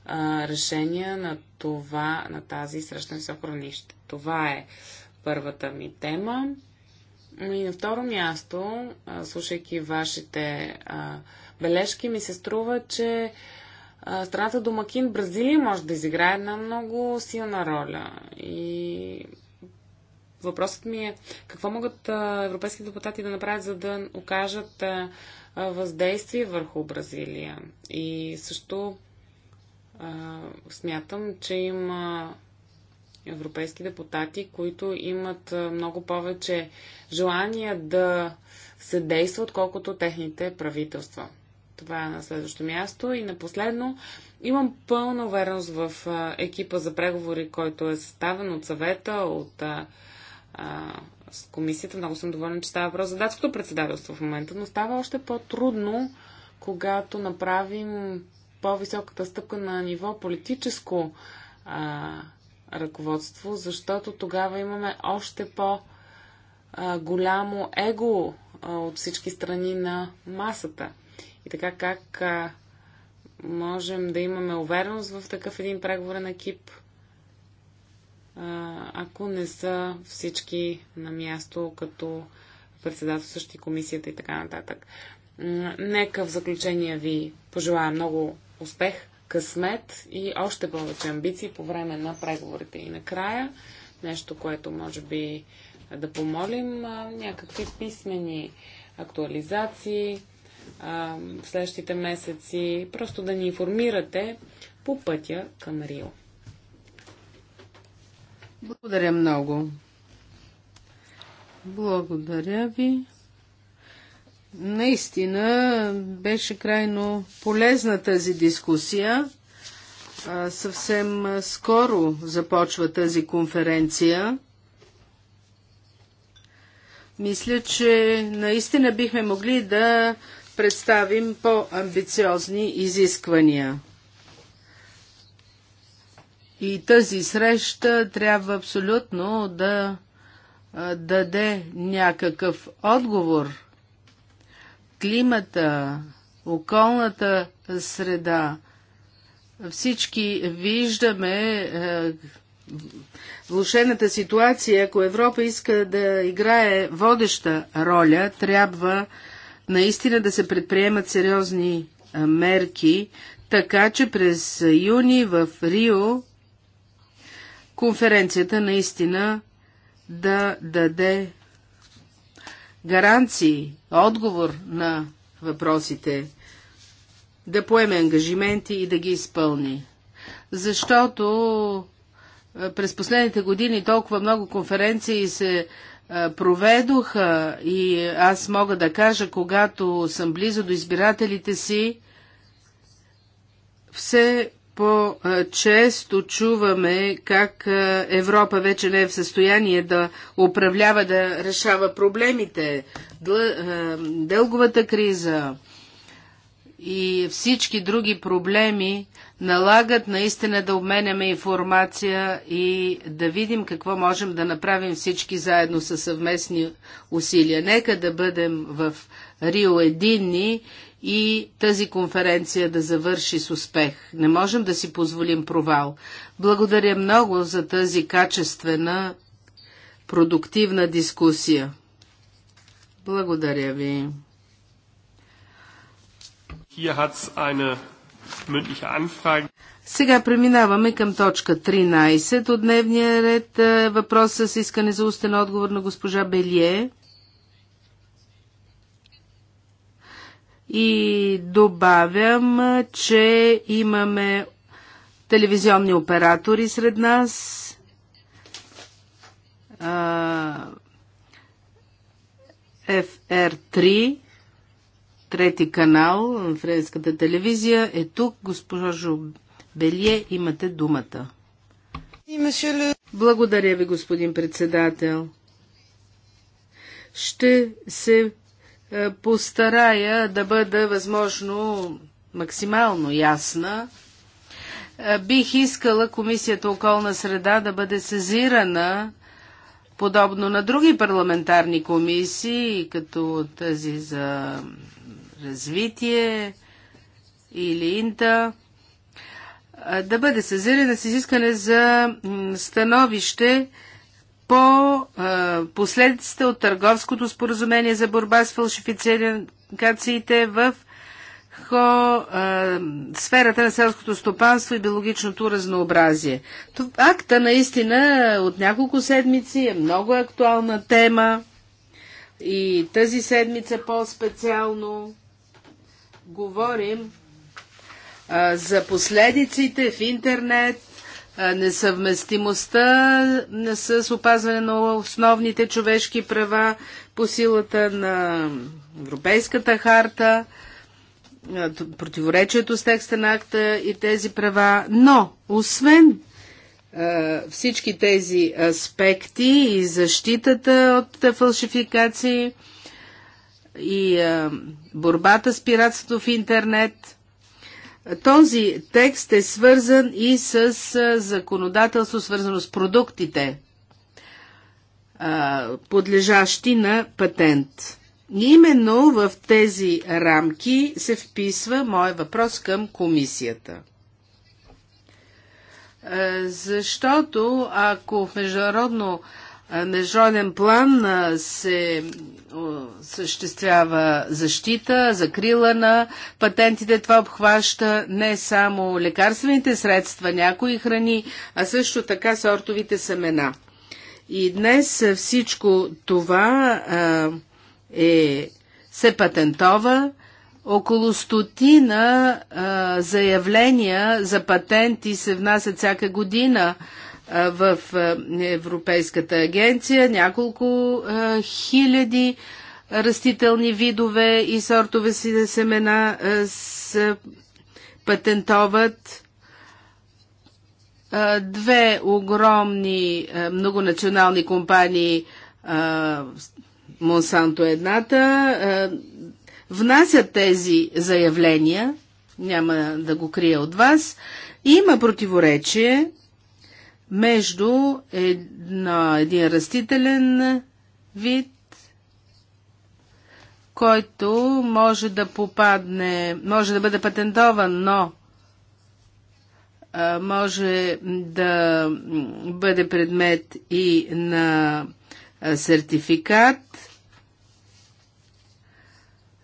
а, решения на, това, на тази среща на високо равнище. Това е първата ми тема. И на второ място, а, слушайки вашите а, бележки, ми се струва, че а, страната домакин Бразилия може да изиграе една много силна роля. И въпросът ми е какво могат европейските депутати да направят, за да окажат въздействие върху Бразилия. И също а, смятам, че има европейски депутати, които имат много повече желание да се действат, колкото техните правителства. Това е на следващо място. И на последно, имам пълна увереност в екипа за преговори, който е съставен от съвета, от с комисията. Много съм доволен, че става въпрос за датското председателство в момента, но става още по-трудно, когато направим по-високата стъпка на ниво политическо а, ръководство, защото тогава имаме още по-голямо его от всички страни на масата. И така как можем да имаме увереност в такъв един преговорен екип – ако не са всички на място като председателстващи комисията и така нататък. Нека в заключение ви пожелая много успех, късмет и още повече амбиции по време на преговорите. И накрая, нещо, което може би да помолим, някакви писмени актуализации в следващите месеци, просто да ни информирате по пътя към Рио. Благодаря много. Благодаря ви. Наистина беше крайно полезна тази дискусия. А, съвсем скоро започва тази конференция. Мисля, че наистина бихме могли да представим по-амбициозни изисквания. И тази среща трябва абсолютно да даде някакъв отговор. Климата, околната среда, всички виждаме влушената ситуация, ако Европа иска да играе водеща роля, трябва наистина да се предприемат сериозни мерки, така че през юни в Рио конференцията наистина да даде гаранции, отговор на въпросите, да поеме ангажименти и да ги изпълни. Защото през последните години толкова много конференции се проведоха и аз мога да кажа, когато съм близо до избирателите си, все по-често чуваме как Европа вече не е в състояние да управлява, да решава проблемите, дълговата криза и всички други проблеми налагат наистина да обменяме информация и да видим какво можем да направим всички заедно със съвместни усилия. Нека да бъдем в Рио единни и тази конференция да завърши с успех. Не можем да си позволим провал. Благодаря много за тази качествена, продуктивна дискусия. Благодаря ви. Сега преминаваме към точка 13 от дневния ред. Е, въпроса с искане за устен отговор на госпожа Белие. И добавям, че имаме телевизионни оператори сред нас, ФР3, трети канал на френската телевизия е тук. Госпожо Белие, имате думата. Благодаря ви, господин председател. Ще се е, постарая да бъда възможно максимално ясна. Е, бих искала Комисията околна среда да бъде сезирана подобно на други парламентарни комисии, като тази за развитие или Инта, е, да бъде сезирана с изискане за становище по последиците от търговското споразумение за борба с фалшификациите в а, сферата на селското стопанство и биологичното разнообразие. Акта наистина от няколко седмици е много актуална тема и тази седмица по-специално говорим а, за последиците в интернет несъвместимостта с опазване на основните човешки права по силата на Европейската харта, противоречието с текста на акта и тези права. Но, освен всички тези аспекти и защитата от фалшификации и борбата с пиратството в интернет – този текст е свързан и с законодателство, свързано с продуктите, подлежащи на патент. Именно в тези рамки се вписва моят въпрос към комисията. Защото ако в международно международен план се съществява защита, закрила на патентите. Това обхваща не само лекарствените средства, някои храни, а също така сортовите семена. И днес всичко това а, е, се патентова. Около стотина а, заявления за патенти се внасят всяка година в Европейската агенция няколко хиляди растителни видове и сортове си на семена се патентоват. Две огромни многонационални компании, Монсанто едната, внасят тези заявления, няма да го крия от вас. Има противоречие между една, един растителен вид, който може да попадне, може да бъде патентован, но може да бъде предмет и на сертификат,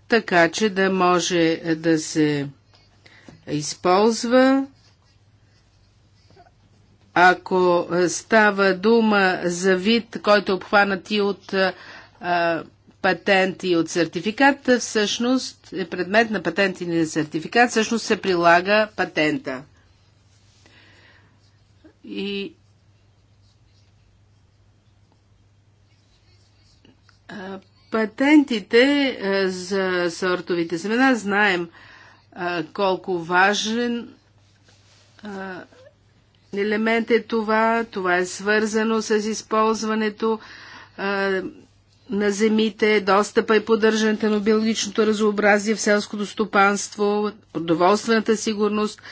така че да може да се използва ако става дума за вид, който е обхванат и от а, патент и от сертификат, всъщност е предмет на патент или на сертификат, всъщност се прилага патента. И Патентите за сортовите семена знаем колко важен елемент е това. Това е свързано с използването а, на земите, достъпа и поддържането на биологичното разнообразие в селското стопанство, продоволствената сигурност.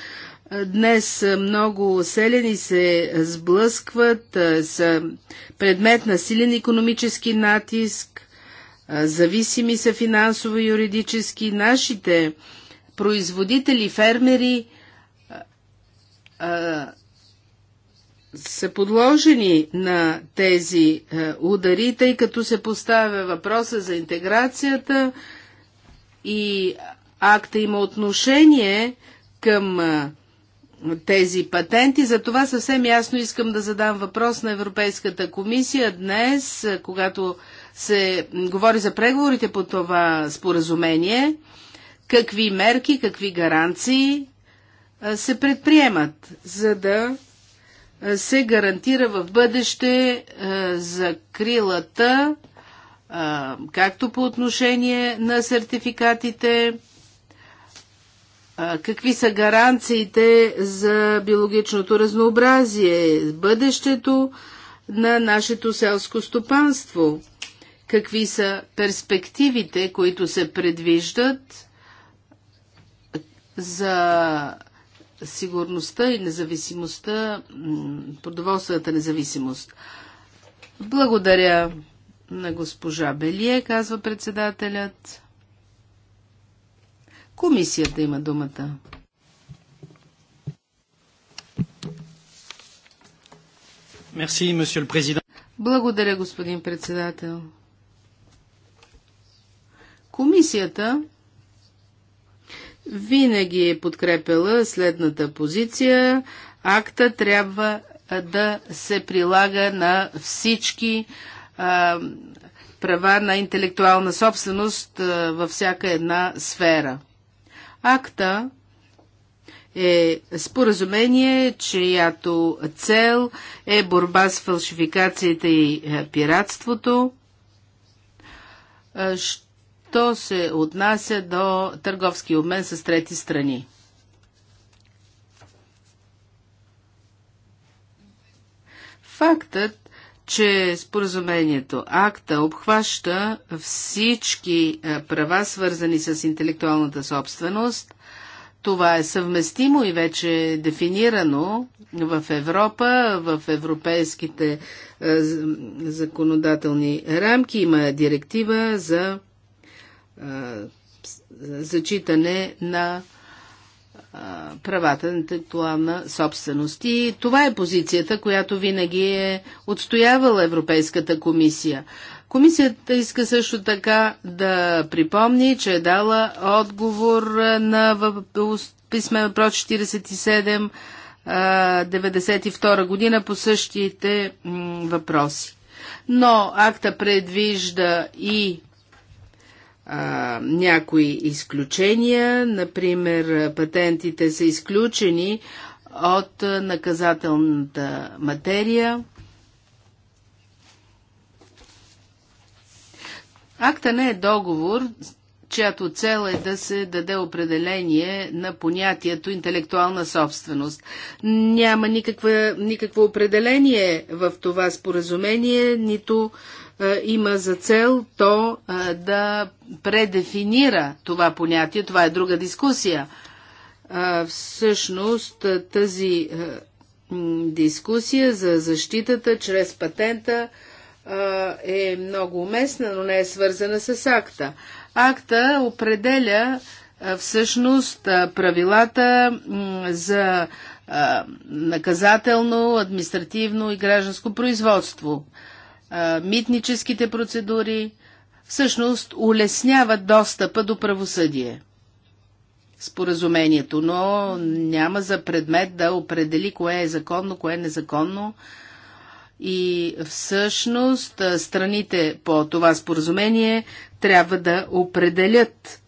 Днес много селени се сблъскват, са предмет на силен економически натиск, зависими са финансово и юридически. Нашите производители, фермери са подложени на тези е, удари, тъй като се поставя въпроса за интеграцията и акта има отношение към е, тези патенти. За това съвсем ясно искам да задам въпрос на Европейската комисия днес, е, когато се говори за преговорите по това споразумение, какви мерки, какви гаранции се предприемат, за да е, се гарантира в бъдеще е, закрилата, е, както по отношение на сертификатите, какви са гаранциите за биологичното разнообразие, бъдещето на нашето селско стопанство, какви са перспективите, които се предвиждат за сигурността и независимостта, продоволствената независимост. Благодаря на госпожа Белие, казва председателят. Комисията има думата. Мерси, месье президент. Благодаря, господин председател. Комисията винаги е подкрепила следната позиция. Акта трябва да се прилага на всички а, права на интелектуална собственост а, във всяка една сфера. Акта е споразумение, чиято цел е борба с фалшификацията и пиратството. А, то се отнася до търговски обмен с трети страни. Фактът, че споразумението АКТА обхваща всички е, права, свързани с интелектуалната собственост, това е съвместимо и вече е дефинирано в Европа, в европейските е, законодателни рамки. Има директива за зачитане на правата на интелектуална собственост. И това е позицията, която винаги е отстоявала Европейската комисия. Комисията иска също така да припомни, че е дала отговор на писмен въпрос 47 92 година по същите въпроси. Но акта предвижда и а, някои изключения. Например, патентите са изключени от наказателната материя. Акта не е договор, чиято цел е да се даде определение на понятието интелектуална собственост. Няма никаква, никакво определение в това споразумение, нито е, има за цел то е, да предефинира това понятие. Това е друга дискусия. Е, всъщност тази дискусия за защитата чрез патента е много уместна, но не е свързана с акта. Акта определя всъщност правилата за наказателно, административно и гражданско производство митническите процедури, всъщност улесняват достъпа до правосъдие. Споразумението, но няма за предмет да определи кое е законно, кое е незаконно. И всъщност страните по това споразумение трябва да определят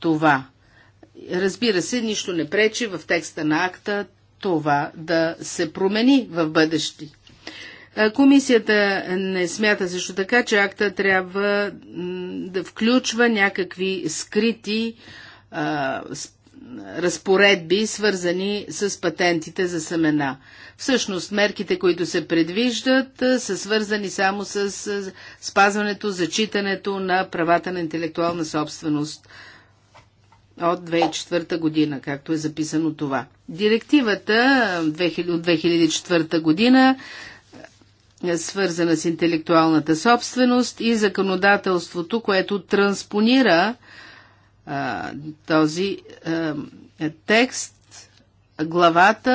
това. Разбира се, нищо не пречи в текста на акта това да се промени в бъдещите. Е, комисията не смята също така, че акта трябва да включва някакви скрити а, е, разпоредби, свързани с патентите за семена. Всъщност, мерките, които се предвиждат, е, са свързани само с спазването, зачитането на правата на интелектуална собственост от 2004 година, както е записано това. Директивата от 2004 година свързана с интелектуалната собственост и законодателството, което транспонира а, този а, текст, главата,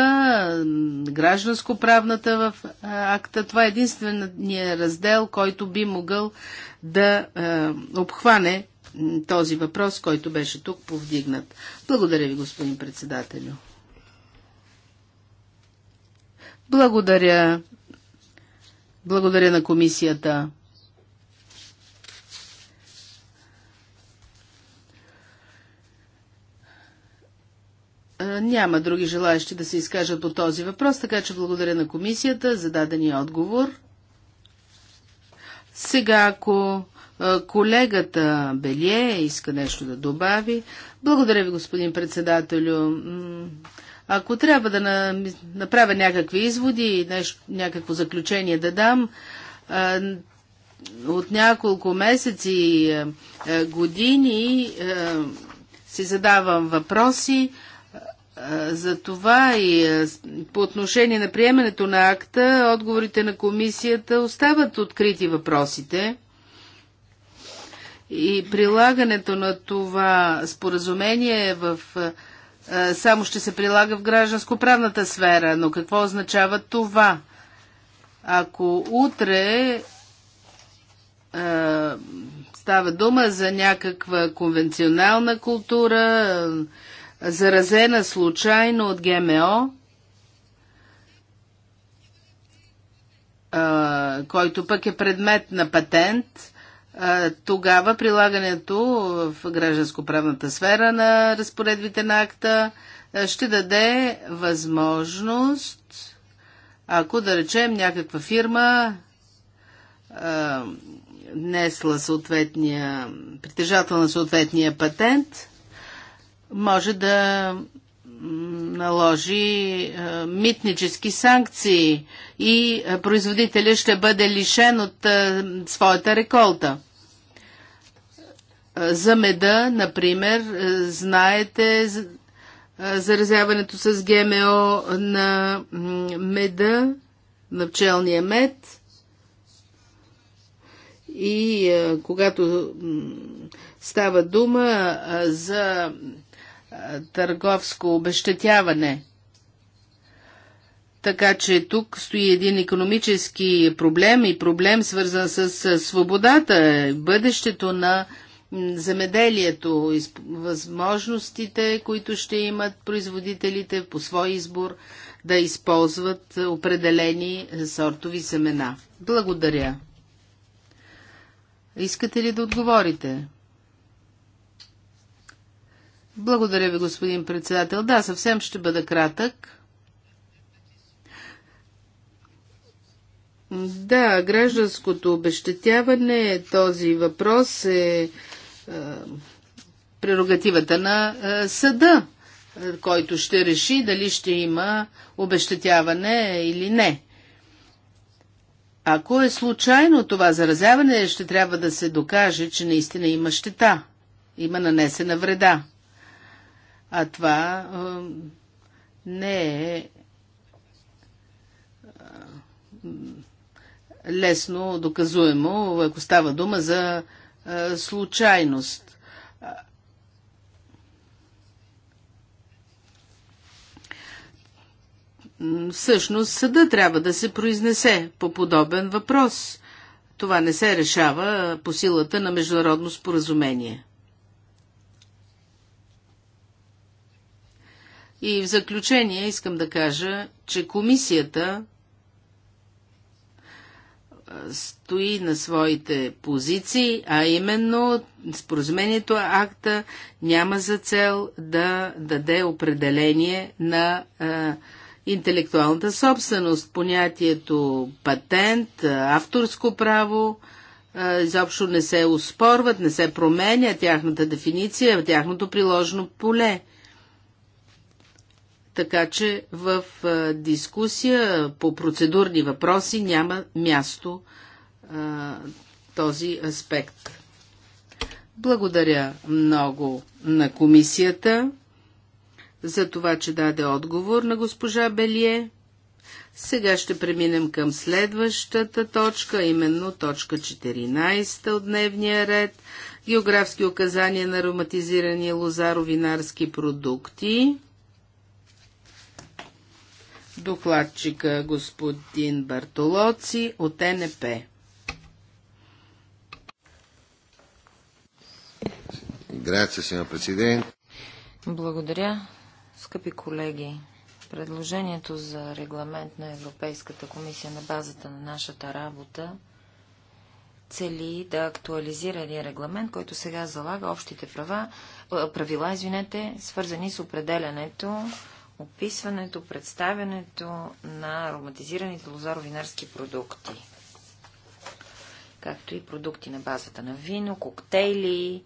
гражданско-правната в акта. Това е единственият раздел, който би могъл да а, обхване този въпрос, който беше тук повдигнат. Благодаря ви, господин председателю. Благодаря благодаря на комисията. Няма други желаящи да се изкажат по този въпрос, така че благодаря на комисията за дадения отговор. Сега, ако колегата Белие иска нещо да добави. Благодаря ви, господин председателю. Ако трябва да направя някакви изводи, някакво заключение да дам, от няколко месеци, години си задавам въпроси за това и по отношение на приемането на акта, отговорите на комисията остават открити въпросите. И прилагането на това споразумение в е, само ще се прилага в гражданско-правната сфера. Но какво означава това? Ако утре е, става дума за някаква конвенционална култура, е, заразена случайно от ГМО, който пък е предмет на патент, тогава прилагането в гражданско-правната сфера на разпоредбите на акта ще даде възможност, ако да речем някаква фирма несла съответния, притежател на съответния патент, може да наложи митнически санкции и производителя ще бъде лишен от своята реколта. За меда, например, е, знаете е, заразяването с ГМО на меда, на пчелния мед. И е, когато става дума за търговско обещетяване, така че тук стои един економически проблем и проблем свързан с свободата, бъдещето на земеделието, възможностите, които ще имат производителите по свой избор да използват е, определени е, сортови семена. Благодаря. Искате ли да отговорите? Благодаря ви, господин председател. Да, съвсем ще бъда кратък. Да, гражданското обещетяване, този въпрос е е, прерогативата на е, съда, е, който ще реши дали ще има обещетяване или не. Ако е случайно това заразяване, ще трябва да се докаже, че наистина има щета, има нанесена вреда. А това не е лесно доказуемо, ако става дума за е, случайност. Всъщност съда трябва да се произнесе по подобен въпрос. Това не се решава по силата на международно споразумение. И в заключение искам да кажа, че комисията стои на своите позиции, а именно споразумението акта няма за цел да даде определение на а, интелектуалната собственост, понятието патент, авторско право, изобщо не се успорват, не се променя тяхната дефиниция, в тяхното приложено поле. Така че в дискусия по процедурни въпроси няма място а, този аспект. Благодаря много на комисията за това, че даде отговор на госпожа Белие. Сега ще преминем към следващата точка, именно точка 14 от дневния ред. Географски указания на ароматизирани лозаровинарски продукти докладчика господин Бартолоци от НП. Благодаря, скъпи колеги. Предложението за регламент на Европейската комисия на базата на нашата работа цели да актуализира един регламент, който сега залага общите права, правила, извинете, свързани с определянето описването, представянето на ароматизираните лозаровинарски продукти, както и продукти на базата на вино, коктейли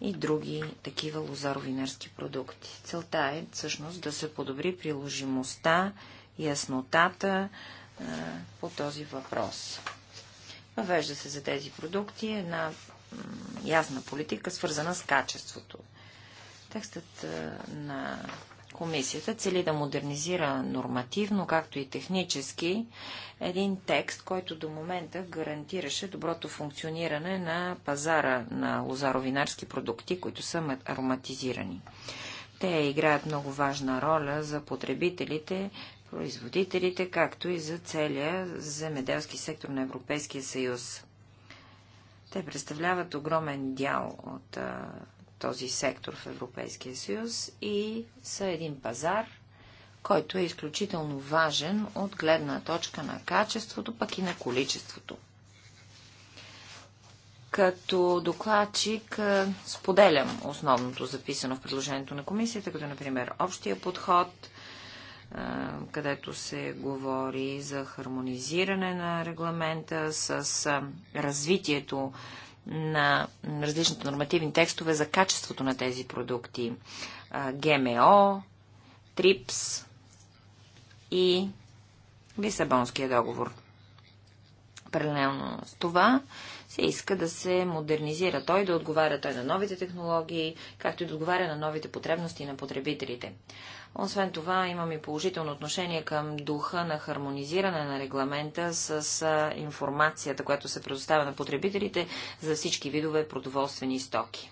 и други такива лозаро-винарски продукти. Целта е всъщност да се подобри приложимостта, яснотата по този въпрос. Въвежда се за тези продукти една ясна политика, свързана с качеството. Текстът на Комисията цели да модернизира нормативно, както и технически, един текст, който до момента гарантираше доброто функциониране на пазара на лозаровинарски продукти, които са ароматизирани. Те играят много важна роля за потребителите, производителите, както и за целия земеделски сектор на Европейския съюз. Те представляват огромен дял от а, този сектор в Европейския съюз и са един пазар, който е изключително важен от гледна точка на качеството, пък и на количеството. Като докладчик споделям основното записано в предложението на комисията, като например общия подход, където се говори за хармонизиране на регламента с развитието на различните нормативни текстове за качеството на тези продукти. ГМО, ТРИПС и Лисабонския договор. Паралелно с това се иска да се модернизира той, да отговаря той на новите технологии, както и да отговаря на новите потребности на потребителите. Освен това, имам и положително отношение към духа на хармонизиране на регламента с информацията, която се предоставя на потребителите за всички видове продоволствени стоки.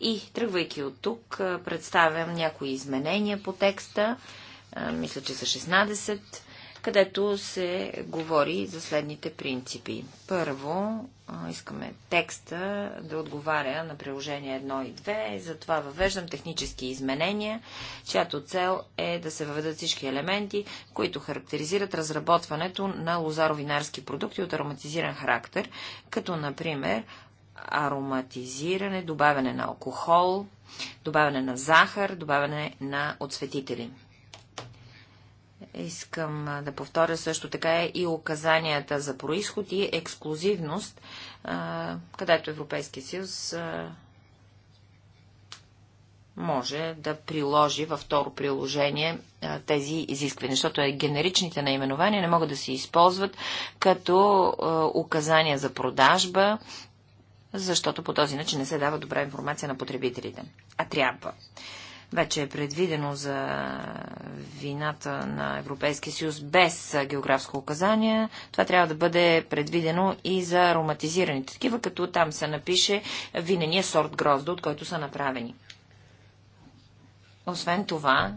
И, тръгвайки от тук, представям някои изменения по текста. Мисля, че са 16 където се говори за следните принципи. Първо, искаме текста да отговаря на приложение 1 и 2, затова въвеждам технически изменения, чиято цел е да се въведат всички елементи, които характеризират разработването на лозаровинарски продукти от ароматизиран характер, като например ароматизиране, добавяне на алкохол, добавяне на захар, добавяне на отсветители. Искам да повторя също така и указанията за происход и ексклюзивност, където Европейския съюз може да приложи във второ приложение тези изисквания, защото е, генеричните наименования не могат да се използват като указания за продажба, защото по този начин не се дава добра информация на потребителите. А трябва вече е предвидено за вината на Европейския съюз без географско указание. Това трябва да бъде предвидено и за ароматизираните такива, като там се напише винения сорт грозда, от който са направени. Освен това,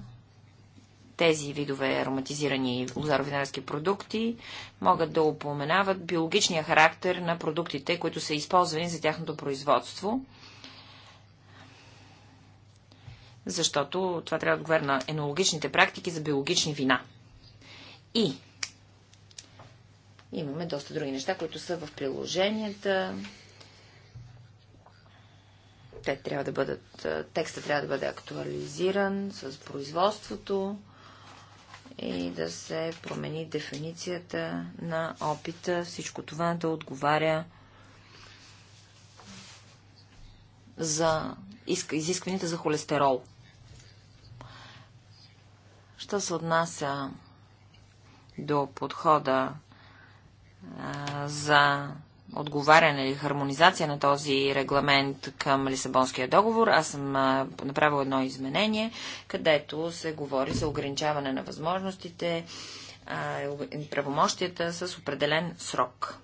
тези видове ароматизирани лозаровинарски продукти могат да упоменават биологичния характер на продуктите, които са използвани за тяхното производство защото това трябва да отговаря на енологичните практики за биологични вина. И имаме доста други неща, които са в приложенията. Те трябва да бъдат, текста трябва да бъде актуализиран с производството и да се промени дефиницията на опита. Всичко това да отговаря за изискванията за холестерол. Що се отнася до подхода за отговаряне или хармонизация на този регламент към Лисабонския договор, аз съм направил едно изменение, където се говори за ограничаване на възможностите и правомощията с определен срок.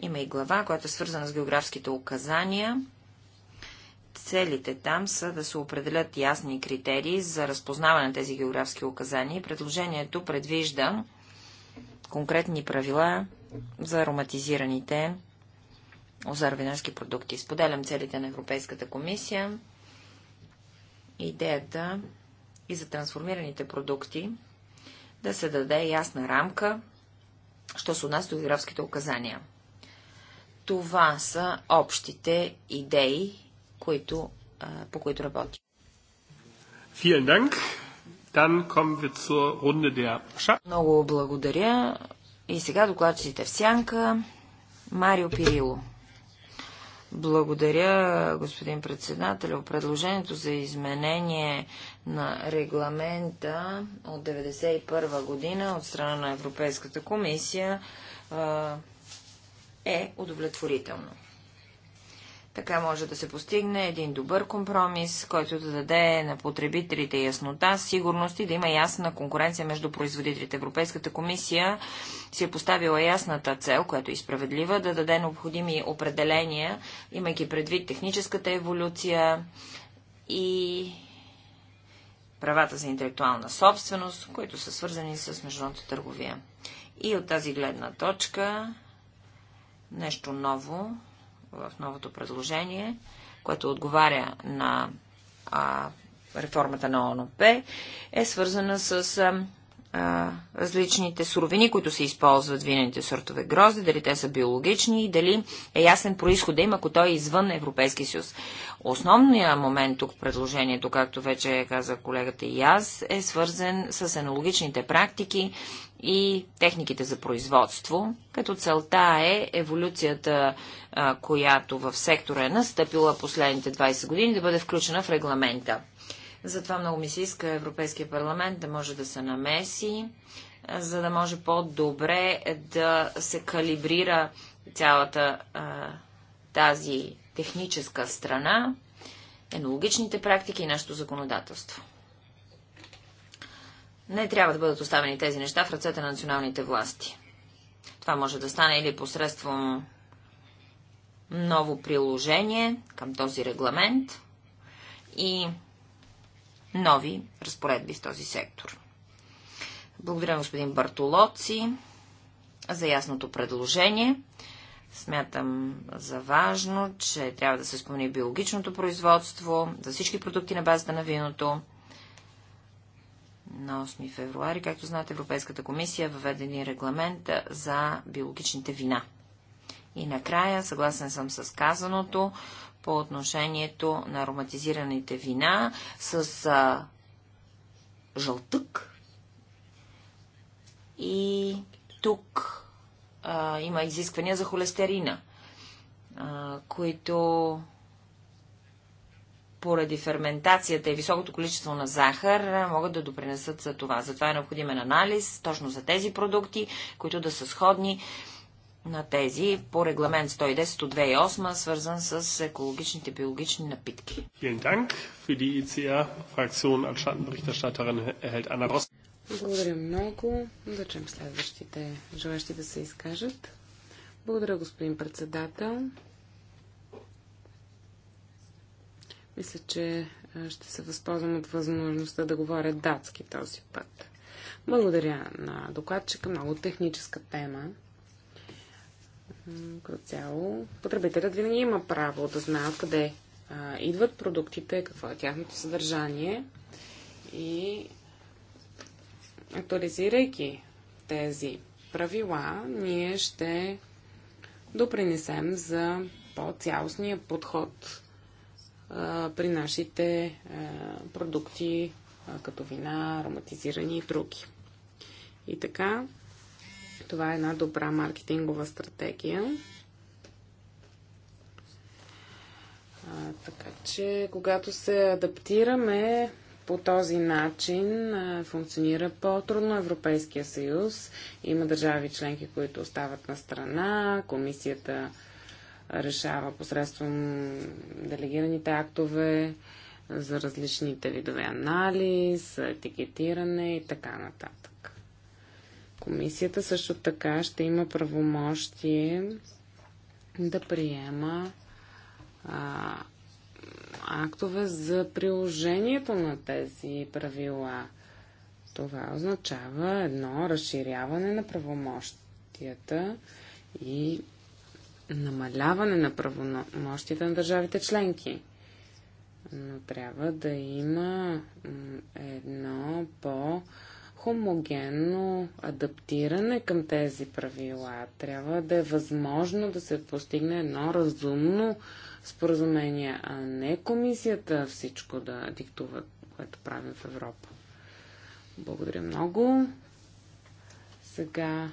Има и глава, която е свързана с географските указания Целите там са да се определят ясни критерии за разпознаване на тези географски указания. Предложението предвижда конкретни правила за ароматизираните озарвинарски продукти. Споделям целите на Европейската комисия, идеята и за трансформираните продукти да се даде ясна рамка, що се отнася до географските указания. Това са общите идеи които, по които работи. Много благодаря. И сега докладчите в сянка. Марио Пирило. Благодаря, господин председател. Предложението за изменение на регламента от 1991 година от страна на Европейската комисия е удовлетворително. Така може да се постигне един добър компромис, който да даде на потребителите яснота, сигурност и да има ясна конкуренция между производителите. Европейската комисия си е поставила ясната цел, която е справедлива, да даде необходими определения, имайки предвид техническата еволюция и правата за интелектуална собственост, които са свързани с международната търговия. И от тази гледна точка нещо ново в новото предложение, което отговаря на а, реформата на ОНП, е свързана с а, а, различните суровини, които се използват винените сортове грозде, дали те са биологични и дали е ясен да им, ако той е извън Европейски съюз. Основният момент тук в предложението, както вече каза колегата и аз, е свързан с аналогичните практики и техниките за производство, като целта е еволюцията, а, която в сектора е настъпила последните 20 години, да бъде включена в регламента. Затова много ми се иска Европейския парламент да може да се намеси, за да може по-добре да се калибрира цялата а, тази техническа страна, енологичните практики и нашето законодателство. Не трябва да бъдат оставени тези неща в ръцете на националните власти. Това може да стане или посредством ново приложение към този регламент и нови разпоредби в този сектор. Благодаря господин Бартолоци за ясното предложение. Смятам за важно, че трябва да се спомни биологичното производство за всички продукти на базата на виното. На 8 февруари, както знаете, Европейската комисия въведени регламент за биологичните вина. И накрая, съгласен съм с казаното по отношението на ароматизираните вина с а, жълтък. И тук а, има изисквания за холестерина, а, които поради ферментацията и високото количество на захар могат да допринесат за това. Затова е необходимен анализ точно за тези продукти, които да са сходни на тези по регламент 110 от 2008, свързан с екологичните биологични напитки. E Благодаря много. Да чем следващите желащи да се изкажат. Благодаря, господин председател. Мисля, че ще се възползвам от възможността да говоря датски този път. Благодаря на докладчика. Много техническа тема като цяло потребителят винаги има право да знае къде а, идват продуктите, какво е тяхното съдържание и актуализирайки тези правила, ние ще допринесем за по-цялостния подход а, при нашите а, продукти, а, като вина, ароматизирани и други. И така, това е една добра маркетингова стратегия. А, така че, когато се адаптираме по този начин, а, функционира по-трудно Европейския съюз. Има държави членки, които остават на страна, комисията решава посредством делегираните актове за различните видове анализ, етикетиране и така нататък. Комисията също така ще има правомощие да приема а, актове за приложението на тези правила. Това означава едно разширяване на правомощията и намаляване на правомощията на държавите членки. Но трябва да има едно по- хомогенно адаптиране към тези правила. Трябва да е възможно да се постигне едно разумно споразумение, а не комисията всичко да диктува, което правим в Европа. Благодаря много. Сега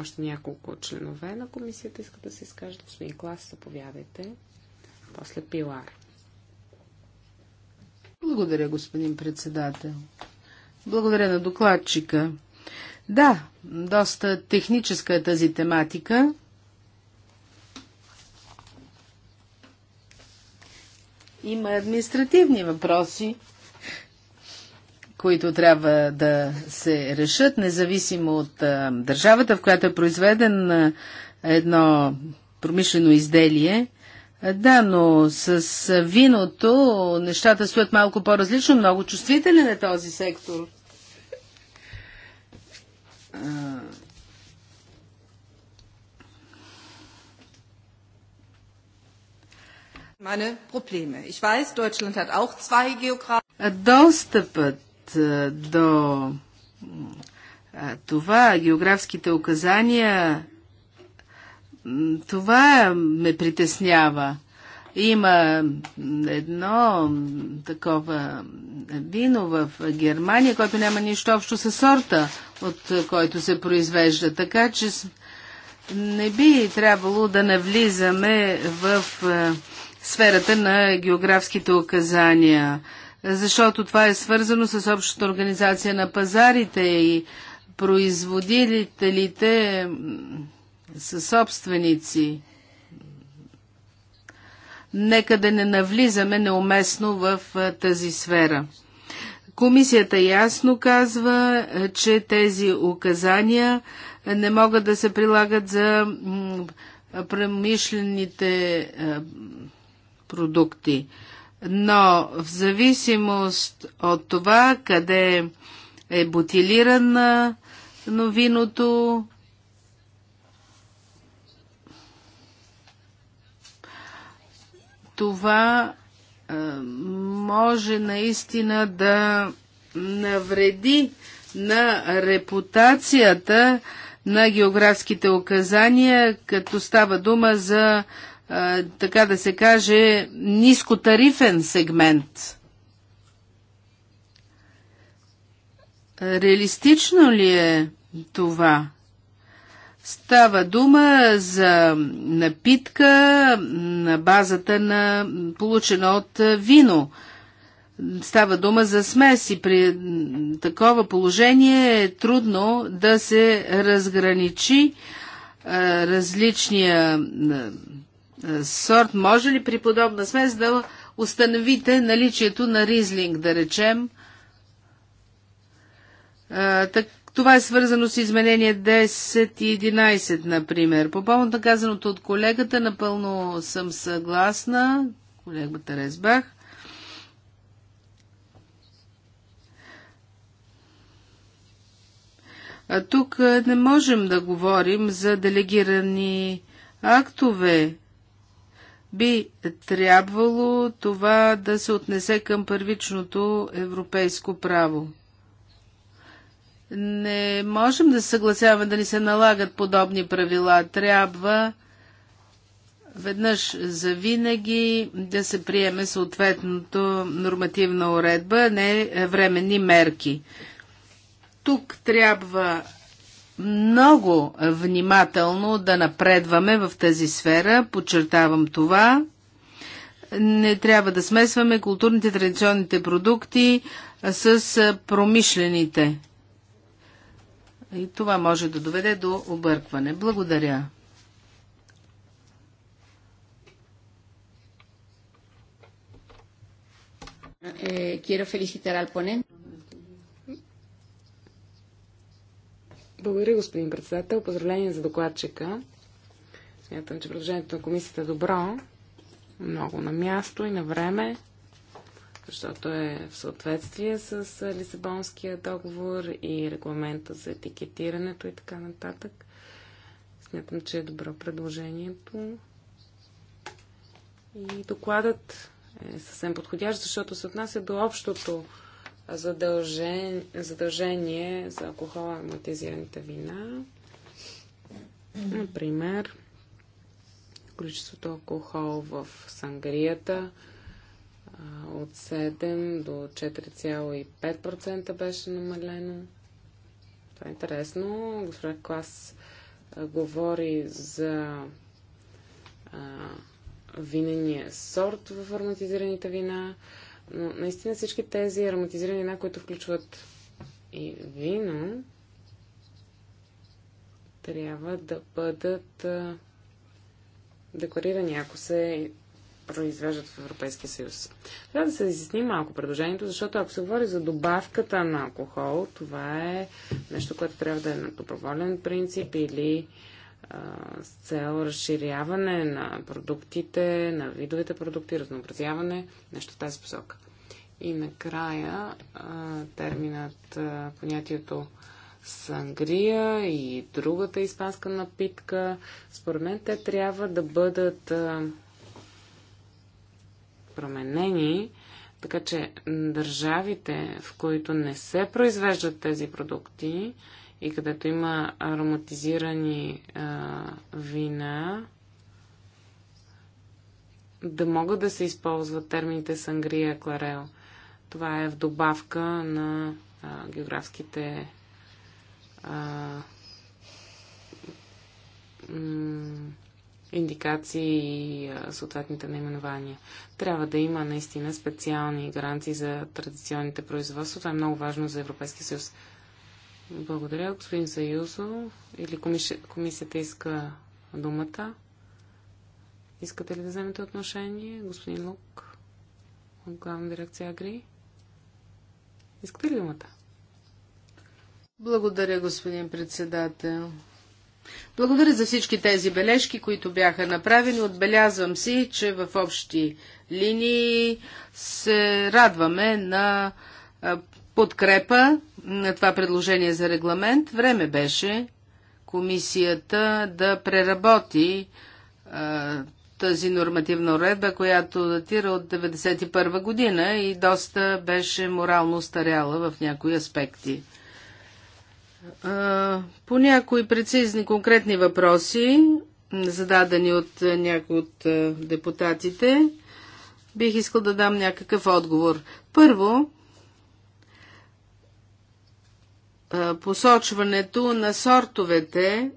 още няколко членове на комисията искат да се изкажат. Господин Клас, заповядайте. После Пилар. Благодаря, господин председател. Благодаря на докладчика. Да, доста техническа е тази тематика. Има административни въпроси, които трябва да се решат, независимо от а, държавата, в която е произведен а, едно промишлено изделие – да, но с виното нещата стоят малко по-различно. Много чувствителен е този сектор. Ich weiß, Deutschland hat auch zwei Достъпът до това, географските указания това ме притеснява. Има едно такова вино в Германия, което няма нищо общо с сорта, от който се произвежда. Така че не би трябвало да навлизаме в е, сферата на географските указания, защото това е свързано с общата организация на пазарите и производителите собственици. Нека да не навлизаме неуместно в тази сфера. Комисията ясно казва, че тези указания не могат да се прилагат за премишлените продукти. Но в зависимост от това къде е бутилирана виното, това е, може наистина да навреди на репутацията на географските указания, като става дума за, е, така да се каже, нискотарифен сегмент. Реалистично ли е това? Става дума за напитка на базата на получена от вино. Става дума за смес и при такова положение е трудно да се разграничи различния сорт. Може ли при подобна смес да установите наличието на ризлинг, да речем? Това е свързано с изменение 10 и 11, например. По повод на казаното от колегата, напълно съм съгласна, колегата Резбах. А тук не можем да говорим за делегирани актове. Би трябвало това да се отнесе към първичното европейско право. Не можем да съгласяваме да ни се налагат подобни правила. Трябва веднъж за винаги да се приеме съответното нормативна уредба, не временни мерки. Тук трябва много внимателно да напредваме в тази сфера, подчертавам това. Не трябва да смесваме културните традиционните продукти с промишлените. И това може да доведе до объркване. Благодаря. Кира е, quiero Алпонен. Благодаря, господин председател. Поздравление за докладчика. Смятам, че предложението на комисията е добро, много на място и на време защото е в съответствие с Лисабонския договор и регламента за етикетирането и така нататък. Смятам, че е добро предложението. И докладът е съвсем подходящ, защото се отнася до общото задължение, задължение за алкохола и матизираните вина. Например, количеството алкохол в сангрията – от 7 до 4,5% беше намалено. Това е интересно. Госпожа Клас говори за а, винения сорт в ароматизираните вина, но наистина всички тези ароматизирани вина, които включват и вино, трябва да бъдат а, декларирани. Ако се произвеждат в Европейския съюз. Трябва да се изясни малко предложението, защото ако се говори за добавката на алкохол, това е нещо, което трябва да е на доброволен принцип или а, с цел разширяване на продуктите, на видовете продукти, разнообразяване, нещо в тази посока. И накрая а, терминът, а, понятието сангрия и другата испанска напитка, според мен те трябва да бъдат а, променени, така че държавите, в които не се произвеждат тези продукти и където има ароматизирани а, вина, да могат да се използват термините сангрия кларел. Това е в добавка на а, географските а, индикации и съответните наименования. Трябва да има наистина специални гаранции за традиционните производства. Това е много важно за Европейския съюз. Благодаря, господин Заюзо. Или комиси... комисията иска думата? Искате ли да вземете отношение, господин Лук от главна дирекция Агри? Искате ли думата? Благодаря, господин председател. Благодаря за всички тези бележки, които бяха направени. Отбелязвам си, че в общи линии се радваме на подкрепа на това предложение за регламент. Време беше комисията да преработи тази нормативна уредба, която датира от 1991 година и доста беше морално старяла в някои аспекти. По някои прецизни конкретни въпроси, зададени от някои от депутатите, бих искал да дам някакъв отговор. Първо, посочването на сортовете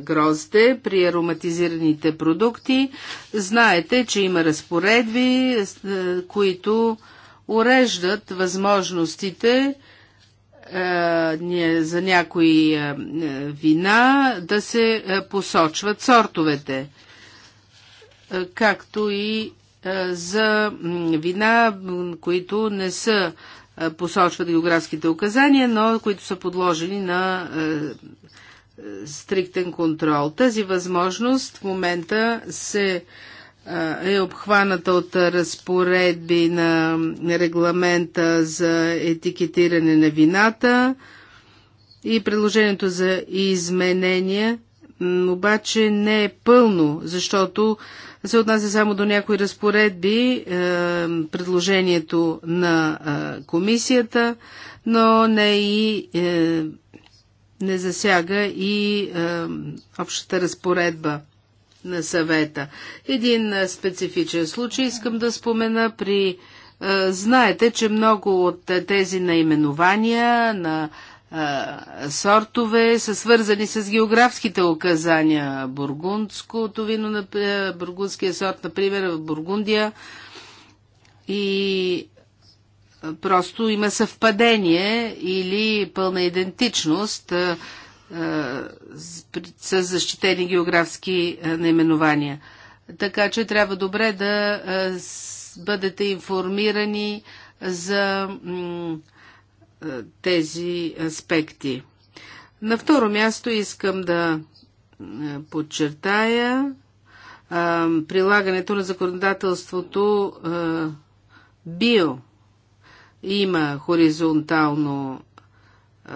грозде при ароматизираните продукти. Знаете, че има разпоредби, които уреждат възможностите е, за някои е, вина да се е, посочват сортовете, както и за вина, които не са посочват географските указания, но които са подложени на стриктен контрол. Тази възможност в момента се е обхваната от разпоредби на регламента за етикетиране на вината и предложението за изменения обаче не е пълно, защото се отнася само до някои разпоредби, е, предложението на е, комисията, но не и е, не засяга и общата разпоредба на съвета. Един специфичен случай искам да спомена при. Знаете, че много от тези наименования на сортове са свързани с географските указания. Бургундското вино, бургундския сорт, например, в Бургундия. И просто има съвпадение или пълна идентичност е, с защитени географски е, наименования. Така че трябва добре да е, бъдете информирани за тези аспекти. На второ място искам да подчертая прилагането на законодателството био. Има хоризонтално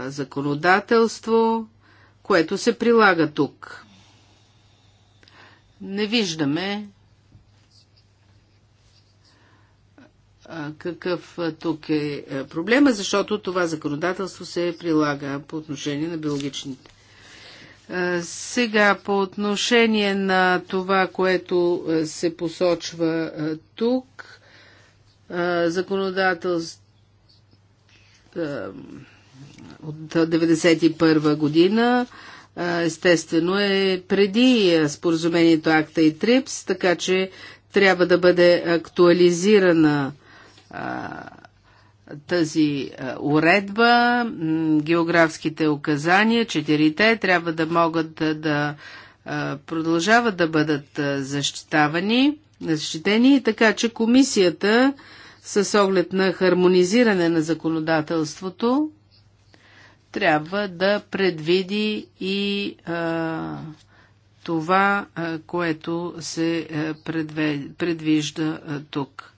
законодателство, което се прилага тук. Не виждаме какъв тук е проблема, защото това законодателство се прилага по отношение на биологичните. Сега по отношение на това, което се посочва тук, законодателство от 1991 година. Естествено е преди споразумението АКТА и ТРИПС, така че трябва да бъде актуализирана тази уредба, географските указания, четирите трябва да могат да, да продължават да бъдат защитавани, защитени, така че комисията с оглед на хармонизиране на законодателството трябва да предвиди и а, това, а, което се предве, предвижда а, тук.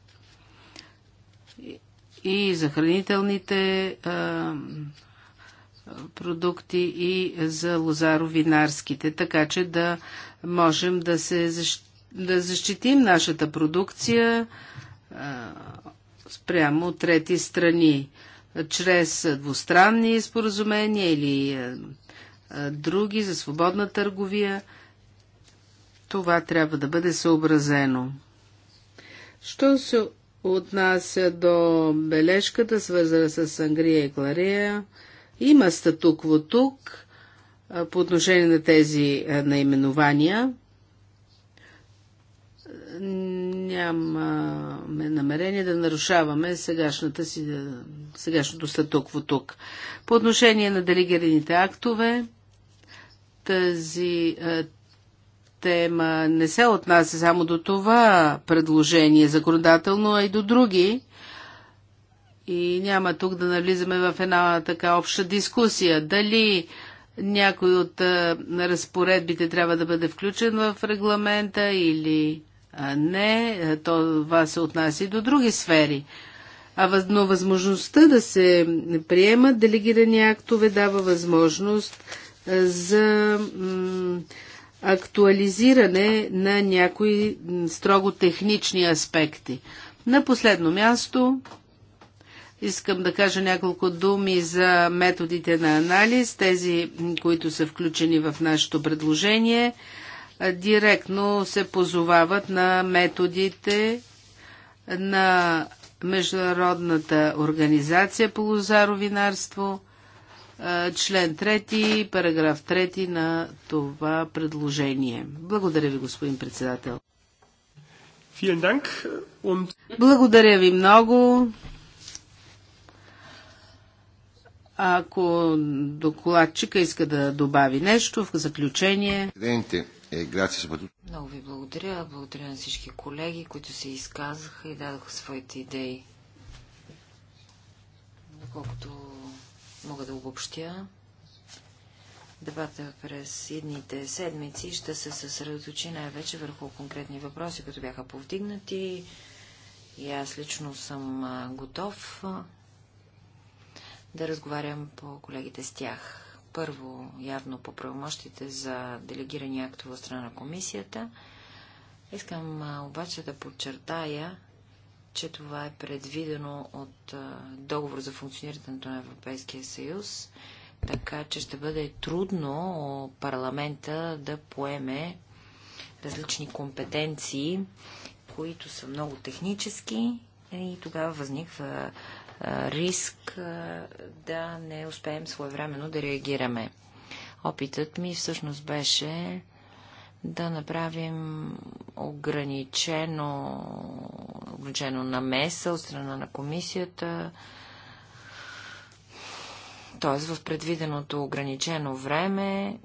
И за хранителните а, продукти и за лозаровинарските, така че да можем да, се защ... да защитим нашата продукция а, спрямо от трети страни чрез двустранни споразумения или е, е, други за свободна търговия. Това трябва да бъде съобразено. Що се отнася до бележката, свързана с Ангрия и Кларея, има статукво тук е, по отношение на тези наименования – нямаме намерение да нарушаваме сегашната си, сегашното статукво тук. По отношение на делегираните актове, тази тема не се отнася само до това предложение законодателно, а и до други. И няма тук да навлизаме в една така обща дискусия. Дали някой от а, разпоредбите трябва да бъде включен в регламента или не, е, това се отнася и до други сфери. А, но възможността да се приемат делегирани актове дава възможност е, за актуализиране на някои строго технични аспекти. На последно място искам да кажа няколко думи за методите на анализ, тези, които са включени в нашето предложение – директно се позовават на методите на Международната организация по лозаровинарство, член 3, параграф 3 на това предложение. Благодаря ви, господин председател. Благодаря ви много. Ако докладчика иска да добави нещо в заключение. Е, Много ви благодаря. Благодаря на всички колеги, които се изказаха и дадоха своите идеи. Доколкото мога да обобщя, дебата през едните седмици ще се съсредоточи най-вече върху конкретни въпроси, които бяха повдигнати. И аз лично съм готов да разговарям по колегите с тях. Първо, явно по правомощите за делегирани актове от страна на комисията. Искам обаче да подчертая, че това е предвидено от договор за функционирането на Европейския съюз, така че ще бъде трудно парламента да поеме различни компетенции, които са много технически и тогава възниква риск да не успеем своевременно да реагираме. Опитът ми всъщност беше да направим ограничено, ограничено намеса от страна на комисията, т.е. в предвиденото ограничено време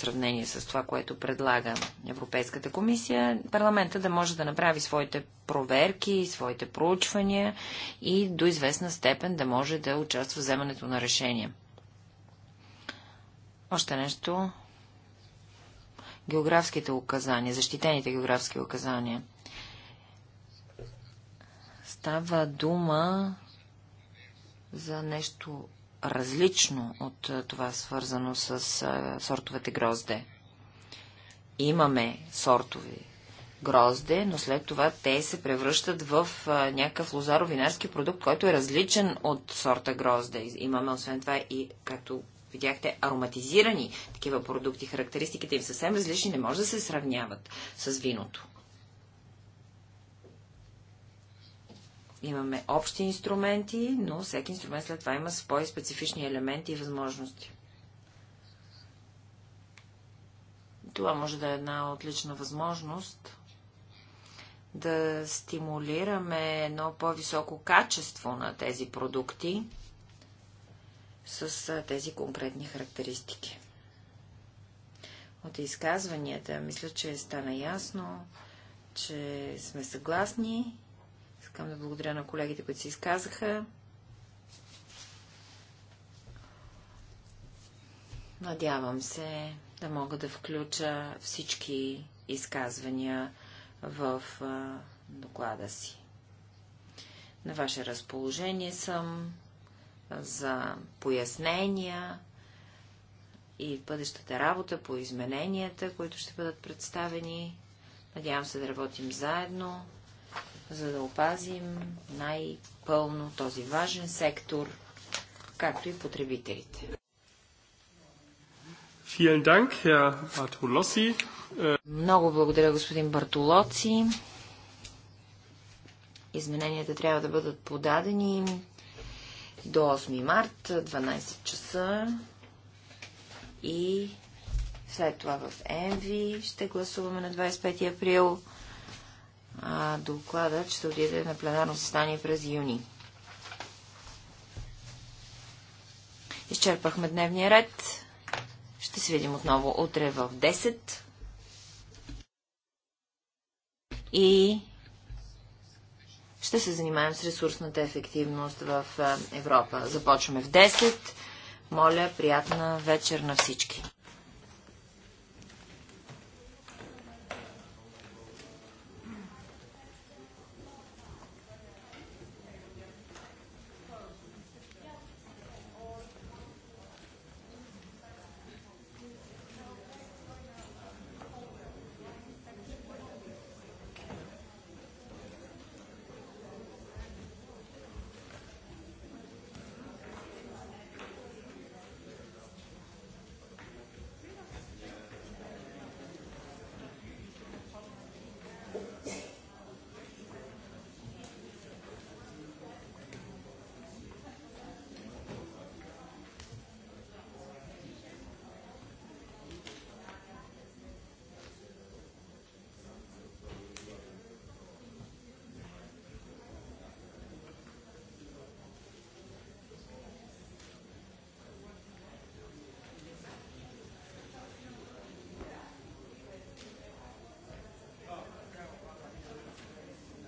сравнение с това, което предлага Европейската комисия, парламента да може да направи своите проверки, своите проучвания и до известна степен да може да участва в вземането на решения. Още нещо. Географските указания, защитените географски указания. Става дума за нещо различно от това свързано с сортовете грозде. Имаме сортови грозде, но след това те се превръщат в някакъв лозаро-винарски продукт, който е различен от сорта грозде. Имаме освен това и, както видяхте, ароматизирани такива продукти. Характеристиките им съвсем различни, не може да се сравняват с виното. Имаме общи инструменти, но всеки инструмент след това има свои специфични елементи и възможности. Това може да е една отлична възможност да стимулираме едно по-високо качество на тези продукти с тези конкретни характеристики. От изказванията мисля, че стана ясно, че сме съгласни Искам да благодаря на колегите, които се изказаха. Надявам се да мога да включа всички изказвания в а, доклада си. На ваше разположение съм за пояснения и бъдещата работа по измененията, които ще бъдат представени. Надявам се да работим заедно за да опазим най-пълно този важен сектор, както и потребителите. Много благодаря, господин Бартолоци. Измененията трябва да бъдат подадени до 8 март, 12 часа и след това в ЕМВИ ще гласуваме на 25 април а, докладът ще отиде на пленарно състояние през юни. Изчерпахме дневния ред. Ще се видим отново утре в 10. И ще се занимаем с ресурсната ефективност в Европа. Започваме в 10. Моля, приятна вечер на всички.